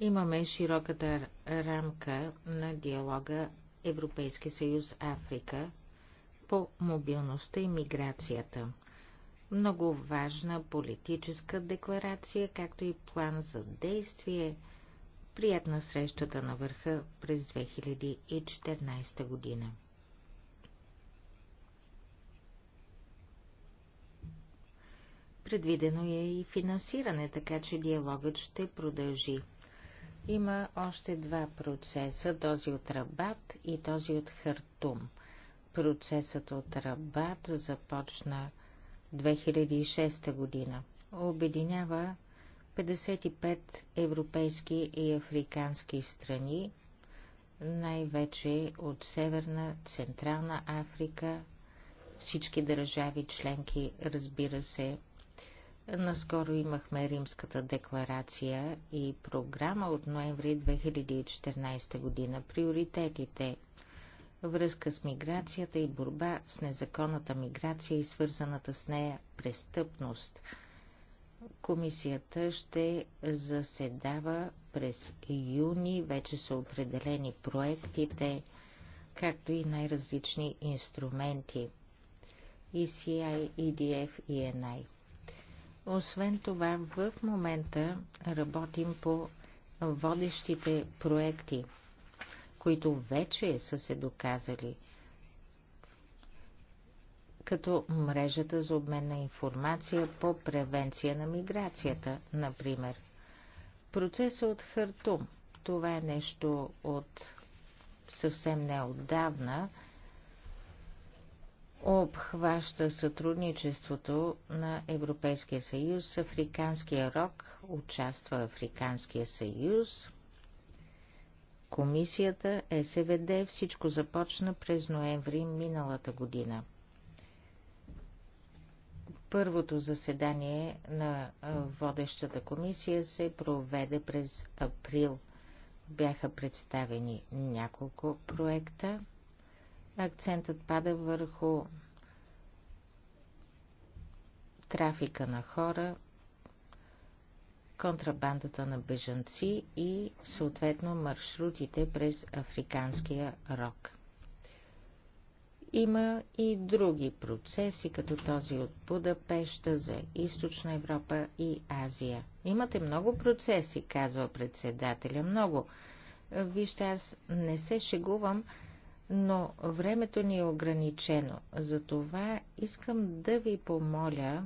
Имаме широката рамка на диалога Европейски съюз Африка, по мобилността и миграцията. Много важна политическа декларация, както и план за действие, прият на срещата на върха през 2014 година. Предвидено е и финансиране, така че диалогът ще продължи. Има още два процеса, този от Рабат и този от Хартум – Процесът от Рабат започна 2006 година. Обединява 55 европейски и африкански страни, най-вече от Северна, Централна Африка, всички държави членки, разбира се. Наскоро имахме Римската декларация и програма от ноември 2014 година. Приоритетите връзка с миграцията и борба с незаконната миграция и свързаната с нея престъпност. Комисията ще заседава през юни, вече са определени проектите, както и най-различни инструменти ECI, EDF и ENI. Освен това, в момента работим по водещите проекти – които вече са се доказали, като мрежата за обмен на информация по превенция на миграцията, например. Процеса от Хартум. Това е нещо от съвсем неотдавна обхваща сътрудничеството на Европейския съюз с Африканския рок, участва Африканския съюз, комисията, СВД, всичко започна през ноември миналата година. Първото заседание на водещата комисия се проведе през април. Бяха представени няколко проекта. Акцентът пада върху трафика на хора, контрабандата на бежанци и съответно маршрутите през Африканския рок. Има и други процеси, като този от Будапешта за Източна Европа и Азия. Имате много процеси, казва председателя, много. Вижте, аз не се шегувам, но времето ни е ограничено. Затова искам да ви помоля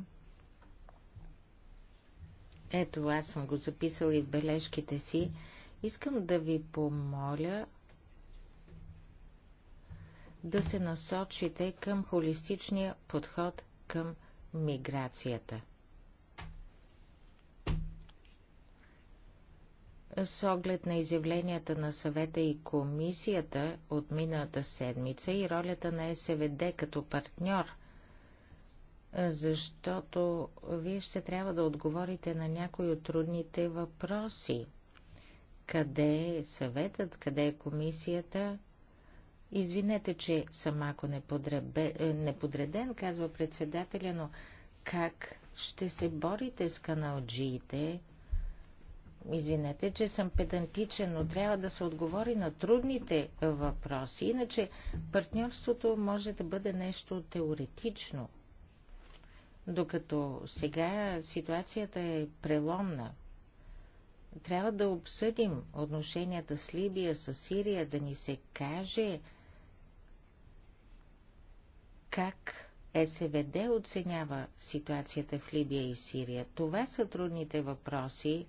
ето, аз съм го записал и в бележките си. Искам да ви помоля да се насочите към холистичния подход към миграцията. С оглед на изявленията на съвета и комисията от миналата седмица и ролята на СВД като партньор защото вие ще трябва да отговорите на някои от трудните въпроси. Къде е съветът, къде е комисията? Извинете, че съм ако е, неподреден, казва председателя, но как ще се борите с каналджиите? Извинете, че съм педантичен, но трябва да се отговори на трудните въпроси. Иначе партньорството може да бъде нещо теоретично, докато сега ситуацията е преломна. Трябва да обсъдим отношенията с Либия, с Сирия, да ни се каже как СВД оценява ситуацията в Либия и Сирия. Това са трудните въпроси,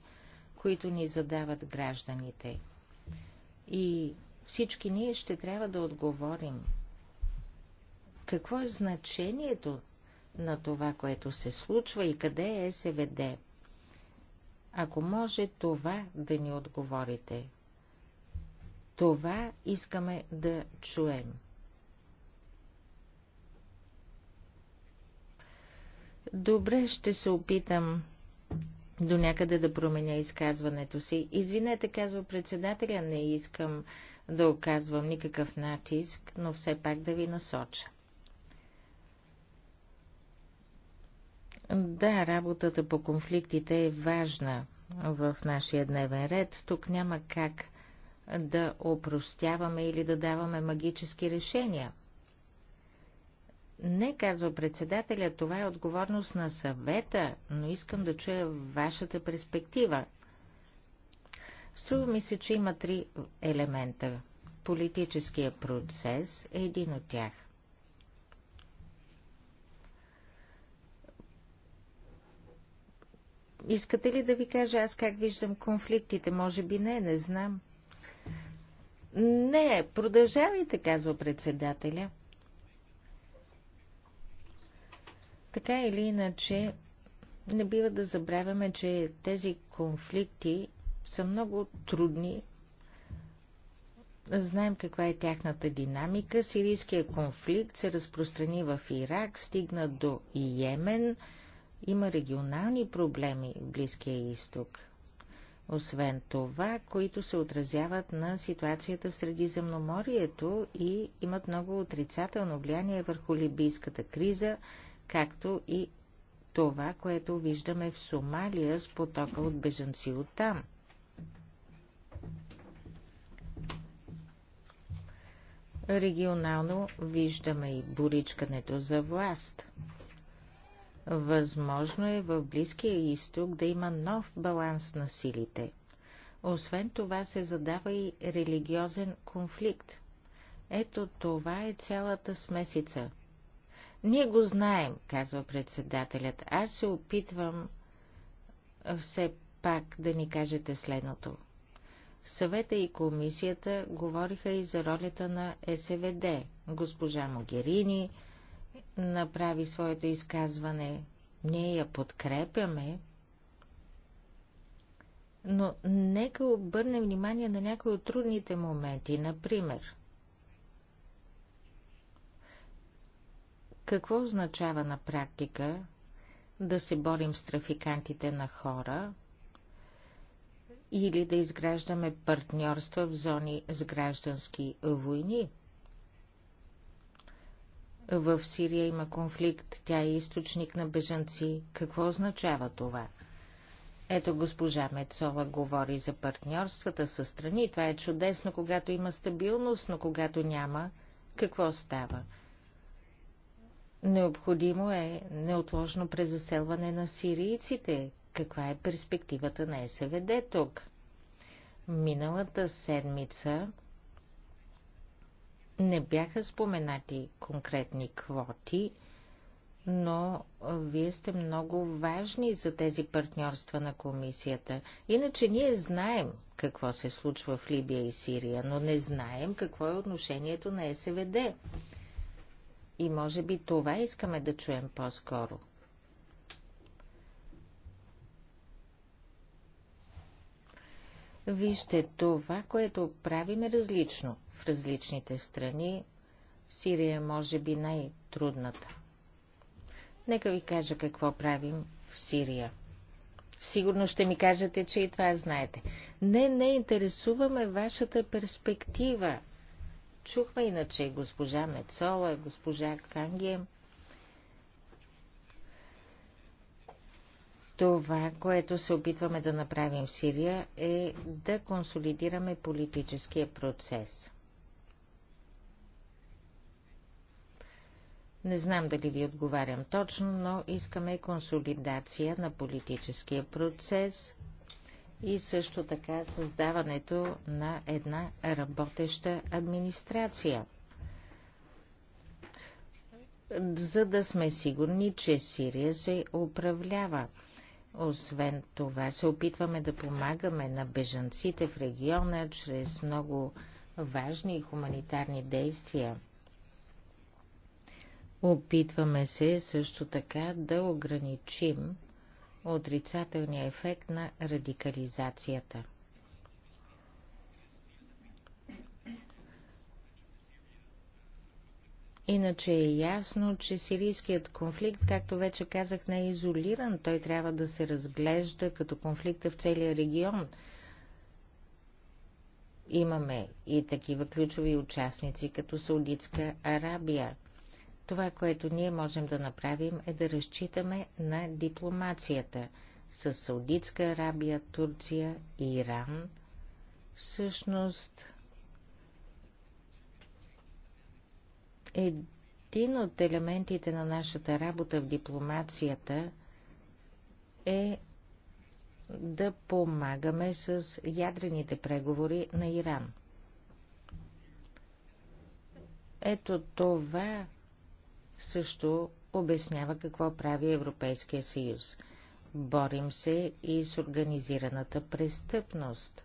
които ни задават гражданите. И всички ние ще трябва да отговорим. Какво е значението на това, което се случва и къде е се веде, Ако може това да ни отговорите, това искаме да чуем. Добре, ще се опитам до някъде да променя изказването си. Извинете, казва председателя, не искам да оказвам никакъв натиск, но все пак да ви насоча. Да, работата по конфликтите е важна в нашия дневен ред. Тук няма как да опростяваме или да даваме магически решения. Не, казва председателя, това е отговорност на съвета, но искам да чуя вашата перспектива. Струва ми се, че има три елемента. Политическия процес е един от тях – Искате ли да ви кажа аз как виждам конфликтите? Може би не, не знам. Не, продължавайте, казва председателя. Така или иначе, не бива да забравяме, че тези конфликти са много трудни. Знаем каква е тяхната динамика. Сирийския конфликт се разпространи в Ирак, стигна до Йемен – има регионални проблеми в Близкия изток. Освен това, които се отразяват на ситуацията в Средиземноморието и имат много отрицателно влияние върху либийската криза, както и това, което виждаме в Сомалия с потока от бежанци там. Регионално виждаме и боричкането за власт. Възможно е в Близкия изток да има нов баланс на силите. Освен това се задава и религиозен конфликт. Ето това е цялата смесица. Ние го знаем, казва председателят. Аз се опитвам все пак да ни кажете следното. Съвета и комисията говориха и за ролята на СВД. Госпожа Могерини, направи своето изказване. Ние я подкрепяме, но нека обърнем внимание на някои от трудните моменти. Например, какво означава на практика да се борим с трафикантите на хора или да изграждаме партньорства в зони с граждански войни? В Сирия има конфликт, тя е източник на бежанци. Какво означава това? Ето госпожа Мецова говори за партньорствата с страни. Това е чудесно, когато има стабилност, но когато няма, какво става? Необходимо е неотложно презаселване на сирийците. Каква е перспективата на СВД тук? Миналата седмица не бяха споменати конкретни квоти, но вие сте много важни за тези партньорства на комисията. Иначе ние знаем какво се случва в Либия и Сирия, но не знаем какво е отношението на СВД. И може би това искаме да чуем по-скоро. Вижте, това, което правим е различно в различните страни. Сирия е може би най-трудната. Нека ви кажа какво правим в Сирия. Сигурно ще ми кажете, че и това знаете. Не, не интересуваме вашата перспектива. Чухме иначе госпожа Мецола, госпожа Кангия. Това, което се опитваме да направим в Сирия, е да консолидираме политическия процес. Не знам дали ви отговарям точно, но искаме консолидация на политическия процес и също така създаването на една работеща администрация. За да сме сигурни, че Сирия се управлява. Освен това, се опитваме да помагаме на бежанците в региона чрез много важни хуманитарни действия. Опитваме се също така да ограничим отрицателния ефект на радикализацията. Иначе е ясно, че сирийският конфликт, както вече казах, не е изолиран. Той трябва да се разглежда като конфликта в целия регион. Имаме и такива ключови участници, като Саудитска Арабия. Това, което ние можем да направим е да разчитаме на дипломацията с Саудитска Арабия, Турция и Иран. Всъщност, един от елементите на нашата работа в дипломацията е да помагаме с ядрените преговори на Иран. Ето това също обяснява какво прави Европейския съюз. Борим се и с организираната престъпност.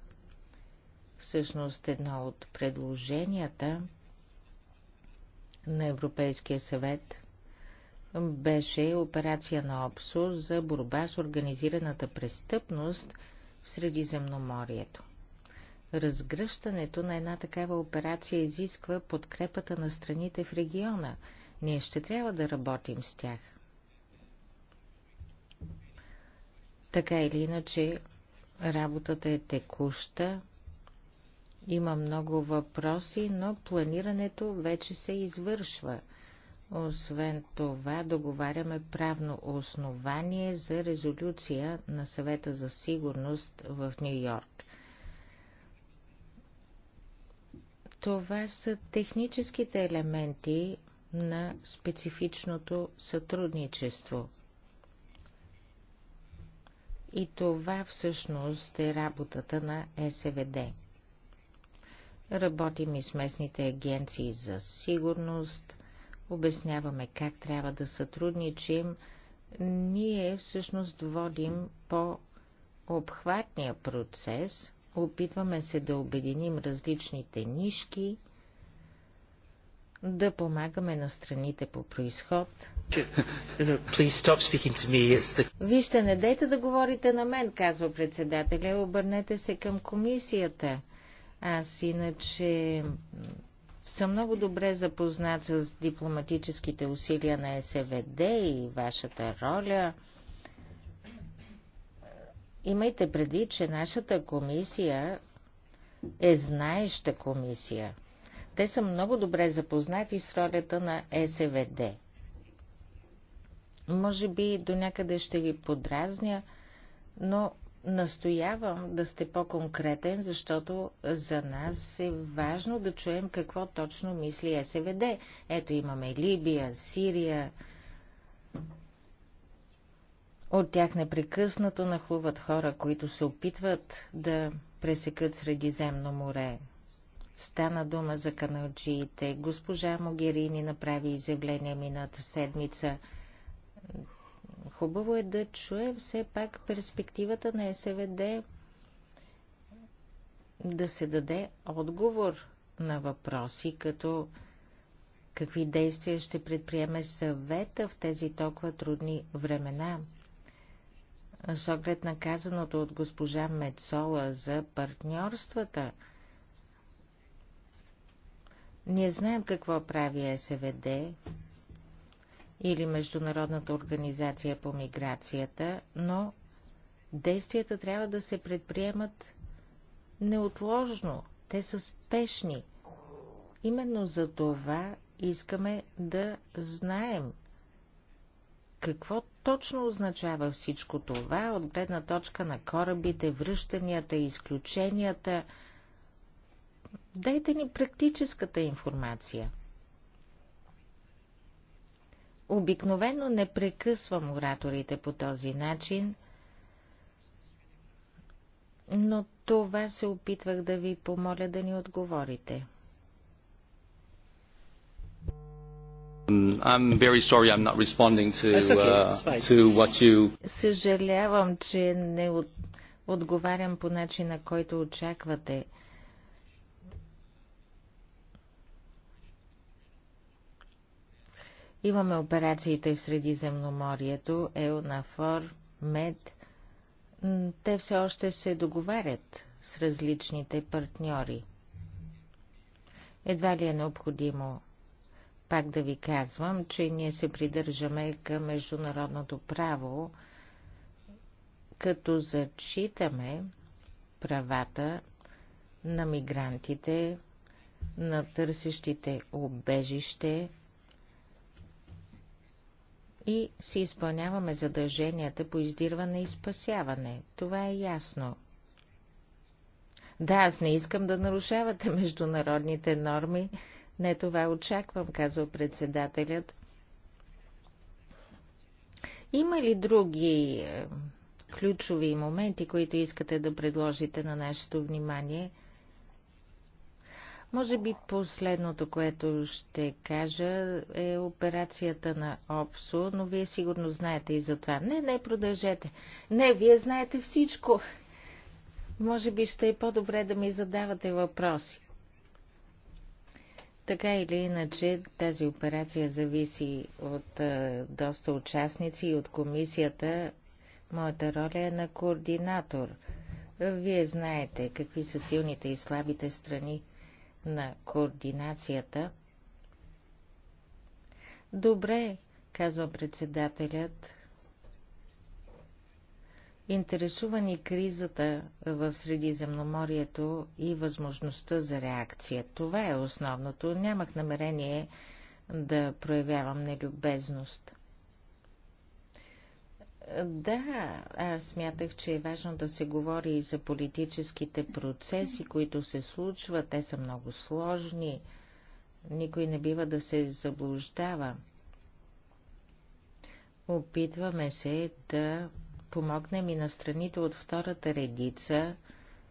Всъщност едно от предложенията на Европейския съвет беше операция на ОПСО за борба с организираната престъпност в Средиземноморието. Разгръщането на една такава операция изисква подкрепата на страните в региона – ние ще трябва да работим с тях. Така или иначе, работата е текуща. Има много въпроси, но планирането вече се извършва. Освен това, договаряме правно основание за резолюция на съвета за сигурност в Нью Йорк. Това са техническите елементи на специфичното сътрудничество. И това всъщност е работата на СВД. Работим и с местните агенции за сигурност, обясняваме как трябва да сътрудничим. Ние всъщност водим по обхватния процес, опитваме се да обединим различните нишки – да помагаме на страните по происход. Вижте, не дайте да говорите на мен, казва председателя. Обърнете се към комисията. Аз иначе съм много добре запознат с дипломатическите усилия на СВД и вашата роля. Имайте предвид, че нашата комисия е знаеща комисия – те са много добре запознати с ролята на СВД. Може би до някъде ще ви подразня, но настоявам да сте по-конкретен, защото за нас е важно да чуем какво точно мисли СВД. Ето имаме Либия, Сирия. От тях непрекъснато нахлуват хора, които се опитват да пресекат Средиземно море. Стана дума за каналджиите. Госпожа Могерини направи изявление мината седмица. Хубаво е да чуем все пак перспективата на СВД да се даде отговор на въпроси, като какви действия ще предприеме съвета в тези толкова трудни времена. С оглед на казаното от госпожа Мецола за партньорствата – ние знаем какво прави СВД или Международната организация по миграцията, но действията трябва да се предприемат неотложно. Те са спешни. Именно за това искаме да знаем какво точно означава всичко това от гледна точка на корабите, връщанията, изключенията – Дайте ни практическата информация. Обикновено не прекъсвам ораторите по този начин, но това се опитвах да ви помоля да ни отговорите. I'm very sorry I'm not responding to, uh, to what you... Съжалявам, че не от... отговарям по начина, който очаквате. Имаме операциите в Средиземноморието, ЕОНАФОР, МЕД. Те все още се договарят с различните партньори. Едва ли е необходимо пак да ви казвам, че ние се придържаме към международното право, като зачитаме правата на мигрантите, на търсещите обежище, и си изпълняваме задълженията по издирване и спасяване. Това е ясно. Да, аз не искам да нарушавате международните норми. Не това очаквам, казва председателят. Има ли други е, ключови моменти, които искате да предложите на нашето внимание – може би последното, което ще кажа е операцията на ОПСО, но вие сигурно знаете и за това. Не, не, продължете. Не, вие знаете всичко. Може би ще е по-добре да ми задавате въпроси. Така или иначе, тази операция зависи от а, доста участници и от комисията. Моята роля е на координатор. Вие знаете какви са силните и слабите страни на координацията. Добре, казва председателят. интересувани кризата в Средиземноморието и възможността за реакция. Това е основното. Нямах намерение да проявявам нелюбезност. Да, аз смятах, че е важно да се говори и за политическите процеси, които се случват. Те са много сложни. Никой не бива да се заблуждава. Опитваме се да помогнем и на страните от втората редица,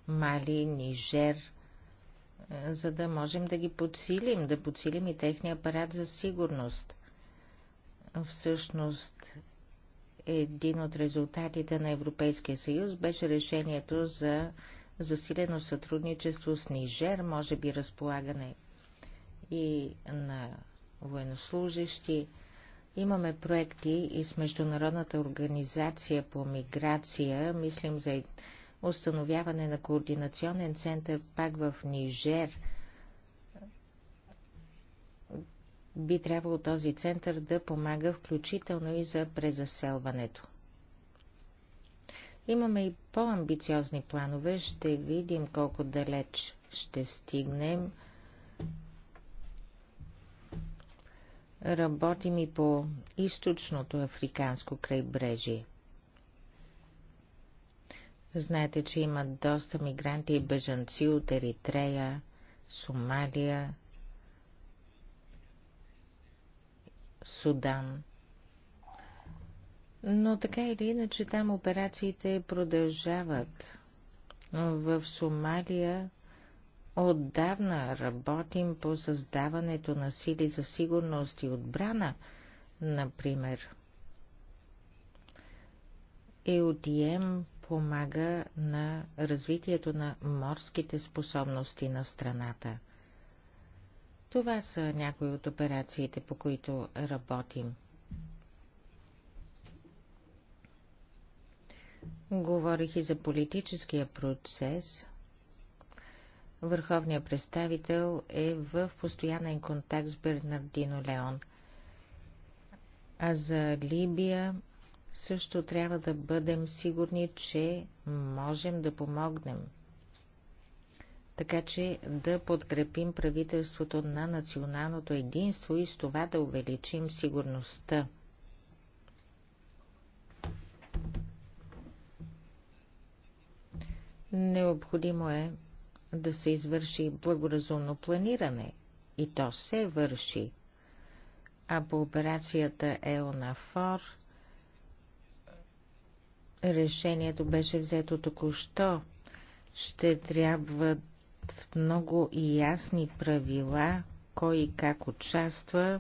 Мали, Нижер, за да можем да ги подсилим, да подсилим и техния апарат за сигурност. Всъщност, един от резултатите на Европейския съюз беше решението за засилено сътрудничество с Нижер, може би разполагане и на военнослужащи. Имаме проекти и с Международната организация по миграция. Мислим за установяване на координационен център пак в Нижер – би трябвало този център да помага включително и за презаселването. Имаме и по-амбициозни планове, ще видим колко далеч ще стигнем. Работим и по източното африканско крайбрежие. Знаете, че има доста мигранти и бежанци от Еритрея, Сомалия, Судан. Но така или иначе там операциите продължават. В Сомалия отдавна работим по създаването на сили за сигурност и отбрана, например. EOTM помага на развитието на морските способности на страната. Това са някои от операциите, по които работим. Говорих и за политическия процес. Върховният представител е в постоянен контакт с Бернардино Леон. А за Либия също трябва да бъдем сигурни, че можем да помогнем – така че да подкрепим правителството на националното единство и с това да увеличим сигурността. Необходимо е да се извърши благоразумно планиране и то се върши. А по операцията ЕОНАФОР решението беше взето току-що. Ще трябва много ясни правила, кой и как участва,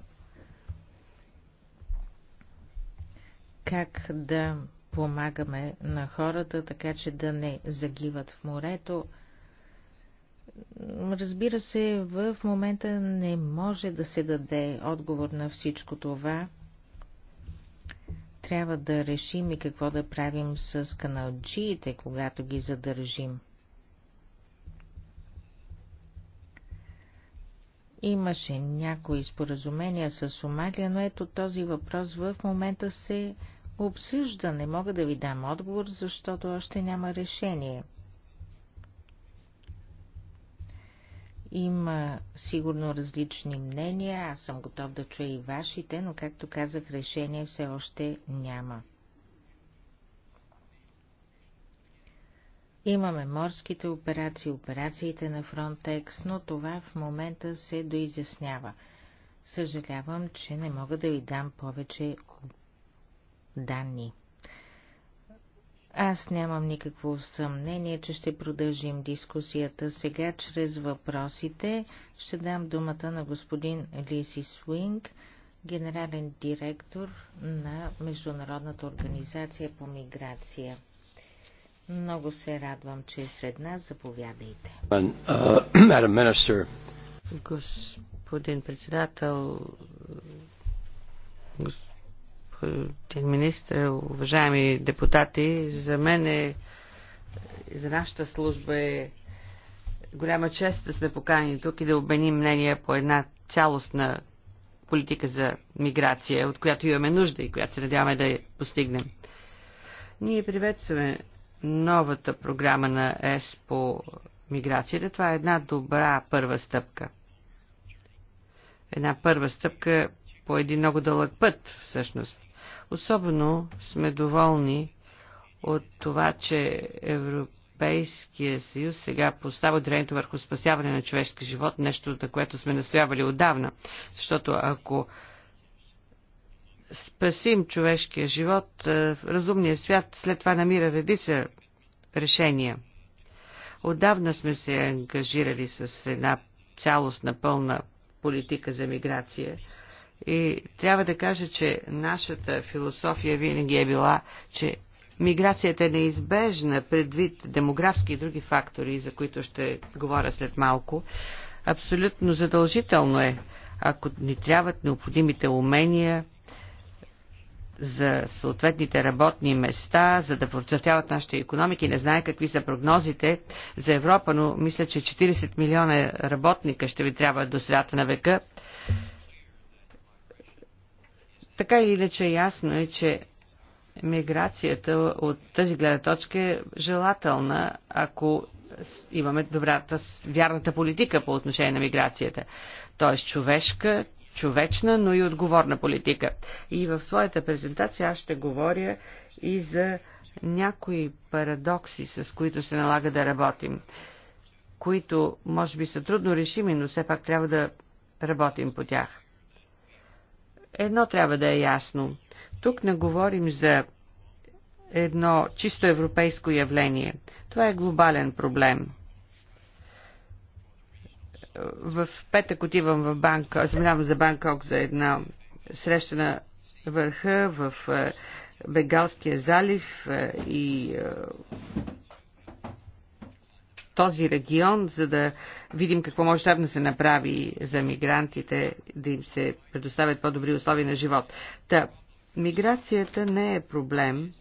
как да помагаме на хората, така че да не загиват в морето. Разбира се, в момента не може да се даде отговор на всичко това. Трябва да решим и какво да правим с каналджиите, когато ги задържим. Имаше някои споразумения с Сомалия, но ето този въпрос в момента се обсъжда. Не мога да ви дам отговор, защото още няма решение. Има сигурно различни мнения, аз съм готов да чуя и вашите, но както казах, решение все още няма. Имаме морските операции, операциите на Фронтекс, но това в момента се доизяснява. Съжалявам, че не мога да ви дам повече данни. Аз нямам никакво съмнение, че ще продължим дискусията сега чрез въпросите. Ще дам думата на господин Лиси Суинг, генерален директор на Международната организация по миграция. Много се радвам, че е сред нас заповядайте. Uh, господин председател, господин министр, уважаеми депутати, за мен е, за нашата служба е голяма чест да сме поканени тук и да обменим мнение по една цялостна политика за миграция, от която имаме нужда и която се надяваме да я постигнем. Ние приветстваме новата програма на ЕС по миграцията. Това е една добра първа стъпка. Една първа стъпка по един много дълъг път, всъщност. Особено сме доволни от това, че Европейския съюз сега поставя ударението върху спасяване на човешки живот, нещо на което сме настоявали отдавна. Защото ако спасим човешкия живот, е, разумният свят след това намира редица решения. Отдавна сме се ангажирали с една цялостна пълна политика за миграция. И трябва да кажа, че нашата философия винаги е била, че миграцията е неизбежна предвид демографски и други фактори, за които ще говоря след малко. Абсолютно задължително е, ако ни трябват необходимите умения, за съответните работни места, за да процъфтяват нашите економики. Не знае какви са прогнозите за Европа, но мисля, че 40 милиона работника ще ви трябва до средата на века. Така или иначе ясно е, че миграцията от тази гледна точка е желателна, ако имаме добрата, вярната политика по отношение на миграцията. Т.е. човешка, човечна, но и отговорна политика. И в своята презентация аз ще говоря и за някои парадокси, с които се налага да работим, които може би са трудно решими, но все пак трябва да работим по тях. Едно трябва да е ясно. Тук не говорим за едно чисто европейско явление. Това е глобален проблем – в петък отивам в банка, заминавам за Банкок за една среща на върха в е, Бегалския залив е, и е, този регион, за да видим какво може да се направи за мигрантите, да им се предоставят по-добри условия на живот. Та, миграцията не е проблем,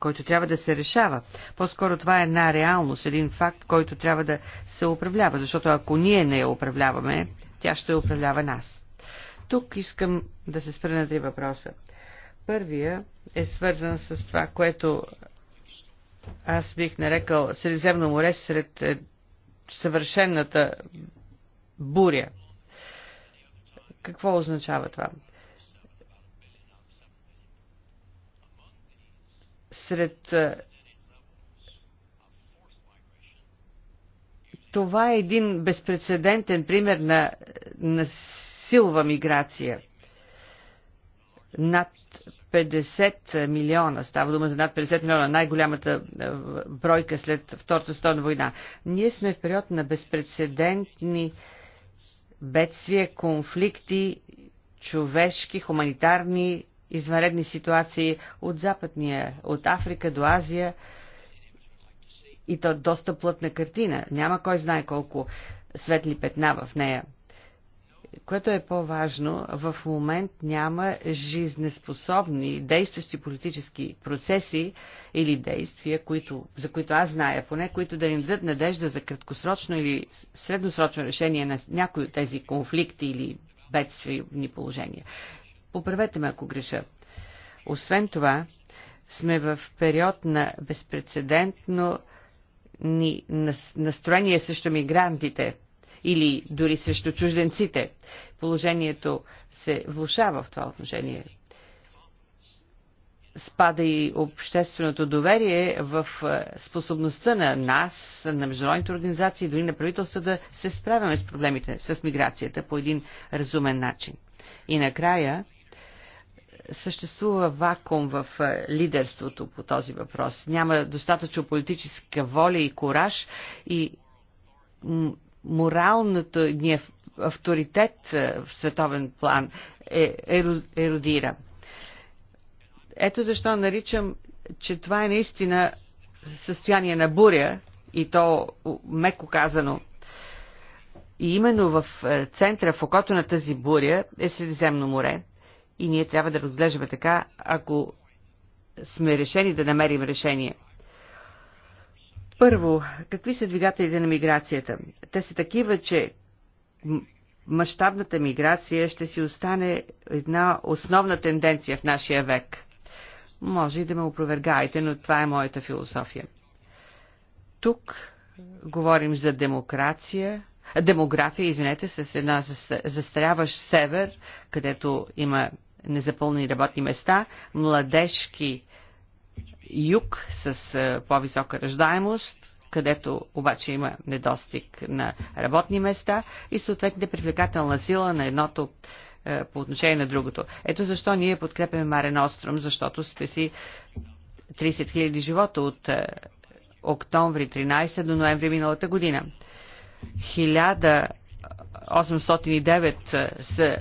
който трябва да се решава. По-скоро това е една реалност, един факт, който трябва да се управлява, защото ако ние не я управляваме, тя ще управлява нас. Тук искам да се спра на три въпроса. Първия е свързан с това, което аз бих нарекал Средиземно море сред е, съвършената буря. Какво означава това? сред това е един безпредседентен пример на силва миграция. Над 50 милиона, става дума за над 50 милиона, най-голямата бройка след Втората стона война. Ние сме в период на безпредседентни бедствия, конфликти, човешки, хуманитарни извънредни ситуации от Западния, от Африка до Азия и то доста плътна картина. Няма кой знае колко светли петна в нея. Което е по-важно, в момент няма жизнеспособни действащи политически процеси или действия, които, за които аз зная, поне които да им дадат надежда за краткосрочно или средносрочно решение на някои от тези конфликти или бедствени положения. Поправете ме, ако греша. Освен това, сме в период на безпредседентно ни настроение срещу мигрантите или дори срещу чужденците. Положението се влушава в това отношение. Спада и общественото доверие в способността на нас, на международните организации, дори на правителства да се справяме с проблемите с миграцията по един разумен начин. И накрая, съществува вакуум в е, лидерството по този въпрос. Няма достатъчно политическа воля и кораж и моралната ни авторитет е, в световен план е, еродира. Ето защо наричам, че това е наистина състояние на буря и то меко казано. И именно в е, центъра, в окото на тази буря е Средиземно море – и ние трябва да разглеждаме така, ако сме решени да намерим решение. Първо, какви са двигателите на миграцията? Те са такива, че мащабната миграция ще си остане една основна тенденция в нашия век. Може и да ме опровергаете, но това е моята философия. Тук говорим за демокрация, демография, извинете, с една застаряващ север, където има незапълнени работни места, младежки юг с е, по-висока ръждаемост, където обаче има недостиг на работни места и съответните привлекателна сила на едното е, по отношение на другото. Ето защо ние подкрепяме Марен Остром, защото спаси 30 000 живота от е, октомври 13 до ноември миналата година. 1809 са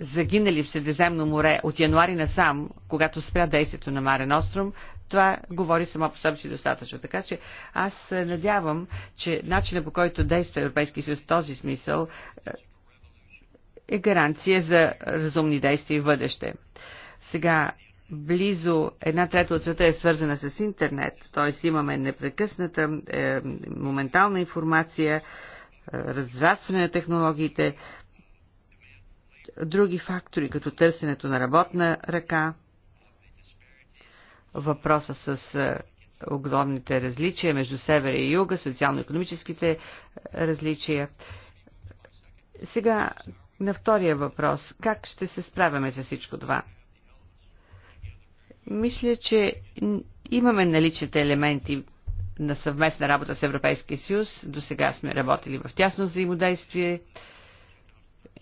загинали в Средиземно море от януари насам, когато спря действието на Марен Остром, това говори само по себе си достатъчно. Така че аз надявам, че начинът по който действа Европейския съюз в този смисъл е гаранция за разумни действия в бъдеще. Сега, близо една трета от света е свързана с интернет, т.е. имаме непрекъсната е, моментална информация, е, разрастване на технологиите, други фактори, като търсенето на работна ръка, въпроса с е, огромните различия между севера и юга, социално-економическите е, различия. Сега на втория въпрос. Как ще се справяме за всичко това? Мисля, че имаме наличните елементи на съвместна работа с Европейския съюз. До сега сме работили в тясно взаимодействие.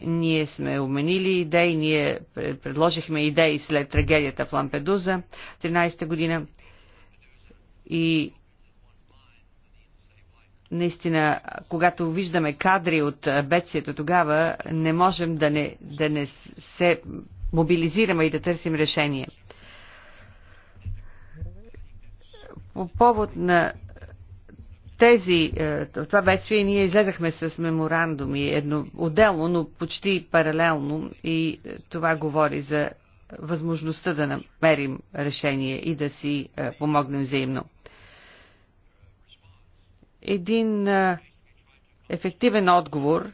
Ние сме обменили идеи, ние предложихме идеи след трагедията в Лампедуза 13-та година и наистина, когато виждаме кадри от бедствието тогава, не можем да не, да не се мобилизираме и да търсим решение. По повод на тези, е, това бедствие ние излезахме с меморандуми едно, отделно, но почти паралелно и е, това говори за възможността да намерим решение и да си е, помогнем взаимно. Един ефективен отговор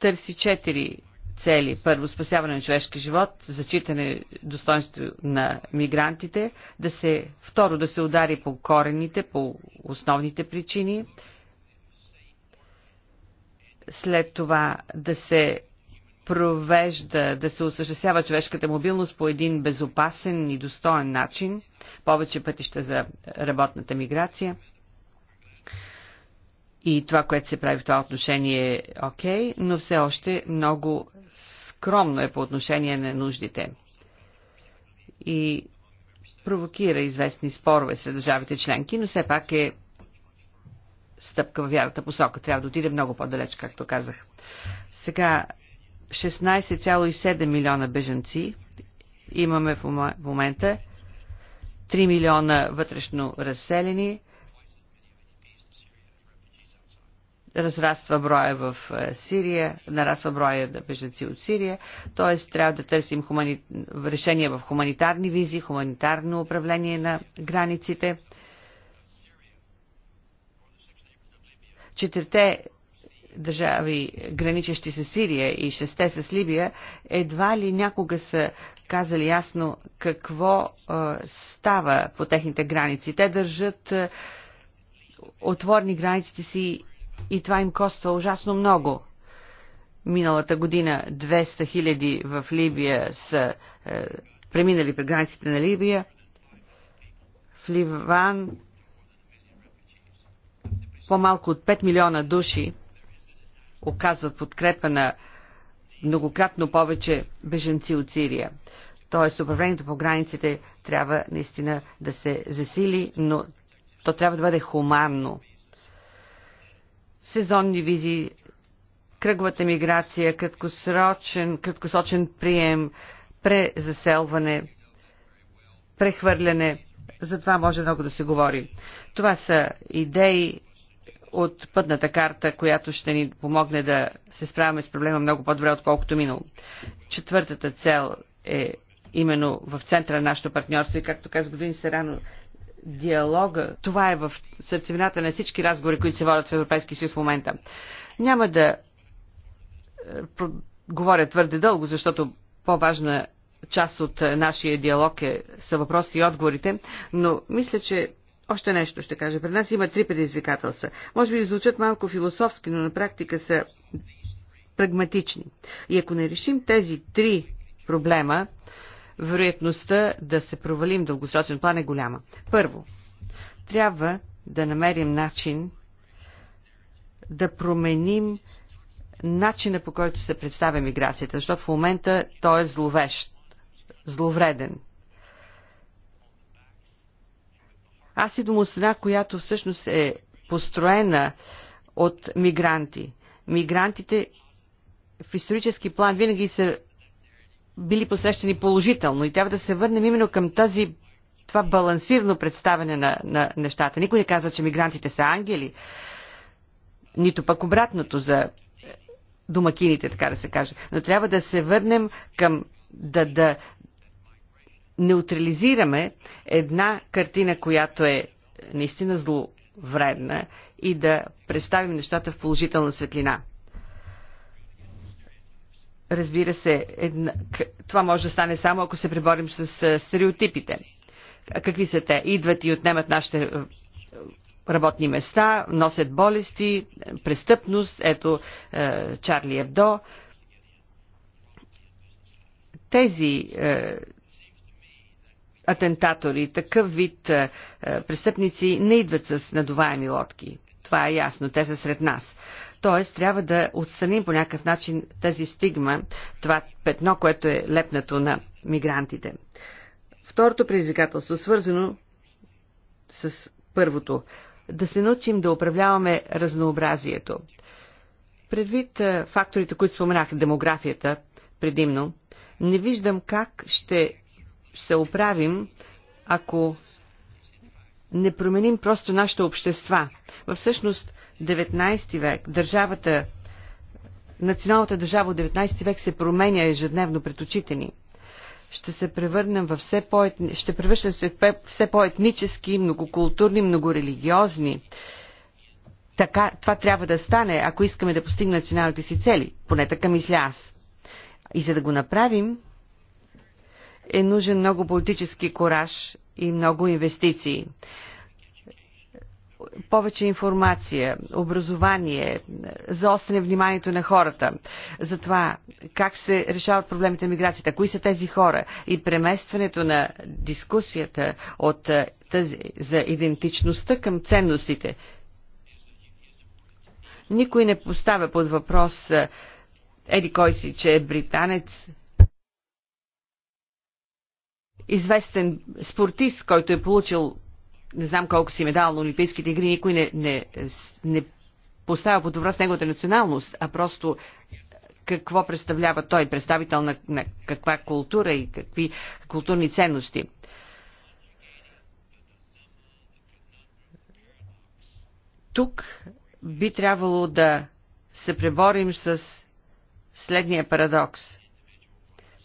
търси четири цели. Първо, спасяване на човешки живот, зачитане достоинство на мигрантите, да се, второ, да се удари по корените, по основните причини, след това да се провежда, да се осъществява човешката мобилност по един безопасен и достоен начин, повече пътища за работната миграция. И това, което се прави в това отношение е окей, okay, но все още много скромно е по отношение на нуждите и провокира известни спорове сред държавите членки, но все пак е стъпка в вярата посока. Трябва да отиде много по-далеч, както казах. Сега 16,7 милиона бежанци имаме в момента, 3 милиона вътрешно разселени, разраства броя в е, Сирия, нараства броя на беженци от Сирия, т.е. трябва да търсим хумани... решения в хуманитарни визи, хуманитарно управление на границите. Четирте държави, граничещи с Сирия и шесте с Либия, едва ли някога са казали ясно какво е, става по техните граници. Те държат е, отворни границите си и това им коства ужасно много. Миналата година 200 хиляди в Либия са е, преминали през границите на Либия. В Ливан по-малко от 5 милиона души оказват подкрепа на многократно повече беженци от Сирия. Тоест управлението по границите трябва наистина да се засили, но то трябва да бъде хуманно сезонни визи, кръговата миграция, краткосрочен, краткосрочен прием, презаселване, прехвърляне. За това може много да се говори. Това са идеи от пътната карта, която ще ни помогне да се справяме с проблема много по-добре, отколкото минало. Четвъртата цел е именно в центъра на нашето партньорство и, както каза Вин Серано, диалога. Това е в сърцевината на всички разговори, които се водят в Европейския съюз в момента. Няма да е, говоря твърде дълго, защото по-важна част от е, нашия диалог е, са въпросите и отговорите, но мисля, че още нещо ще кажа. Пред нас има три предизвикателства. Може би звучат малко философски, но на практика са прагматични. И ако не решим тези три проблема, вероятността да се провалим дългосрочен план е голяма. Първо, трябва да намерим начин да променим начина по който се представя миграцията, защото в момента той е зловещ, зловреден. Аз идвам от страна, която всъщност е построена от мигранти. Мигрантите в исторически план винаги са били посрещани положително и трябва да се върнем именно към тази това балансирано представяне на, на нещата. Никой не казва, че мигрантите са ангели, нито пък обратното за е, домакините, така да се каже. Но трябва да се върнем към да, да неутрализираме една картина, която е наистина зловредна и да представим нещата в положителна светлина. Разбира се, една, това може да стане само ако се приборим с стереотипите. Какви са те? Идват и отнемат нашите работни места, носят болести, престъпност. Ето Чарли Ебдо. Тези атентатори, такъв вид престъпници не идват с надуваеми лодки. Това е ясно, те са сред нас. Т.е. трябва да отстраним по някакъв начин тази стигма, това петно, което е лепнато на мигрантите. Второто предизвикателство, свързано с първото, да се научим да управляваме разнообразието. Предвид е, факторите, които споменах, демографията предимно, не виждам как ще се оправим, ако не променим просто нашите общества. Всъщност, 19 век, държавата, националната държава от 19 век се променя ежедневно пред очите ни. Ще се превърнем в все по ще превръщам се в все по-етнически, многокултурни, многорелигиозни. Така, това трябва да стане, ако искаме да постигнем националните си цели. Поне така мисля аз. И за да го направим, е нужен много политически кораж и много инвестиции повече информация, образование, заостряне вниманието на хората за това как се решават проблемите на миграцията, кои са тези хора и преместването на дискусията от е, тази, за идентичността към ценностите. Никой не поставя под въпрос е, еди кой си, че е британец, известен спортист, който е получил не знам колко си медал на Олимпийските игри, никой не, не, не поставя под въпрос неговата националност, а просто какво представлява той, представител на, на каква култура и какви културни ценности. Тук би трябвало да се преборим с следния парадокс.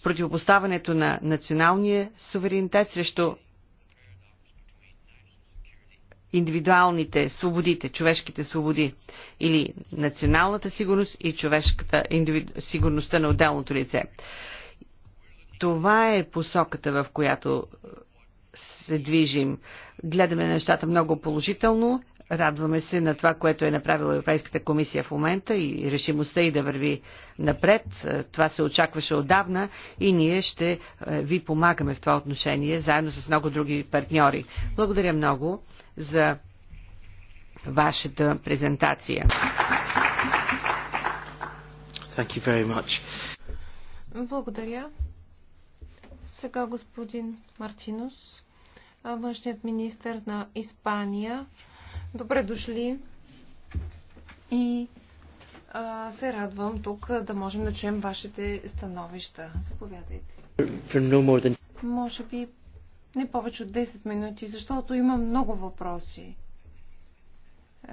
Противопоставането на националния суверенитет срещу индивидуалните свободите, човешките свободи или националната сигурност и човешката индивиду... сигурността на отделното лице. Това е посоката, в която се движим. Гледаме нещата много положително Радваме се на това, което е направила Европейската комисия в момента и решимостта и да върви напред. Е, това се очакваше отдавна и ние ще е, ви помагаме в това отношение, заедно с много други партньори. Благодаря много за вашата презентация. Thank you very much. Благодаря. Сега господин Мартинус, външният министр на Испания. Добре дошли и а, се радвам тук да можем да чуем вашите становища. Заповядайте. Може би не повече от 10 минути, защото има много въпроси.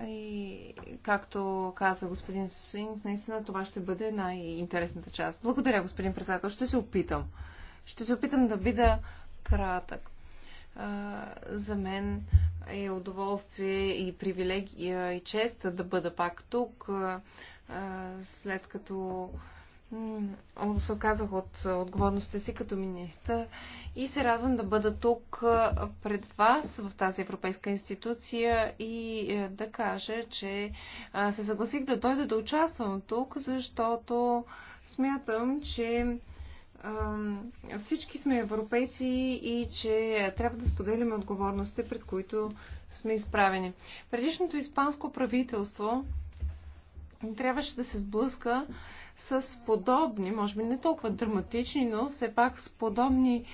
И както каза господин Свинг, наистина това ще бъде най-интересната част. Благодаря, господин председател. Ще се опитам. Ще се опитам да бида кратък за мен е удоволствие и привилегия и чест да бъда пак тук, след като се отказах от отговорността си като министър и се радвам да бъда тук пред вас в тази европейска институция и е, да кажа, че се съгласих да дойда да участвам тук, защото смятам, че всички сме европейци и че трябва да споделяме отговорностите, пред които сме изправени. Предишното испанско правителство трябваше да се сблъска с подобни, може би не толкова драматични, но все пак с подобни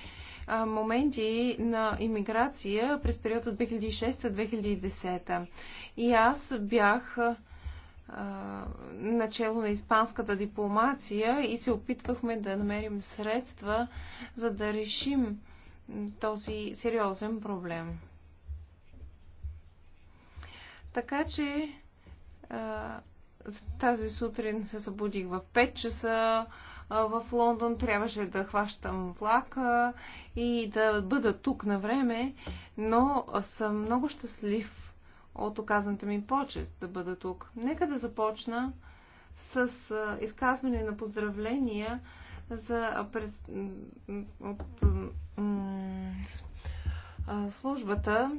моменти на иммиграция през периода 2006-2010. И аз бях начало на испанската дипломация и се опитвахме да намерим средства, за да решим този сериозен проблем. Така че тази сутрин се събудих в 5 часа. В Лондон трябваше да хващам влака и да бъда тук на време, но съм много щастлив, от оказаната ми почест да бъда тук. Нека да започна с изказване на поздравления за пред... от службата,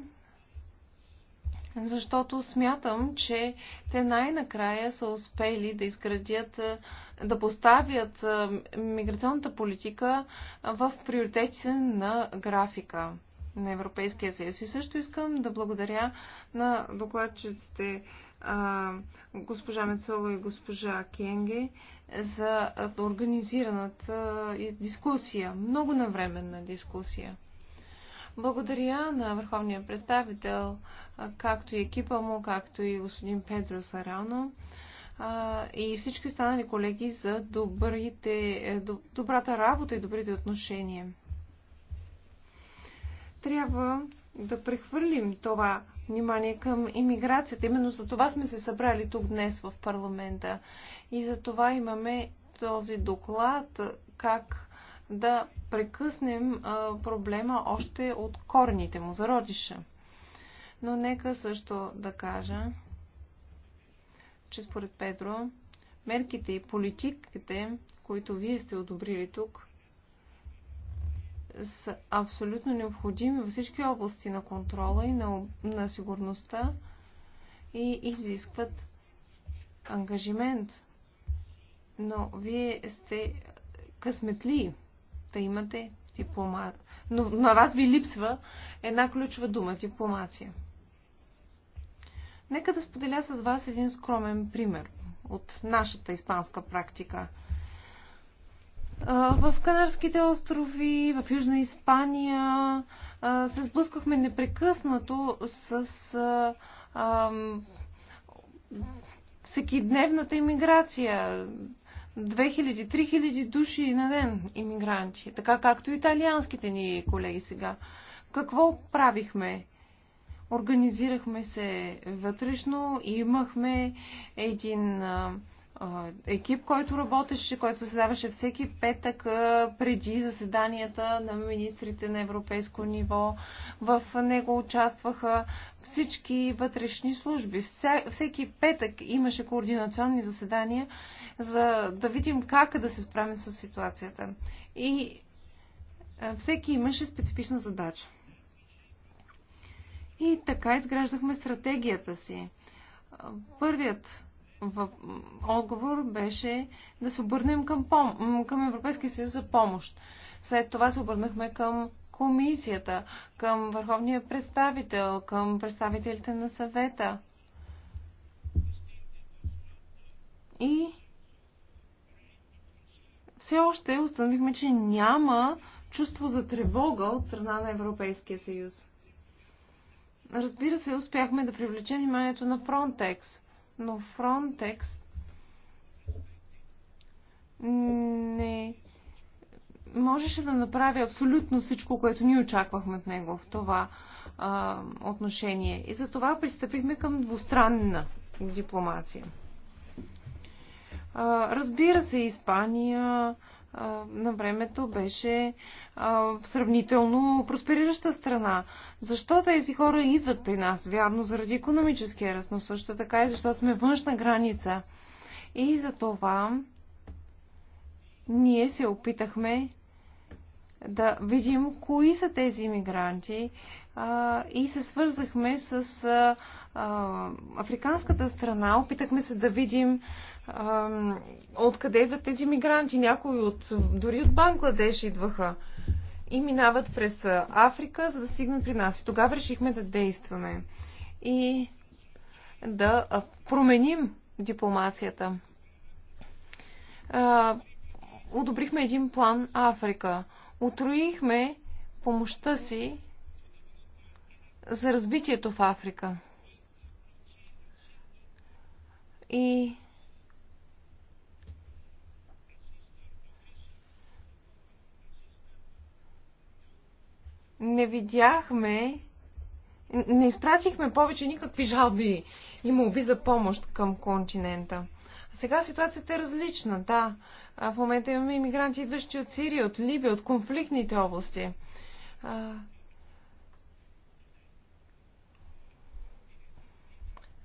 защото смятам, че те най-накрая са успели да изградят, да поставят миграционната политика в приоритетите на графика на Европейския съюз. И също искам да благодаря на докладчиците а, госпожа Мецоло и госпожа Кенге за организираната дискусия, много навременна дискусия. Благодаря на върховния представител, както и екипа му, както и господин Педро Сарано и всички останали колеги за добрите, е, добрата работа и добрите отношения трябва да прехвърлим това внимание към иммиграцията. Именно за това сме се събрали тук днес в парламента. И за това имаме този доклад как да прекъснем проблема още от корните му, зародиша. Но нека също да кажа, че според Педро, мерките и политиките, които вие сте одобрили тук, са абсолютно необходими във всички области на контрола и на, на сигурността и изискват ангажимент. Но вие сте късметли, да имате дипломат. Но на вас ви липсва една ключова дума дипломация. Нека да споделя с вас един скромен пример от нашата испанска практика – в Канарските острови, в Южна Испания се сблъсквахме непрекъснато с всекидневната иммиграция. 2000-3000 души на ден иммигранти, така както италианските ни колеги сега. Какво правихме? Организирахме се вътрешно и имахме един екип, който работеше, който заседаваше всеки петък преди заседанията на министрите на европейско ниво. В него участваха всички вътрешни служби. Всеки петък имаше координационни заседания, за да видим как да се справим с ситуацията. И всеки имаше специфична задача. И така изграждахме стратегията си. Първият въп... отговор беше да се обърнем към, пом... към Европейския съюз за помощ. След това се обърнахме към комисията, към върховния представител, към представителите на съвета. И все още установихме, че няма чувство за тревога от страна на Европейския съюз. Разбира се, успяхме да привлечем вниманието на Фронтекс – но Frontex не можеше да направи абсолютно всичко, което ние очаквахме от него в това а, отношение. И за това пристъпихме към двустранна дипломация. А, разбира се, Испания а, на времето беше сравнително просперираща страна. Защо тези хора идват при нас? Вярно, заради економическия ръст, но също така и защото сме външна граница. И за това ние се опитахме да видим кои са тези иммигранти а, и се свързахме с а, а, африканската страна. Опитахме се да видим откъде идват тези мигранти. Някои от, дори от Бангладеш идваха и минават през Африка, за да стигнат при нас. И тогава решихме да действаме и да променим дипломацията. Одобрихме един план Африка. Отроихме помощта си за развитието в Африка. И не видяхме, не изпратихме повече никакви жалби и молби за помощ към континента. А сега ситуацията е различна, да. В момента имаме иммигранти, идващи от Сирия, от Либия, от конфликтните области.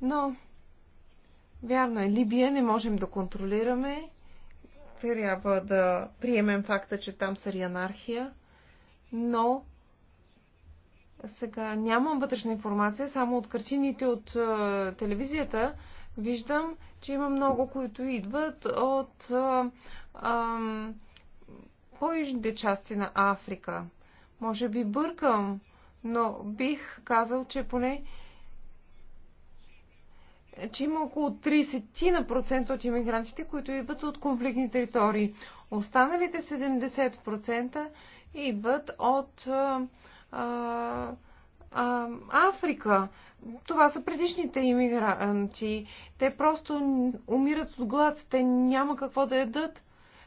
Но, вярно е, Либия не можем да контролираме. Трябва да приемем факта, че там цари анархия. Но сега нямам вътрешна информация, само от картините от е, телевизията виждам, че има много, които идват от е, е, по-южните части на Африка. Може би бъркам, но бих казал, че поне че има около 30% от иммигрантите, които идват от конфликтни територии. Останалите 70% идват от а, е, а, а, Африка. Това са предишните иммигранти. Те просто умират от глад. Те няма какво да ядат.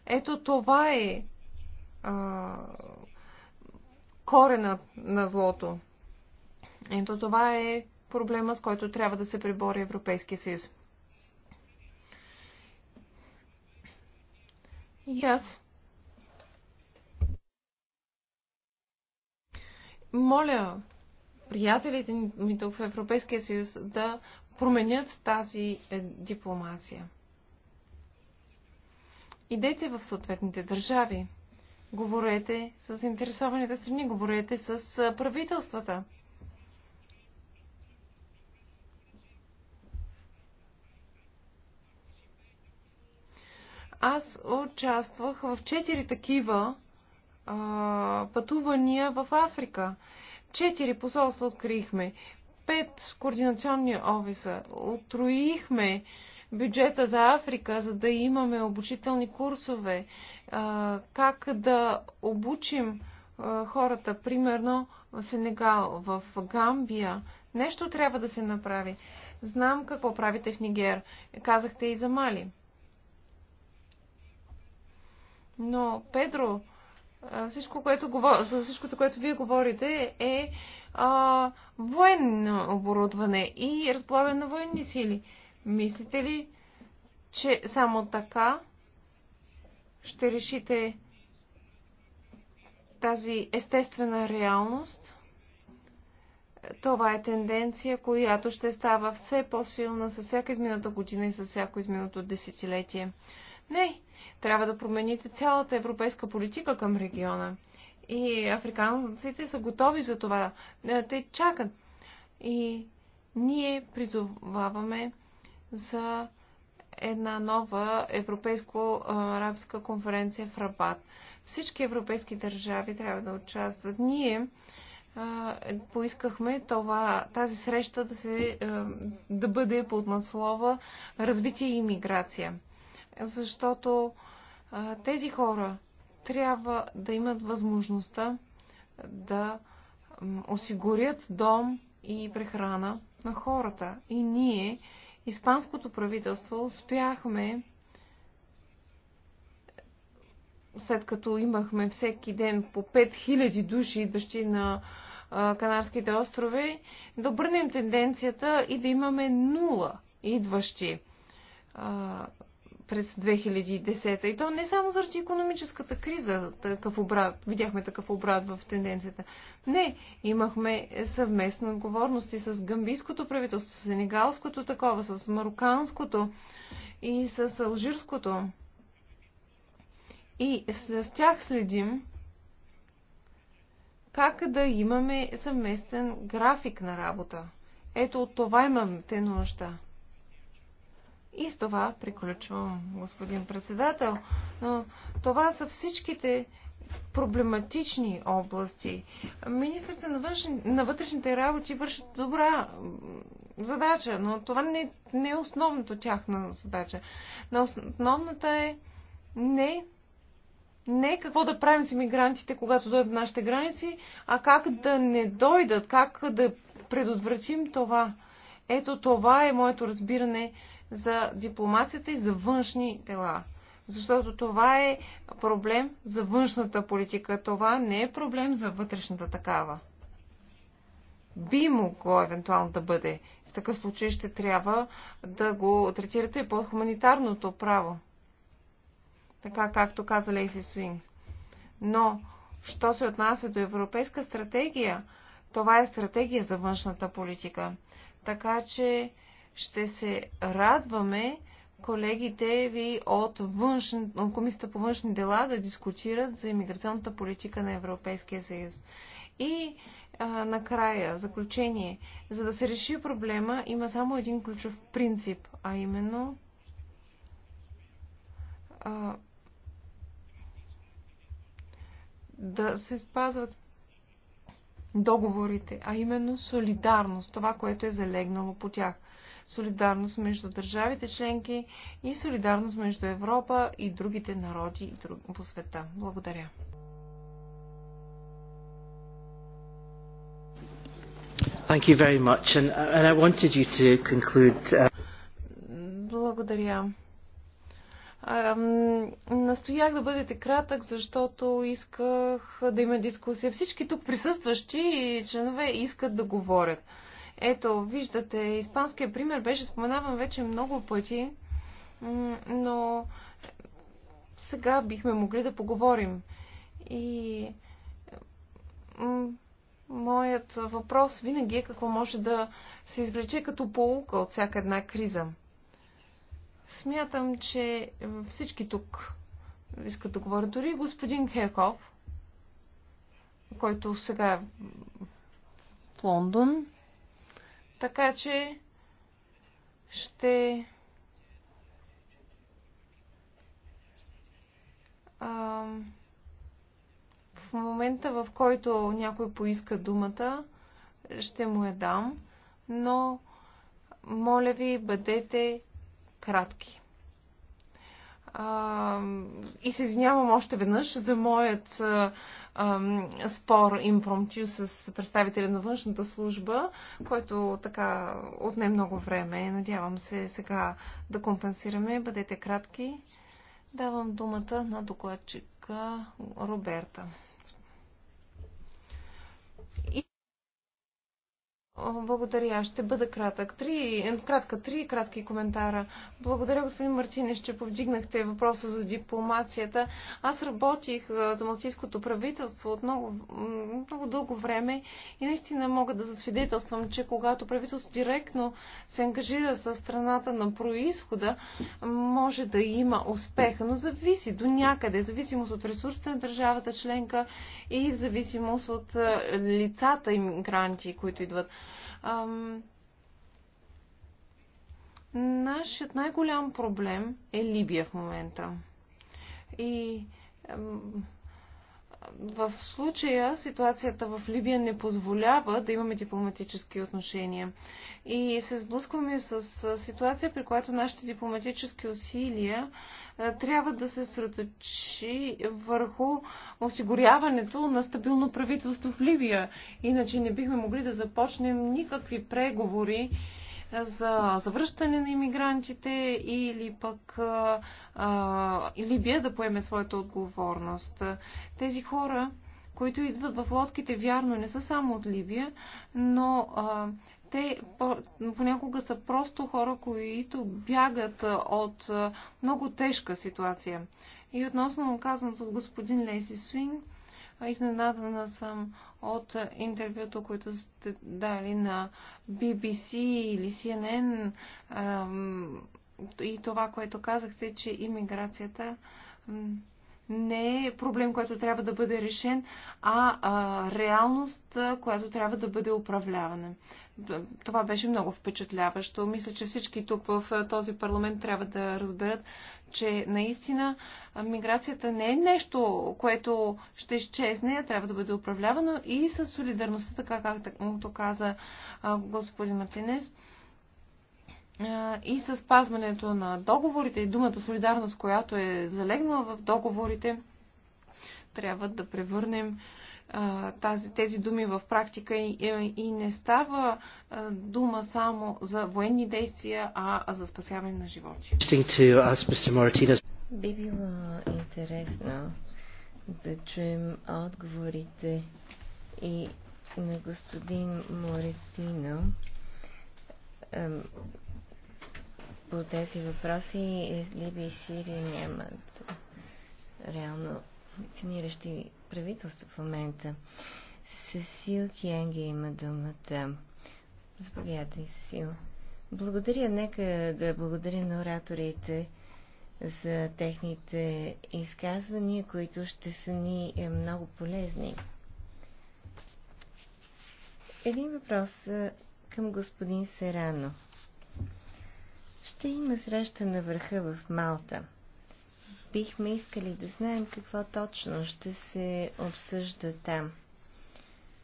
Ето това е а, корена на злото. Ето това е проблема, с който трябва да се прибори Европейския съюз. И аз моля приятелите ми тук в Европейския съюз да променят тази е, дипломация. Идете в съответните държави. Говорете с интересованите страни, говорете с е, правителствата. Аз участвах в четири такива а, пътувания в Африка. Четири посолства открихме, пет координационни офиса, отроихме бюджета за Африка, за да имаме обучителни курсове, а, как да обучим а, хората, примерно в Сенегал, в Гамбия. Нещо трябва да се направи. Знам какво правите в Нигер. Казахте и за Мали. Но, Педро, всичко, което, за всичко, за което вие говорите, е а, военно оборудване и разполагане на военни сили. Мислите ли, че само така ще решите тази естествена реалност? Това е тенденция, която ще става все по-силна със всяка измината година и с всяко изминато десетилетие. Не, трябва да промените цялата европейска политика към региона. И африканците са готови за това. Е, те чакат. И ние призоваваме за една нова европейско-арабска конференция в Рабат. Всички европейски държави трябва да участват. Ние а, е, поискахме това, тази среща да, се, а, е, да бъде под надслова развитие и миграция защото а, тези хора трябва да имат възможността да осигурят дом и прехрана на хората. И ние, испанското правителство, успяхме, след като имахме всеки ден по 5000 души дъщи на Канарските острови, да обърнем тенденцията и да имаме нула идващи през 2010. И то не само заради економическата криза, такъв обрат, видяхме такъв обрат в тенденцията. Не, имахме съвместни отговорности с гамбийското правителство, с сенегалското такова, с мароканското и с алжирското. И с тях следим как да имаме съвместен график на работа. Ето от това имам те нужда. И с това приключвам, господин председател. но Това са всичките проблематични области. Министрите на, външ... на вътрешните работи вършат добра задача, но това не, не е основното тяхна задача. На основната е не, не какво да правим с иммигрантите, когато дойдат на нашите граници, а как да не дойдат, как да предотвратим това. Ето това е моето разбиране за дипломацията и за външни дела. Защото това е проблем за външната политика. Това не е проблем за вътрешната такава. Би могло евентуално да бъде. В такъв случай ще трябва да го третирате и под хуманитарното право. Така както каза Лейси Суинг. Но, що се отнася до европейска стратегия, това е стратегия за външната политика. Така че ще се радваме колегите ви от, Комисията по външни дела да дискутират за иммиграционната политика на Европейския съюз. И а, накрая, заключение, за да се реши проблема, има само един ключов принцип, а именно а, да се спазват договорите, а именно солидарност, това, което е залегнало по тях солидарност между държавите членки и солидарност между Европа и другите народи по света. Благодаря. Thank you very much. And, uh, and I wanted you to conclude. Uh, Благодаря. настоях да бъдете кратък, защото исках да има дискусия. Всички тук присъстващи и членове искат да говорят. Ето, виждате, испанския пример беше споменаван вече много пъти, но сега бихме могли да поговорим. И моят въпрос винаги е какво може да се извлече като полука от всяка една криза. Смятам, че всички тук искат да говорят. Дори господин Хеков, който сега е в Лондон, така че ще а, в момента, в който някой поиска думата, ще му я дам, но моля ви, бъдете кратки. А, и се извинявам още веднъж за моят ам, спор импромтю с представителя на външната служба, който така отне много време. Надявам се сега да компенсираме. Бъдете кратки. Давам думата на докладчика Роберта. Благодаря. Ще бъда кратък. Три, кратка, три кратки коментара. Благодаря, господин Мартинеш, че повдигнахте въпроса за дипломацията. Аз работих за малтийското правителство от много, много дълго време и наистина мога да засвидетелствам, че когато правителството директно се ангажира с страната на происхода, може да има успех, но зависи до някъде, зависимост от ресурсите на държавата членка и в зависимост от лицата иммигранти, които идват. Ам... Нашият най-голям проблем е Либия в момента. И в случая ситуацията в Либия не позволява да имаме дипломатически отношения. И се сблъскваме с ситуация, при която нашите дипломатически усилия е, трябва да се сроточи върху осигуряването на стабилно правителство в Ливия. Иначе не бихме могли да започнем никакви преговори е, за завръщане на иммигрантите или пък е, а, а, Либия да поеме своята отговорност. Тези хора, които идват в лодките, вярно, не са само от Либия, но а, те понякога са просто хора, които бягат от много тежка ситуация. И относно казаното от господин Лейси Свинг, Изненадана съм от интервюто, които сте дали на BBC или CNN и това, което казахте, че иммиграцията не е проблем, който трябва да бъде решен, а реалност, която трябва да бъде управлявана. Това беше много впечатляващо. Мисля, че всички тук в този парламент трябва да разберат, че наистина миграцията не е нещо, което ще изчезне, а трябва да бъде управлявано и с солидарността, така както каза господин Мартинес и с пазването на договорите и думата солидарност, която е залегнала в договорите, трябва да превърнем тази, тези думи в практика и, и не става дума само за военни действия, а, а за спасяване на животи. Би било интересно да чуем отговорите и на господин Моретино по тези въпроси Либия и Сирия нямат реално функциониращи правителство в момента. Сесил Кенги има думата. Заповядай, Сесил. Благодаря, нека да благодаря на ораторите за техните изказвания, които ще са ни е, много полезни. Един въпрос е, към господин Серано. Ще има среща на върха в Малта бихме искали да знаем какво точно ще се обсъжда там.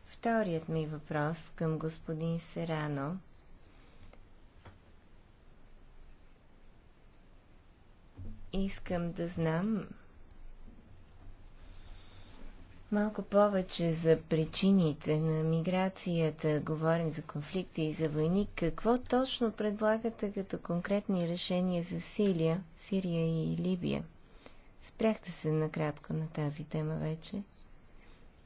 Вторият ми въпрос към господин Серано искам да знам малко повече за причините на миграцията, говорим за конфликти и за войни. Какво точно предлагате като конкретни решения за Сирия, Сирия и Либия? Спряхте се накратко на тази тема вече.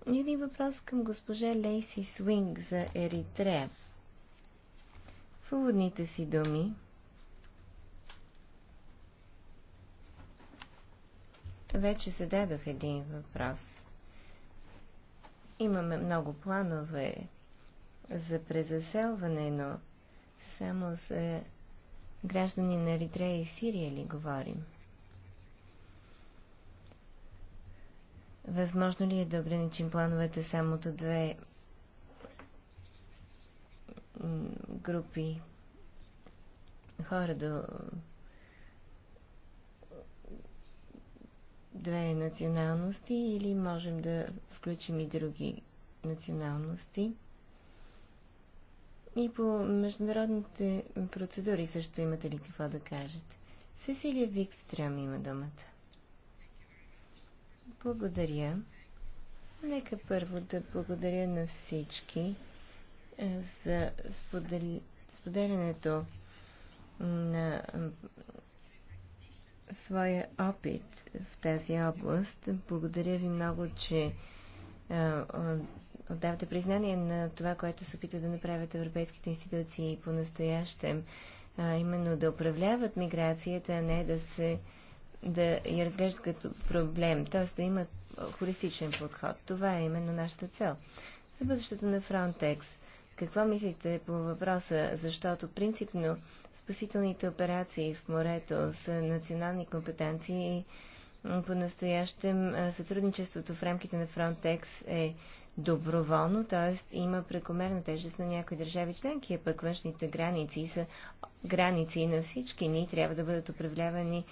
Един въпрос към госпожа Лейси Свинг за Еритрея. В уводните си думи вече зададох един въпрос. Имаме много планове за презаселване, но само за граждани на Еритрея и Сирия ли говорим? Възможно ли е да ограничим плановете само до две групи хора, до две националности или можем да включим и други националности? И по международните процедури също имате ли какво да кажете? Сесилия Викстрем има думата. Благодаря. Нека първо да благодаря на всички е, за сподели... споделянето на своя опит в тази област. Благодаря ви много, че е, отдавате признание на това, което се опитват да направят европейските институции по настоящем, а именно да управляват миграцията, а не да се да я разглеждат като проблем, т.е. да имат холистичен подход. Това е именно нашата цел. За бъдещето на Frontex, какво мислите по въпроса, защото принципно спасителните операции в морето са национални компетенции и по-настоящем сътрудничеството в рамките на Frontex е доброволно, т.е. има прекомерна тежест на някои държави членки, а пък външните граници са граници на всички. Ние трябва да бъдат управлявани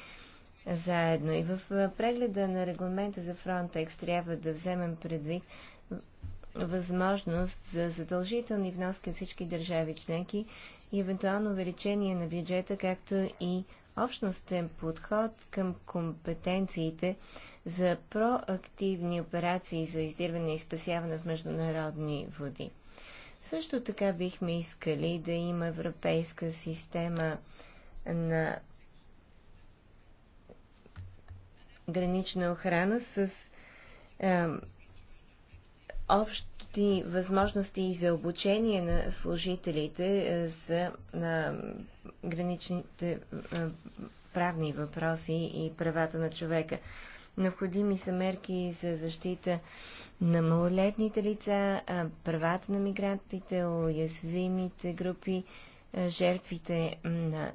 заедно. И в прегледа на регламента за Frontex трябва да вземем предвид възможност за задължителни вноски от всички държави членки и евентуално увеличение на бюджета, както и общностен подход към компетенциите за проактивни операции за издирване и спасяване в международни води. Също така бихме искали да има европейска система на гранична охрана с е, общи възможности и за обучение на служителите е, за на граничните е, правни въпроси и правата на човека. Необходими са мерки за защита на малолетните лица, правата на мигрантите, уязвимите групи, жертвите на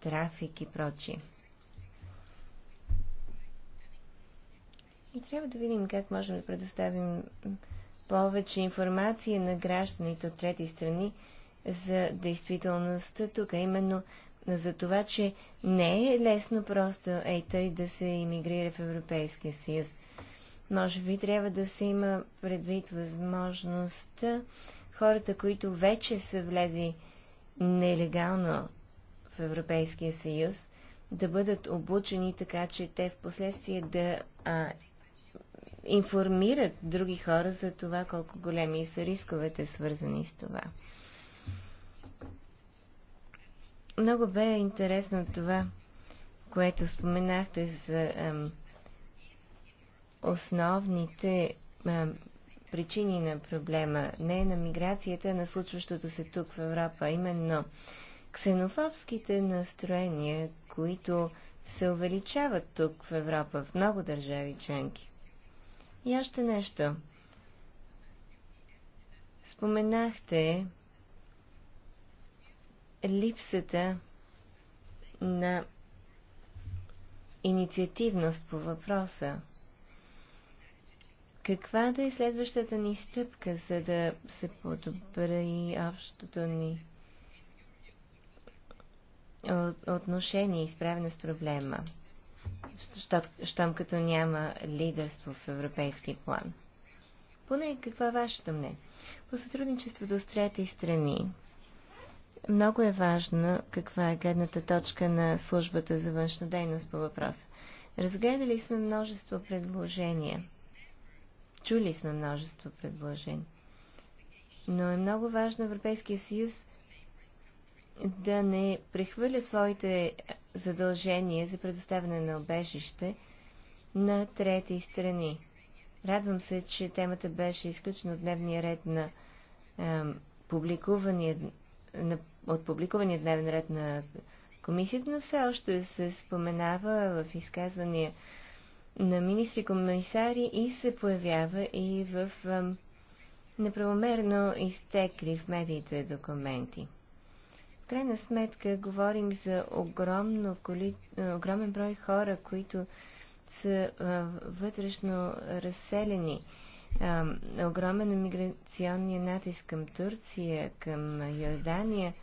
трафик и прочие. И трябва да видим как можем да предоставим повече информация на гражданите от трети страни за действителността тук, именно за това, че не е лесно просто ей тъй да се иммигрира в Европейския съюз. Може би трябва да се има предвид възможността хората, които вече са влезли нелегално в Европейския съюз, да бъдат обучени така, че те в последствие да а, информират други хора за това колко големи са рисковете, свързани с това. Много бе интересно това, което споменахте за ам, основните ам, причини на проблема. Не на миграцията, а на случващото се тук в Европа. Именно ксенофобските настроения, които се увеличават тук в Европа, в много държави членки. И още нещо. Споменахте липсата на инициативност по въпроса. Каква да е следващата ни стъпка, за да се подобри общото ни отношение и справяне с проблема? щом като няма лидерство в европейски план. Поне какво е вашето мнение? По сътрудничеството с трети страни, много е важно каква е гледната точка на службата за външна дейност по въпроса. Разгледали сме множество предложения. Чули сме множество предложения. Но е много важно Европейския съюз да не прехвърля своите задължение за предоставяне на обежище на трети страни. Радвам се, че темата беше изключена от дневния ред на, е, публикувания, на от публикувания дневен ред на комисията, но все още се споменава в изказвания на министри комисари и се появява и в е, неправомерно изтекли в медиите документи крайна сметка говорим за огромно коли... огромен брой хора, които са а, вътрешно разселени. А, огромен миграционния натиск към Турция, към Йордания.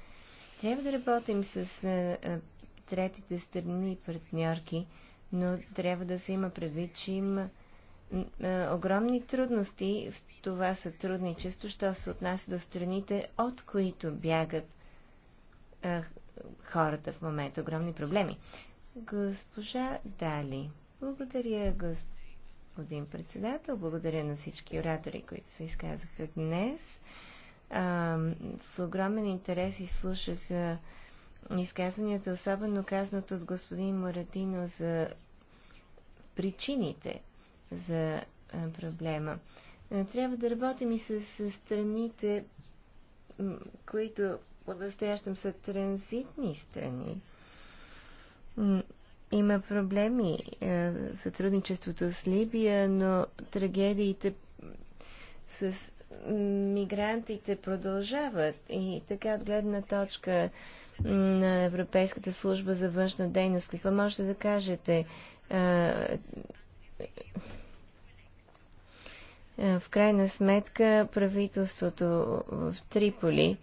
Трябва да работим с а, третите страни и партньорки, но трябва да се има предвид, че има огромни трудности в това сътрудничество, що се отнася до страните, от които бягат хората в момента. Огромни проблеми. Госпожа Дали. Благодаря, господин председател. Благодаря на всички оратори, които се изказаха днес. А, с огромен интерес изслушах изказванията, особено казаното от господин Маратино за причините за а, проблема. А, трябва да работим и с, с страните, които по-настоящем са транзитни страни. Има проблеми е, в сътрудничеството с Либия, но трагедиите с мигрантите продължават и така от гледна точка на Европейската служба за външна дейност, какво можете да кажете? Е, е, в крайна сметка правителството в Триполи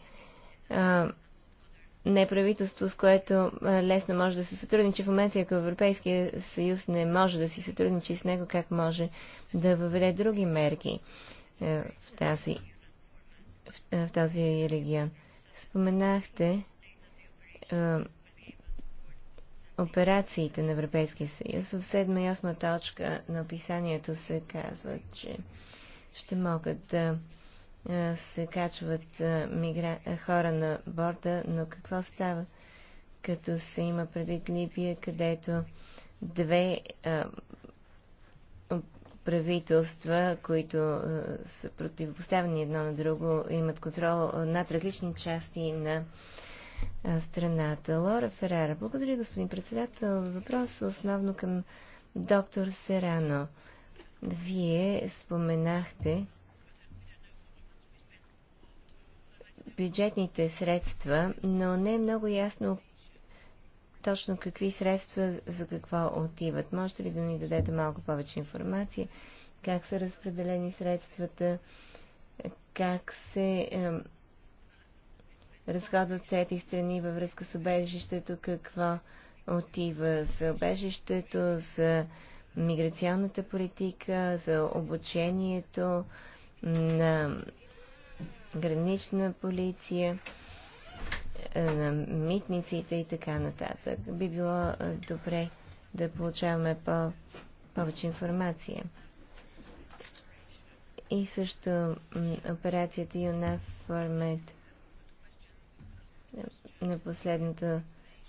неправителство, с което лесно може да се сътрудничи в момента, ако Европейския съюз не може да си сътрудничи с него, как може да въведе други мерки в, тази, в, в този регион. Споменахте а, операциите на Европейския съюз. В седма и 8 точка на описанието се казва, че ще могат да се качват мигра... хора на борда, но какво става, като се има предвид Либия, където две а, правителства, които а, са противопоставени едно на друго, имат контрол над различни части на а, страната. Лора Ферара. Благодаря, господин председател. Въпрос основно към доктор Серано. Вие споменахте, бюджетните средства, но не е много ясно точно какви средства за какво отиват. Можете ли да ни дадете малко повече информация? Как са разпределени средствата? Как се е, разходват сети страни във връзка с обежището? Какво отива за обежището, за миграционната политика, за обучението на гранична полиция, е, на митниците и така нататък. Би било е, добре да получаваме по- повече информация. И също операцията ЮНАФ Формет е, на последното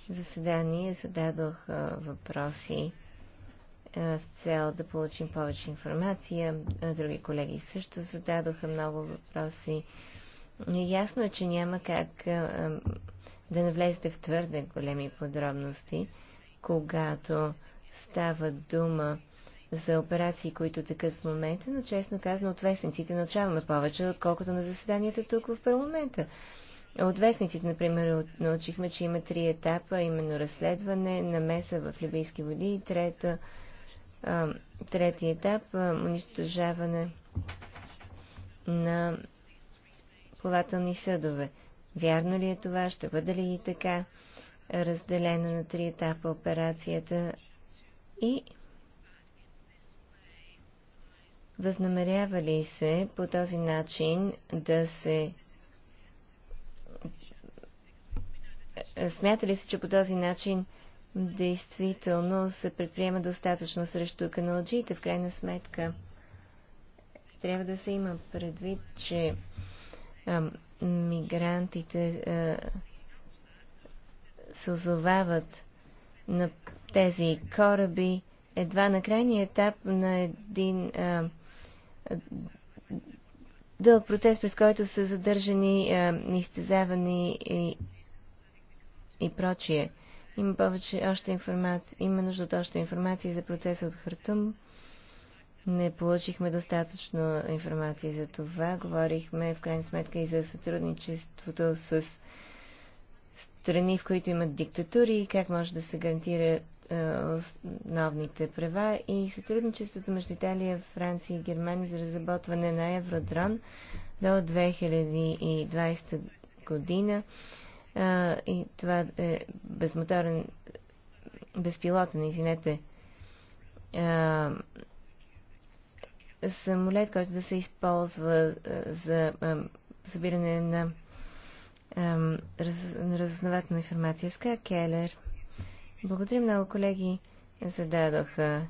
заседание зададох въпроси с цел да получим повече информация. Други колеги също зададоха много въпроси е, ясно е, че няма как а, е, е, да навлезете в твърде големи подробности, когато става дума за операции, които тъкат в момента, но честно казано от вестниците научаваме повече, отколкото на заседанията тук в парламента. От вестниците, например, научихме, че има три етапа, именно разследване, намеса в Либийски води и трета, а, трети етап унищожаване на плавателни съдове. Вярно ли е това? Ще бъде ли и така разделена на три етапа операцията? И възнамерява ли се по този начин да се Смята ли се, че по този начин действително се предприема достатъчно срещу каналджиите? В крайна сметка трябва да се има предвид, че мигрантите се озовават на тези кораби едва на крайния етап на един а, дълъг процес, през който са задържани, а, изтезавани и, и прочие. Има повече още информация, има нужда от още информация за процеса от Хартум не получихме достатъчно информация за това. Говорихме в крайна сметка и за сътрудничеството с страни, в които имат диктатури и как може да се гарантира основните права и сътрудничеството между Италия, Франция и Германия за разработване на Евродрон до 2020 година. И това е безмоторен, безпилотен, извинете, самолет, който да се използва е, за е, събиране е, на разузнавателна информация. Ска Келер. Благодаря много, колеги. Зададоха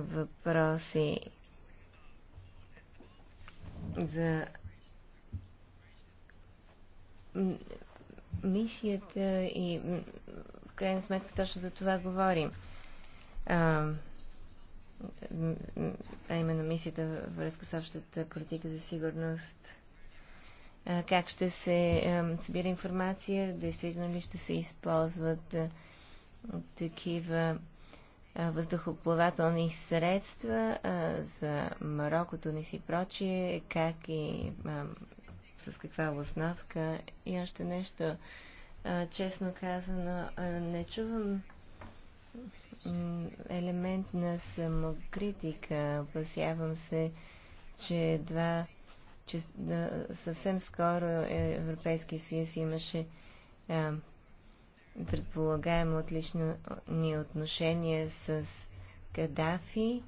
въпроси за мисията и в крайна сметка точно за това говорим а именно мисията връзка с общата политика за сигурност, как ще се събира информация, действително ли ще се използват такива въздухоплавателни средства за Марокко, Тунис и прочие, как и с каква обосновка. И още нещо, честно казано, не чувам елемент на самокритика. Опасявам се, че едва че, да, съвсем скоро е, Европейския съюз имаше а, предполагаемо отлично ни отношения с Кадафи,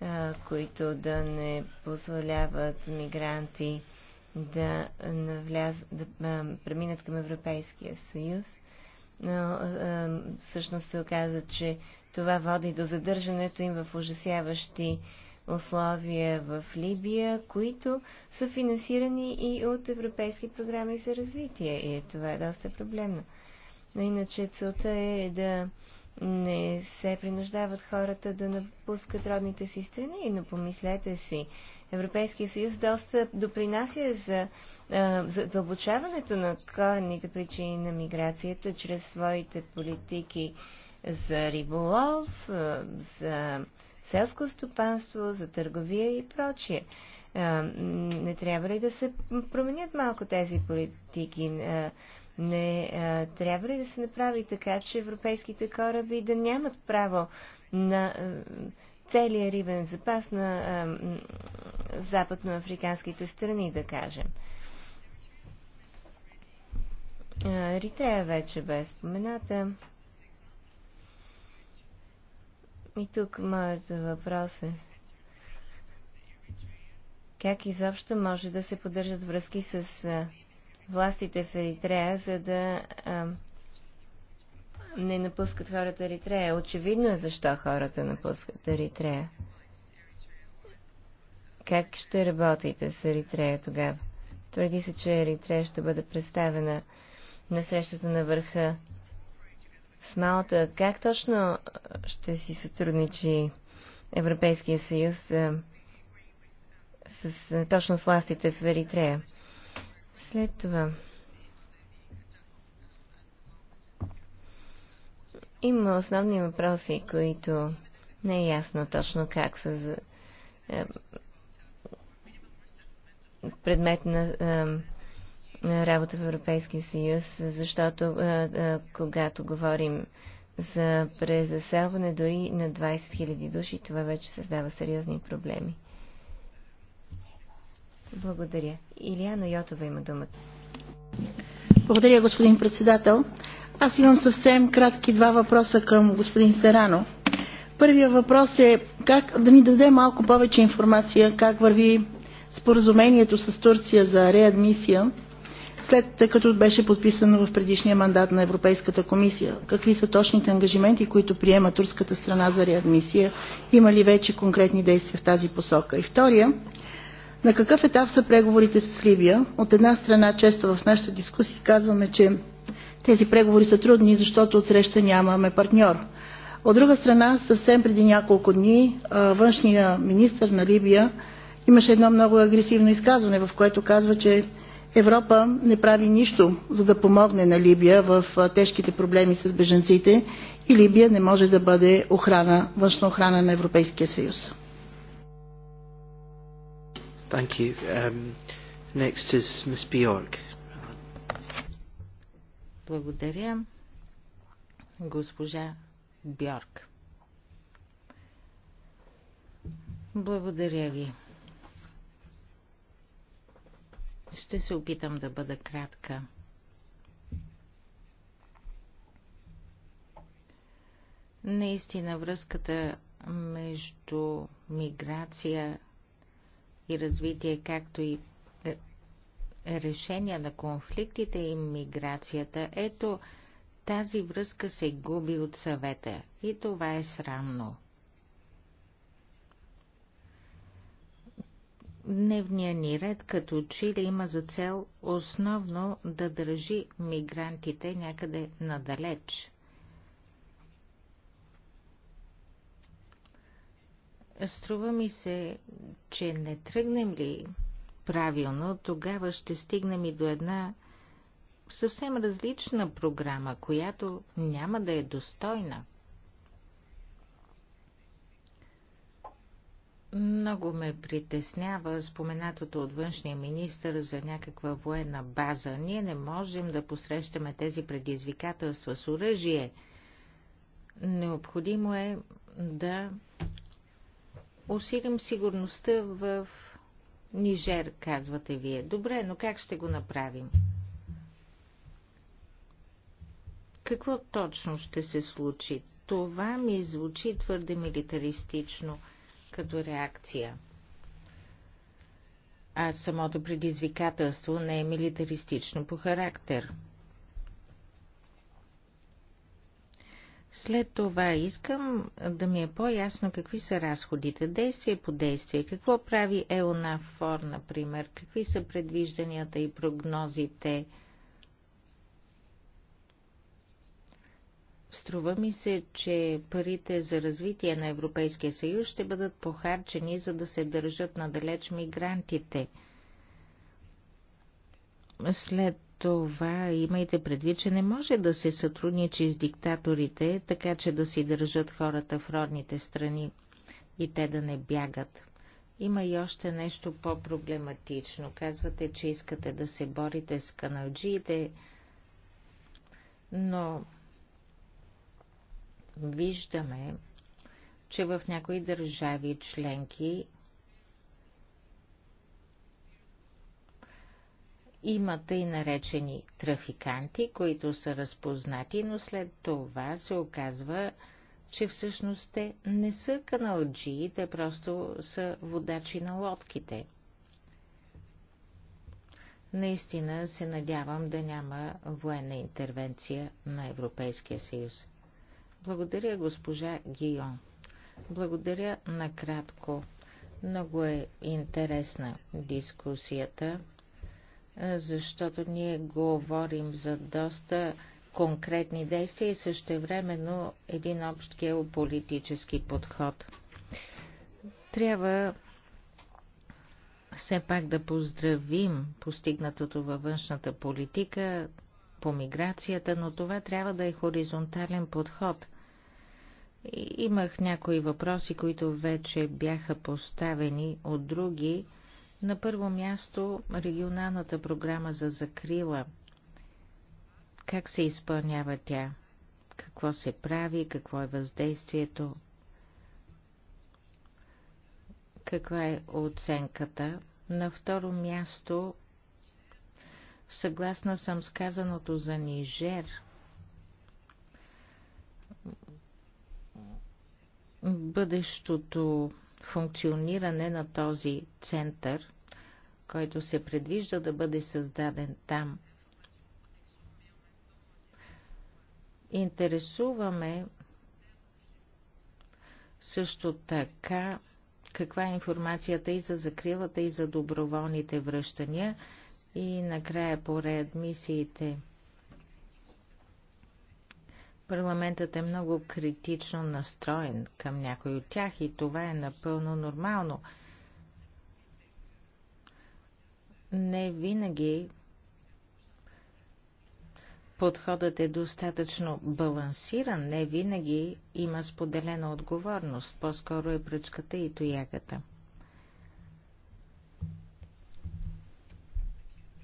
а, които да не позволяват мигранти да, навляз, да а, преминат към Европейския съюз но всъщност се оказа, че това води до задържането им в ужасяващи условия в Либия, които са финансирани и от европейски програми за развитие. И това е доста проблемно. Но иначе целта е да не се принуждават хората да напускат родните си страни, но помислете си. Европейския съюз доста допринася за е, задълбочаването на корените причини на миграцията чрез своите политики за риболов, е, за селско стопанство, за търговия и прочие. Е, не трябва ли да се променят малко тези политики? Не трябва ли да се направи така, че европейските кораби да нямат право на целия рибен запас на западноафриканските страни, да кажем? Ритея вече бе спомената. И тук моят въпрос е как изобщо може да се поддържат връзки с властите в Еритрея, за да а, не напускат хората Еритрея. Очевидно е защо хората напускат Еритрея. Как ще работите с Еритрея тогава? Твърди се, че Еритрея ще бъде представена на срещата на върха с Малта. Как точно ще си сътрудничи Европейския съюз с, точно с властите в Еритрея? След това. Има основни въпроси, които не е ясно точно как са е, предмет на е, работа в Европейския съюз, защото когато говорим за презаселване дори на 20 000 души, това вече създава сериозни проблеми. Благодаря. Илияна Йотова има думата. Благодаря, господин председател. Аз имам съвсем кратки два въпроса към господин Серано. Първият въпрос е как да ни даде малко повече информация как върви споразумението с Турция за реадмисия след като беше подписано в предишния мандат на Европейската комисия? Какви са точните ангажименти, които приема турската страна за реадмисия? Има ли вече конкретни действия в тази посока? И втория, на какъв етап са преговорите с Ливия? От една страна, често в нашите дискусии казваме, че тези преговори са трудни, защото отсреща нямаме партньор. От друга страна, съвсем преди няколко дни външния министр на Либия имаше едно много агресивно изказване, в което казва, че Европа не прави нищо, за да помогне на Либия в тежките проблеми с беженците и Либия не може да бъде охрана, външна охрана на Европейския съюз. Thank you. Um, next is Ms. Bjork. Благодаря, госпожа Бьорк. Благодаря ви. Ще се опитам да бъда кратка. Наистина връзката между миграция и развитие, както и е, решение на конфликтите и миграцията, ето тази връзка се губи от съвета и това е срамно. Дневния ни ред като Чили има за цел основно да държи мигрантите някъде надалеч. Струва ми се, че не тръгнем ли правилно, тогава ще стигнем и до една съвсем различна програма, която няма да е достойна. Много ме притеснява споменатото от външния министр за някаква военна база. Ние не можем да посрещаме тези предизвикателства с оръжие. Необходимо е да усилим сигурността в Нижер, казвате вие. Добре, но как ще го направим? Какво точно ще се случи? Това ми звучи твърде милитаристично – като реакция, а самото предизвикателство не е милитаристично по характер. След това искам да ми е по-ясно какви са разходите, действие по действие, какво прави ЕОНАФОР, например, какви са предвижданията и прогнозите – Струва ми се, че парите за развитие на Европейския съюз ще бъдат похарчени, за да се държат надалеч мигрантите. След това имайте предвид, че не може да се сътрудничи с диктаторите, така че да си държат хората в родните страни и те да не бягат. Има и още нещо по-проблематично. Казвате, че искате да се борите с каналджиите, но виждаме, че в някои държави членки има тъй наречени трафиканти, които са разпознати, но след това се оказва, че всъщност те не са каналджии, те просто са водачи на лодките. Наистина се надявам да няма военна интервенция на Европейския съюз. Благодаря, госпожа Гион. Благодаря накратко. Много е интересна дискусията, защото ние говорим за доста конкретни действия и същевременно един общ геополитически подход. Трябва все пак да поздравим постигнатото във външната политика по миграцията, но това трябва да е хоризонтален подход. Имах някои въпроси, които вече бяха поставени от други. На първо място регионалната програма за закрила. Как се изпълнява тя? Какво се прави? Какво е въздействието? Каква е оценката? На второ място, съгласна съм с казаното за Нижер – бъдещото функциониране на този център, който се предвижда да бъде създаден там. Интересуваме също така каква е информацията и за закрилата, и за доброволните връщания и накрая по мисиите. Парламентът е много критично настроен към някой от тях и това е напълно нормално. Не винаги подходът е достатъчно балансиран, не винаги има споделена отговорност, по-скоро е пръчката и тоягата.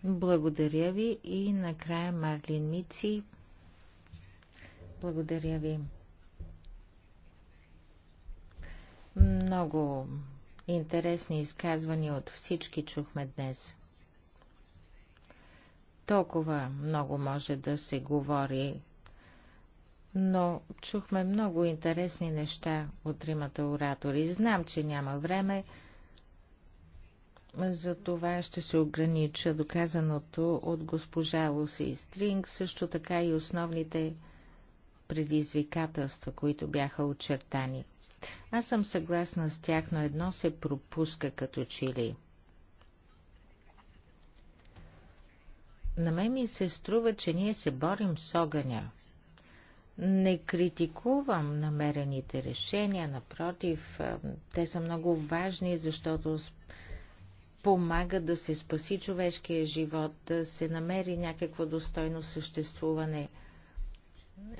Благодаря ви и накрая Марлин Мици благодаря ви. Много интересни изказвания от всички чухме днес. Толкова много може да се говори, но чухме много интересни неща от тримата оратори. Знам, че няма време, за това ще се огранича доказаното от госпожа Луси Стринг, също така и основните предизвикателства, които бяха очертани. Аз съм съгласна с тях, но едно се пропуска като чили. На мен ми се струва, че ние се борим с огъня. Не критикувам намерените решения, напротив, те са много важни, защото помага да се спаси човешкия живот, да се намери някакво достойно съществуване –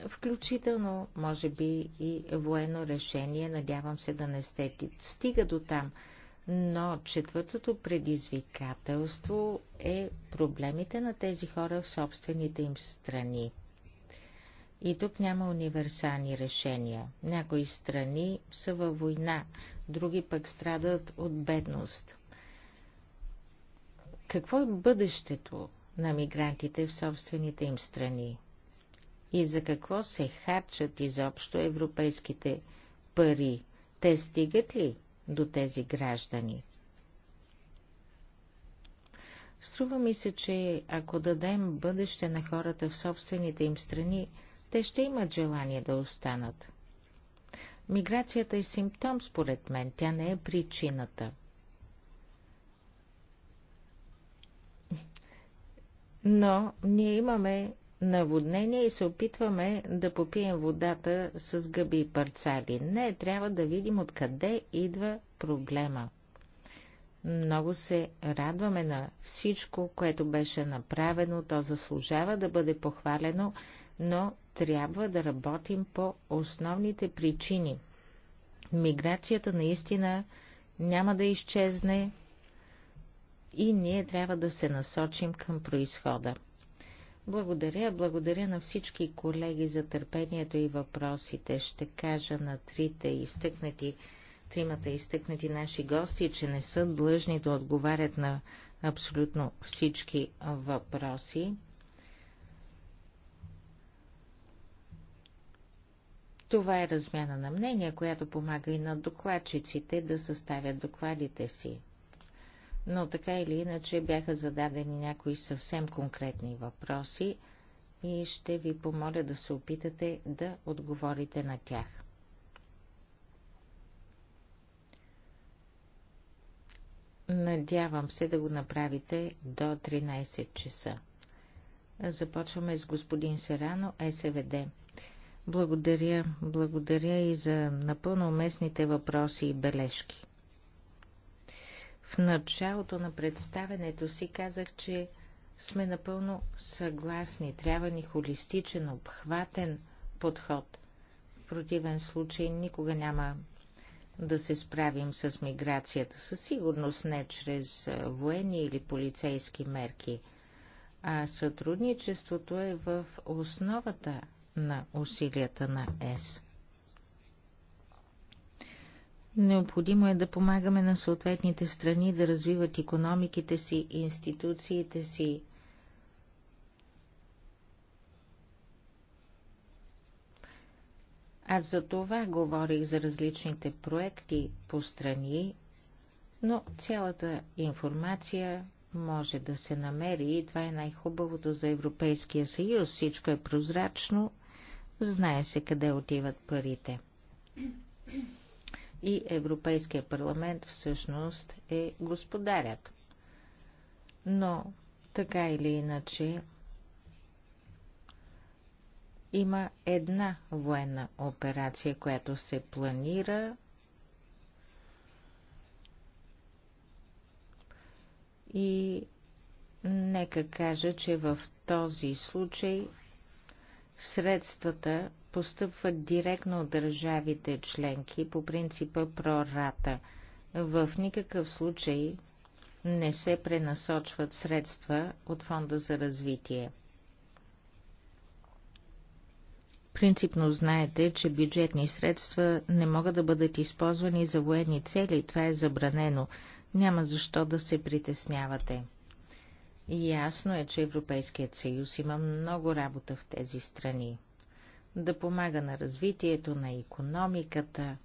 включително, може би, и военно решение. Надявам се да не сте стига до там. Но четвъртото предизвикателство е проблемите на тези хора в собствените им страни. И тук няма универсални решения. Някои страни са във война, други пък страдат от бедност. Какво е бъдещето на мигрантите в собствените им страни? и за какво се харчат изобщо европейските пари. Те стигат ли до тези граждани? Струва ми се, че ако дадем бъдеще на хората в собствените им страни, те ще имат желание да останат. Миграцията е симптом, според мен, тя не е причината. Но ние имаме наводнение и се опитваме да попием водата с гъби и парцали. Не, трябва да видим откъде идва проблема. Много се радваме на всичко, което беше направено. То заслужава да бъде похвалено, но трябва да работим по основните причини. Миграцията наистина няма да изчезне и ние трябва да се насочим към происхода. Благодаря, благодаря на всички колеги за търпението и въпросите. Ще кажа на трите изтъкнати, тримата изтъкнати наши гости, че не са длъжни да отговарят на абсолютно всички въпроси. Това е размяна на мнения, която помага и на докладчиците да съставят докладите си но така или иначе бяха зададени някои съвсем конкретни въпроси и ще ви помоля да се опитате да отговорите на тях. Надявам се да го направите до 13 часа. Започваме с господин Серано, СВД. Благодаря, благодаря и за напълно уместните въпроси и бележки. В началото на представенето си казах, че сме напълно съгласни. Трябва ни холистичен, обхватен подход. В противен случай никога няма да се справим с миграцията. Със сигурност не чрез военни или полицейски мерки. А сътрудничеството е в основата на усилията на ЕС. Необходимо е да помагаме на съответните страни да развиват економиките си, институциите си. Аз за това говорих за различните проекти по страни, но цялата информация може да се намери и това е най-хубавото за Европейския съюз. Всичко е прозрачно, знае се къде отиват парите и Европейския парламент всъщност е господарят. Но така или иначе има една военна операция, която се планира и нека кажа, че в този случай средствата постъпват директно от държавите членки по принципа прората. В никакъв случай не се пренасочват средства от Фонда за развитие. Принципно знаете, че бюджетни средства не могат да бъдат използвани за военни цели, това е забранено. Няма защо да се притеснявате. Ясно е, че Европейският съюз има много работа в тези страни да помага на развитието на економиката.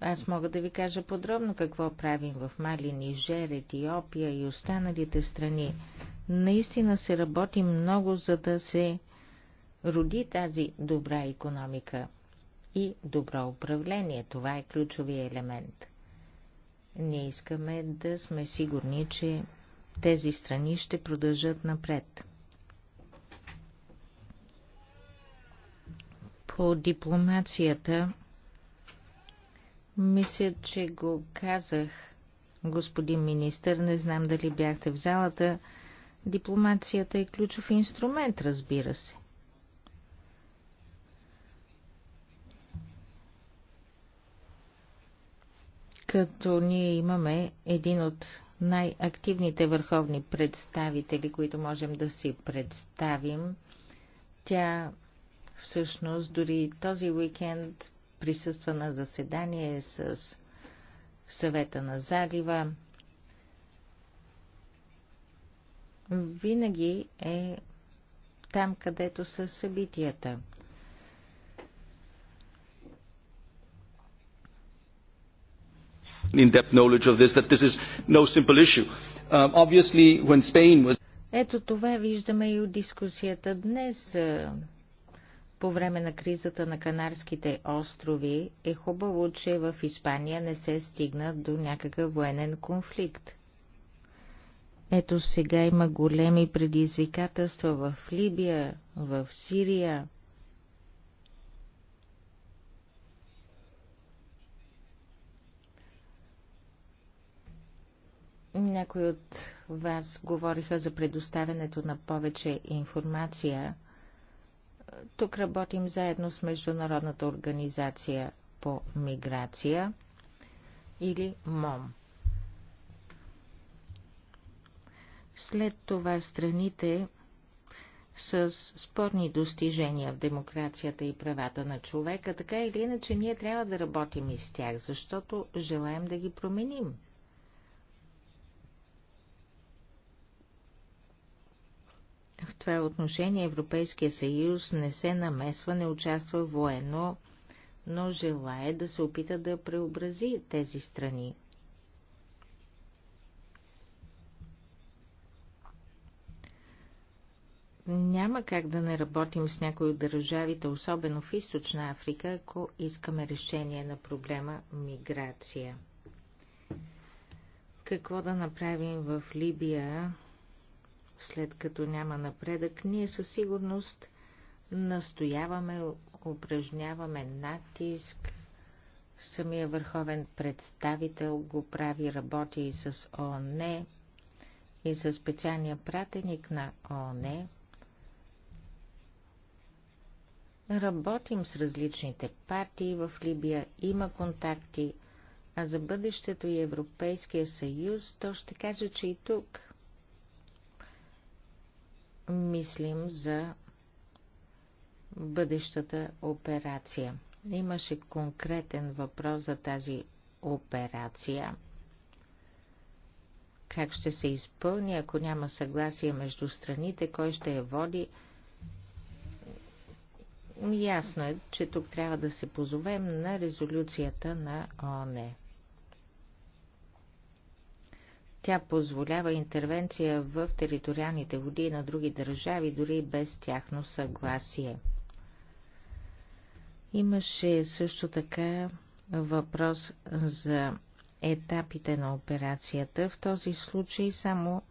Аз мога да ви кажа подробно какво правим в Мали, Нижер, Етиопия и останалите страни. Наистина се работи много, за да се роди тази добра економика и добро управление. Това е ключовия елемент. Ние искаме да сме сигурни, че тези страни ще продължат напред. върху дипломацията. Мисля, че го казах, господин министър, не знам дали бяхте в залата. Дипломацията е ключов инструмент, разбира се. Като ние имаме един от най-активните върховни представители, които можем да си представим, тя Всъщност, дори този уикенд присъства на заседание с съвета на залива. Винаги е там, където са събитията. in-depth knowledge of this, that this is no simple issue. Um, obviously, when Spain was... Ето това виждаме и от дискусията днес по време на кризата на Канарските острови, е хубаво, че в Испания не се стигна до някакъв военен конфликт. Ето сега има големи предизвикателства в Либия, в Сирия. Някои от вас говориха за предоставянето на повече информация – тук работим заедно с Международната организация по миграция или МОМ. След това страните с спорни достижения в демокрацията и правата на човека, така или иначе ние трябва да работим и с тях, защото желаем да ги променим. това отношение Европейския съюз не се намесва, не участва военно, но желая да се опита да преобрази тези страни. Няма как да не работим с някои от държавите, особено в Източна Африка, ако искаме решение на проблема миграция. Какво да направим в Либия? след като няма напредък, ние със сигурност настояваме, упражняваме натиск. Самия върховен представител го прави, работи и с ООН, и с специалния пратеник на ООН. Работим с различните партии в Либия, има контакти, а за бъдещето и Европейския съюз, то ще каже, че и тук мислим за бъдещата операция. Имаше конкретен въпрос за тази операция. Как ще се изпълни, ако няма съгласие между страните, кой ще я води? Ясно е, че тук трябва да се позовем на резолюцията на ОНЕ. Тя позволява интервенция в териториалните води на други държави, дори без тяхно съгласие. Имаше също така въпрос за етапите на операцията. В този случай само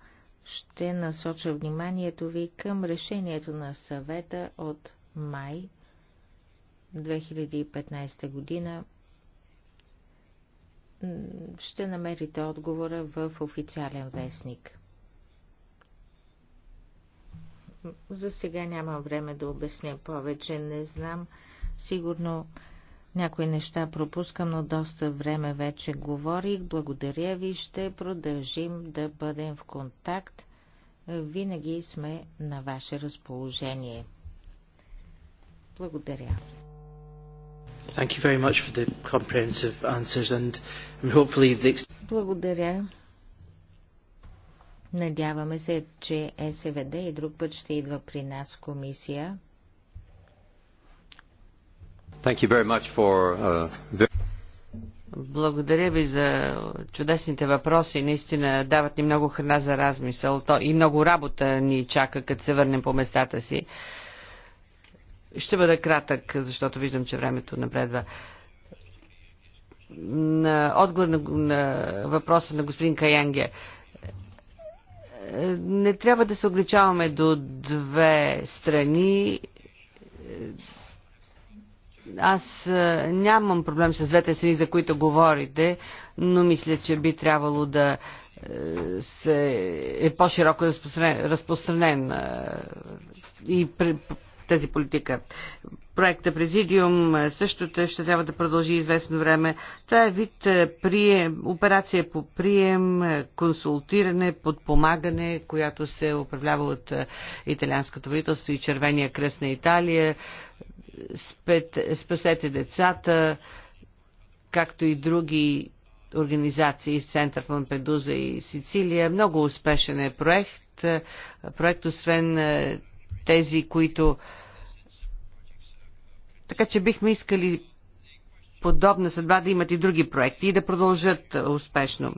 ще насоча вниманието ви към решението на съвета от май 2015 година ще намерите отговора в официален вестник. За сега нямам време да обясня повече. Не знам. Сигурно някои неща пропускам, но доста време вече говорих. Благодаря ви. Ще продължим да бъдем в контакт. Винаги сме на ваше разположение. Благодаря. Thank you very much for the comprehensive answers and, hopefully the... Благодаря. Надяваме се, че СВД и друг път ще идва при нас комисия. Thank you very much for, uh, very... благодаря ви за чудесните въпроси. Наистина дават ни много храна за размисъл. То и много работа ни чака, като се върнем по местата си. Uh, ще бъда кратък, защото виждам, че времето напредва. На отговор на, на въпроса на господин Каянге. Не трябва да се обличаваме до две страни аз нямам проблем с двете страни, за които говорите, но мисля, че би трябвало да се, е по-широко разпространен, разпространен и тази политика. Проекта Президиум също ще трябва да продължи известно време. Това е вид прием, операция по прием, консултиране, подпомагане, която се управлява от италианското правителство и Червения кръст на Италия. Спет, спасете децата, както и други организации с център в Лампедуза и Сицилия. Много успешен е проект. Проект освен тези, които. Така че бихме искали подобна съдба да имат и други проекти и да продължат успешно.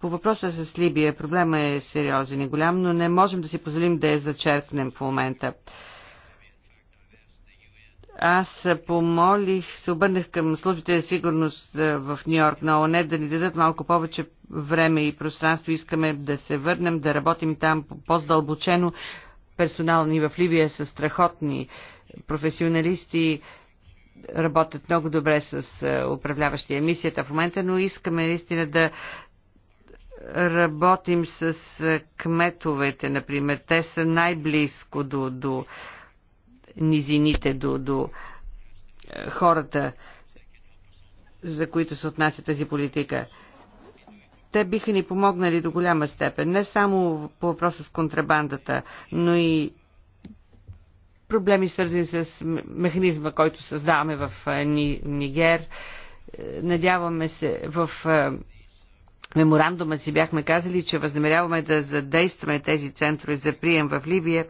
По въпроса с Либия проблема е сериозен и голям, но не можем да си позволим да я зачеркнем в момента. Аз помолих, се обърнах към службите за сигурност в Нью Йорк на не да ни дадат малко повече време и пространство. Искаме да се върнем, да работим там по-здълбочено, персонални в Либия са страхотни професионалисти, работят много добре с е, управляващия мисията в момента, но искаме наистина да работим с е, кметовете, например. Те са най-близко до, до низините, до, до е, хората, за които се отнася тази политика. Те биха ни помогнали до голяма степен, не само по въпроса с контрабандата, но и проблеми свързани с механизма, който създаваме в Нигер. Е, надяваме се в меморандума си бяхме казали, че възнамеряваме да задействаме тези центрове за прием в Либия.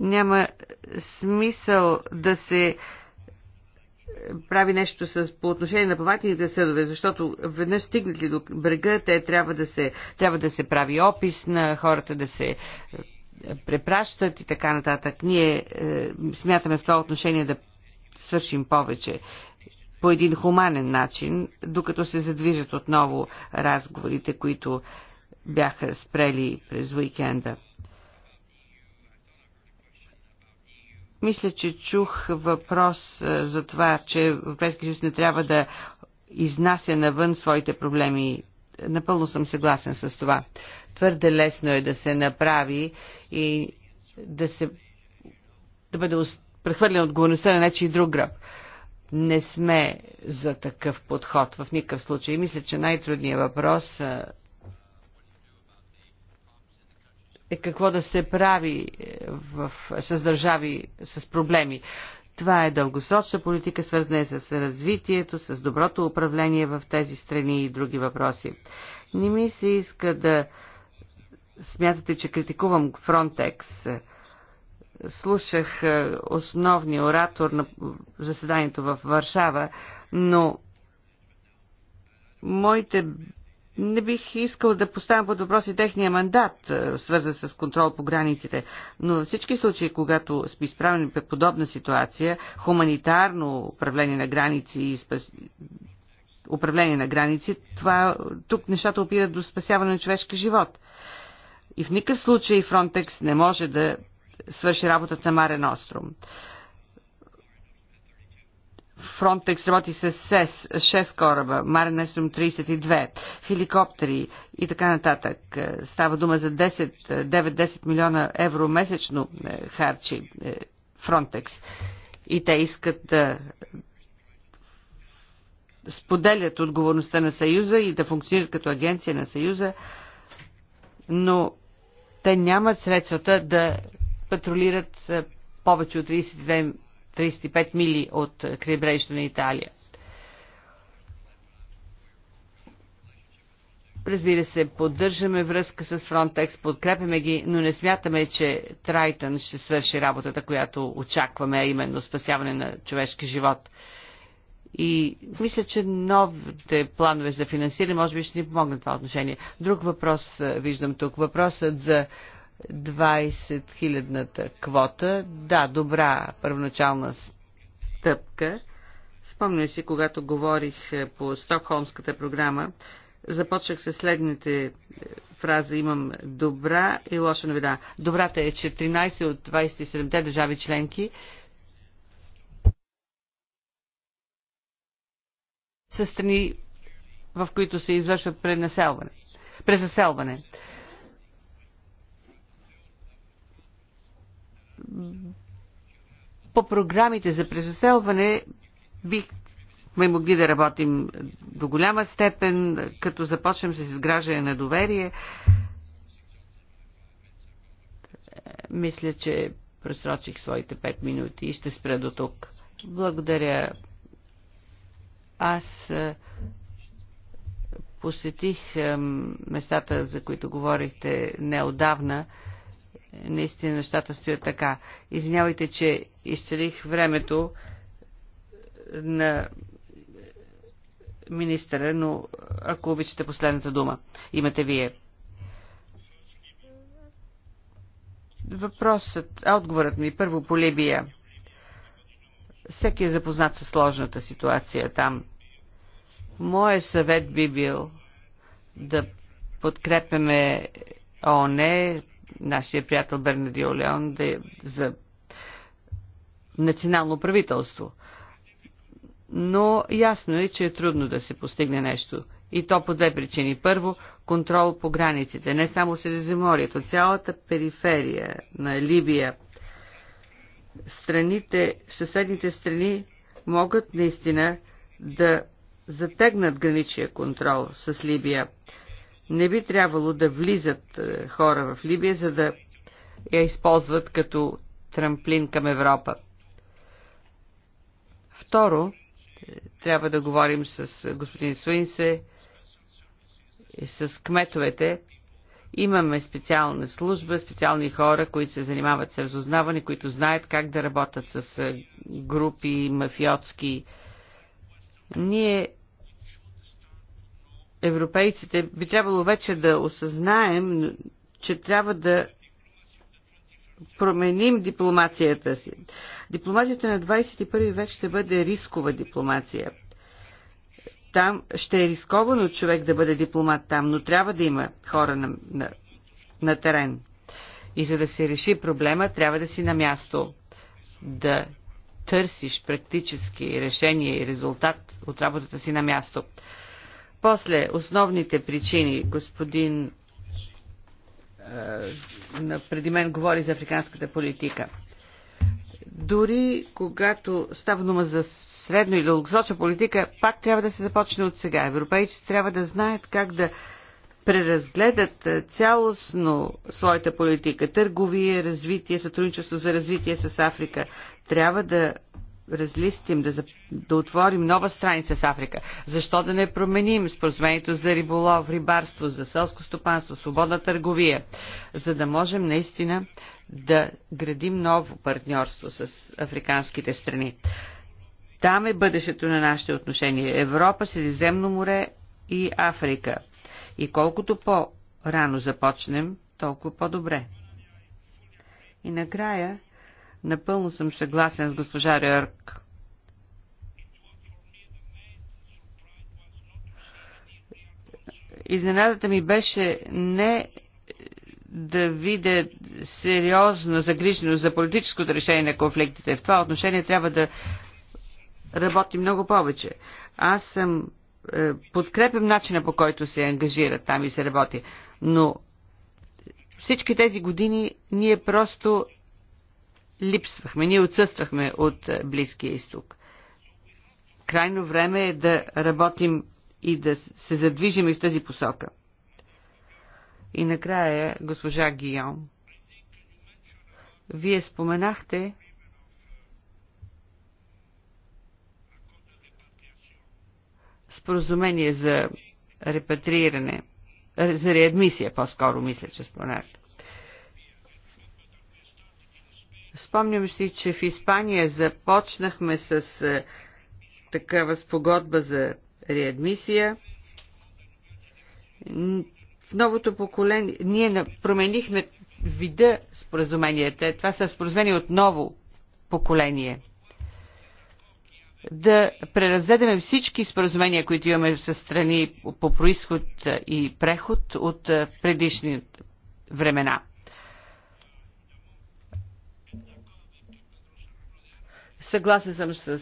Няма смисъл да се прави нещо с, по отношение на плавателните съдове, защото веднъж стигнат ли до брега, те трябва да се, трябва да се прави опис на хората, да се е, препращат и така нататък. Ние е, смятаме в това отношение да свършим повече по един хуманен начин, докато се задвижат отново разговорите, които бяха спрели през уикенда. Мисля, че чух въпрос е, за това, че Европейския съюз не трябва да изнася навън своите проблеми. Напълно съм съгласен с това. Твърде лесно е да се направи и да се да бъде от отговорността на нечи друг гръб. Не сме за такъв подход в никакъв случай. Мисля, че най-трудният въпрос е, е какво да се прави е, в, с държави с проблеми. Това е дългосрочна политика, свързана е с развитието, с доброто управление в тези страни и други въпроси. Не ми се иска да смятате, че критикувам Фронтекс. Слушах е, основния оратор на заседанието в Варшава, но моите не бих искал да поставям под въпрос и техния мандат, е, свързан с контрол по границите, но във всички случаи, когато сме изправени пред подобна ситуация, хуманитарно управление на граници и спас... управление на граници, това, тук нещата опират до спасяване на човешки живот. И в никакъв случай Фронтекс не може да свърши работата на Марен Остром. Фронтекс работи с СЕС, 6 кораба, Марен 32, хеликоптери и така нататък. Е, става дума за 9-10 е, милиона евро месечно е, харчи Фронтекс. И те искат да споделят отговорността на Съюза и да функционират като агенция на Съюза, но те нямат средствата да патрулират повече от 32 35 мили от крайбрежието на Италия. Разбира се, поддържаме връзка с Frontex, подкрепяме ги, но не смятаме, че Трайтън ще свърши работата, която очакваме, а именно спасяване на човешки живот. И мисля, че новите планове за финансиране може би ще ни помогнат това отношение. Друг въпрос виждам тук. Въпросът за 20 хилядната квота. Да, добра първоначална стъпка. Спомням си, когато говорих е, по Стокхолмската програма, започнах с следните е, фраза имам добра и лоша новина. Добрата е, че 13 от 27-те държави членки са страни, в които се извършва пренаселване, презаселване. по програмите за презаселване бихме могли да работим до голяма степен, като започнем с изграждане на доверие. Мисля, че просрочих своите 5 минути и ще спра до тук. Благодаря. Аз посетих местата, за които говорихте неодавна наистина нещата стоят така. Извинявайте, че изцелих времето на министъра, но ако обичате последната дума, имате вие. Въпросът, а отговорът ми първо по Либия. Всеки е запознат със сложната ситуация там. Моят съвет би бил да подкрепяме ООН, нашия приятел Бернадио Леон да, е за национално правителство. Но ясно е, че е трудно да се постигне нещо. И то по две причини. Първо, контрол по границите, не само Средиземорието, цялата периферия на Либия. Страните, съседните страни могат наистина да затегнат граничия контрол с Либия не би трябвало да влизат е, хора в Либия, за да я използват като трамплин към Европа. Второ, е, трябва да говорим с е, господин Суинсе и с кметовете. Имаме специална служба, специални хора, които се занимават с разузнаване, които знаят как да работят с групи мафиотски. Ние европейците би трябвало вече да осъзнаем, че трябва да променим дипломацията си. Дипломацията на 21 век ще бъде рискова дипломация. Там ще е рисковано човек да бъде дипломат там, но трябва да има хора на, на, на терен. И за да се реши проблема, трябва да си на място, да търсиш практически решение и резултат от работата си на място. После основните причини, господин е, преди мен говори за африканската политика. Дори когато става дума за средно и дългосрочна политика, пак трябва да се започне от сега. Европейците трябва да знаят как да преразгледат е, цялостно своята политика. Търговие, развитие, сътрудничество за развитие с Африка. Трябва да разлистим, да, да отворим нова страница с Африка. Защо да не променим споразумението за риболов, рибарство, за селско стопанство, свободна търговия, за да можем наистина да градим ново партньорство с африканските страни. Там е бъдещето на нашите отношения. Европа, Средиземно море и Африка. И колкото по-рано започнем, толкова по-добре. И накрая Напълно съм съгласен с госпожа Рърк. Изненадата ми беше не да видя сериозно загриженост за политическото решение на конфликтите. В това отношение трябва да работи много повече. Аз съм е, подкрепям начина по който се ангажира там и се работи, но всички тези години ние просто липсвахме, ние отсъствахме от е, Близкия изток. Крайно време е да работим и да се задвижим и в тази посока. И накрая, госпожа Гион, вие споменахте споразумение за репатрииране, е, за реадмисия, по-скоро мисля, че споменахте. Спомням си, че в Испания започнахме с е, такава спогодба за реадмисия. В новото поколение ние променихме вида споразуменията. Е, това са споразумения от ново поколение. Да преразгледаме всички споразумения, които имаме с страни по происход и преход от е, предишни времена. Съгласен съм с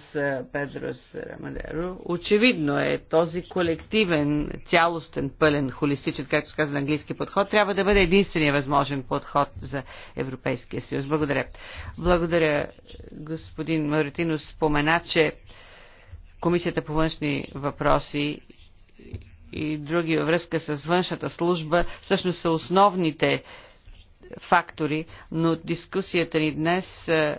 Педрос Рамадеро. Очевидно е този колективен, цялостен, пълен, холистичен, както се казва на английски подход, трябва да бъде единствения възможен подход за Европейския съюз. Благодаря. Благодаря, господин Маритино. Спомена, че Комисията по външни въпроси и други връзка с външната служба всъщност са основните фактори, но дискусията ни днес е,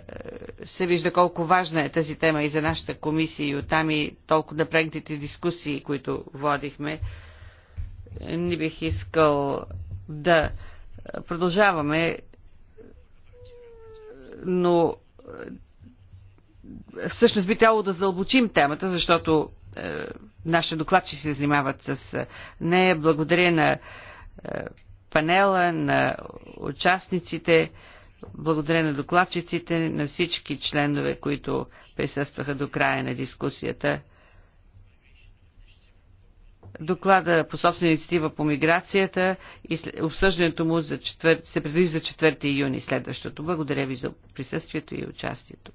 се вижда колко важна е тази тема и за нашата комисия и оттам и толкова напрегнатите дискусии, които водихме. Не бих искал да продължаваме, но е, всъщност би трябвало да задълбочим темата, защото е, нашия доклад ще се занимават с нея. Благодаря на панела, на участниците, благодаря на докладчиците, на всички членове, които присъстваха до края на дискусията. Доклада по собствена инициатива по миграцията и обсъждането му за четвър... се предвижда за 4 юни следващото. Благодаря ви за присъствието и участието.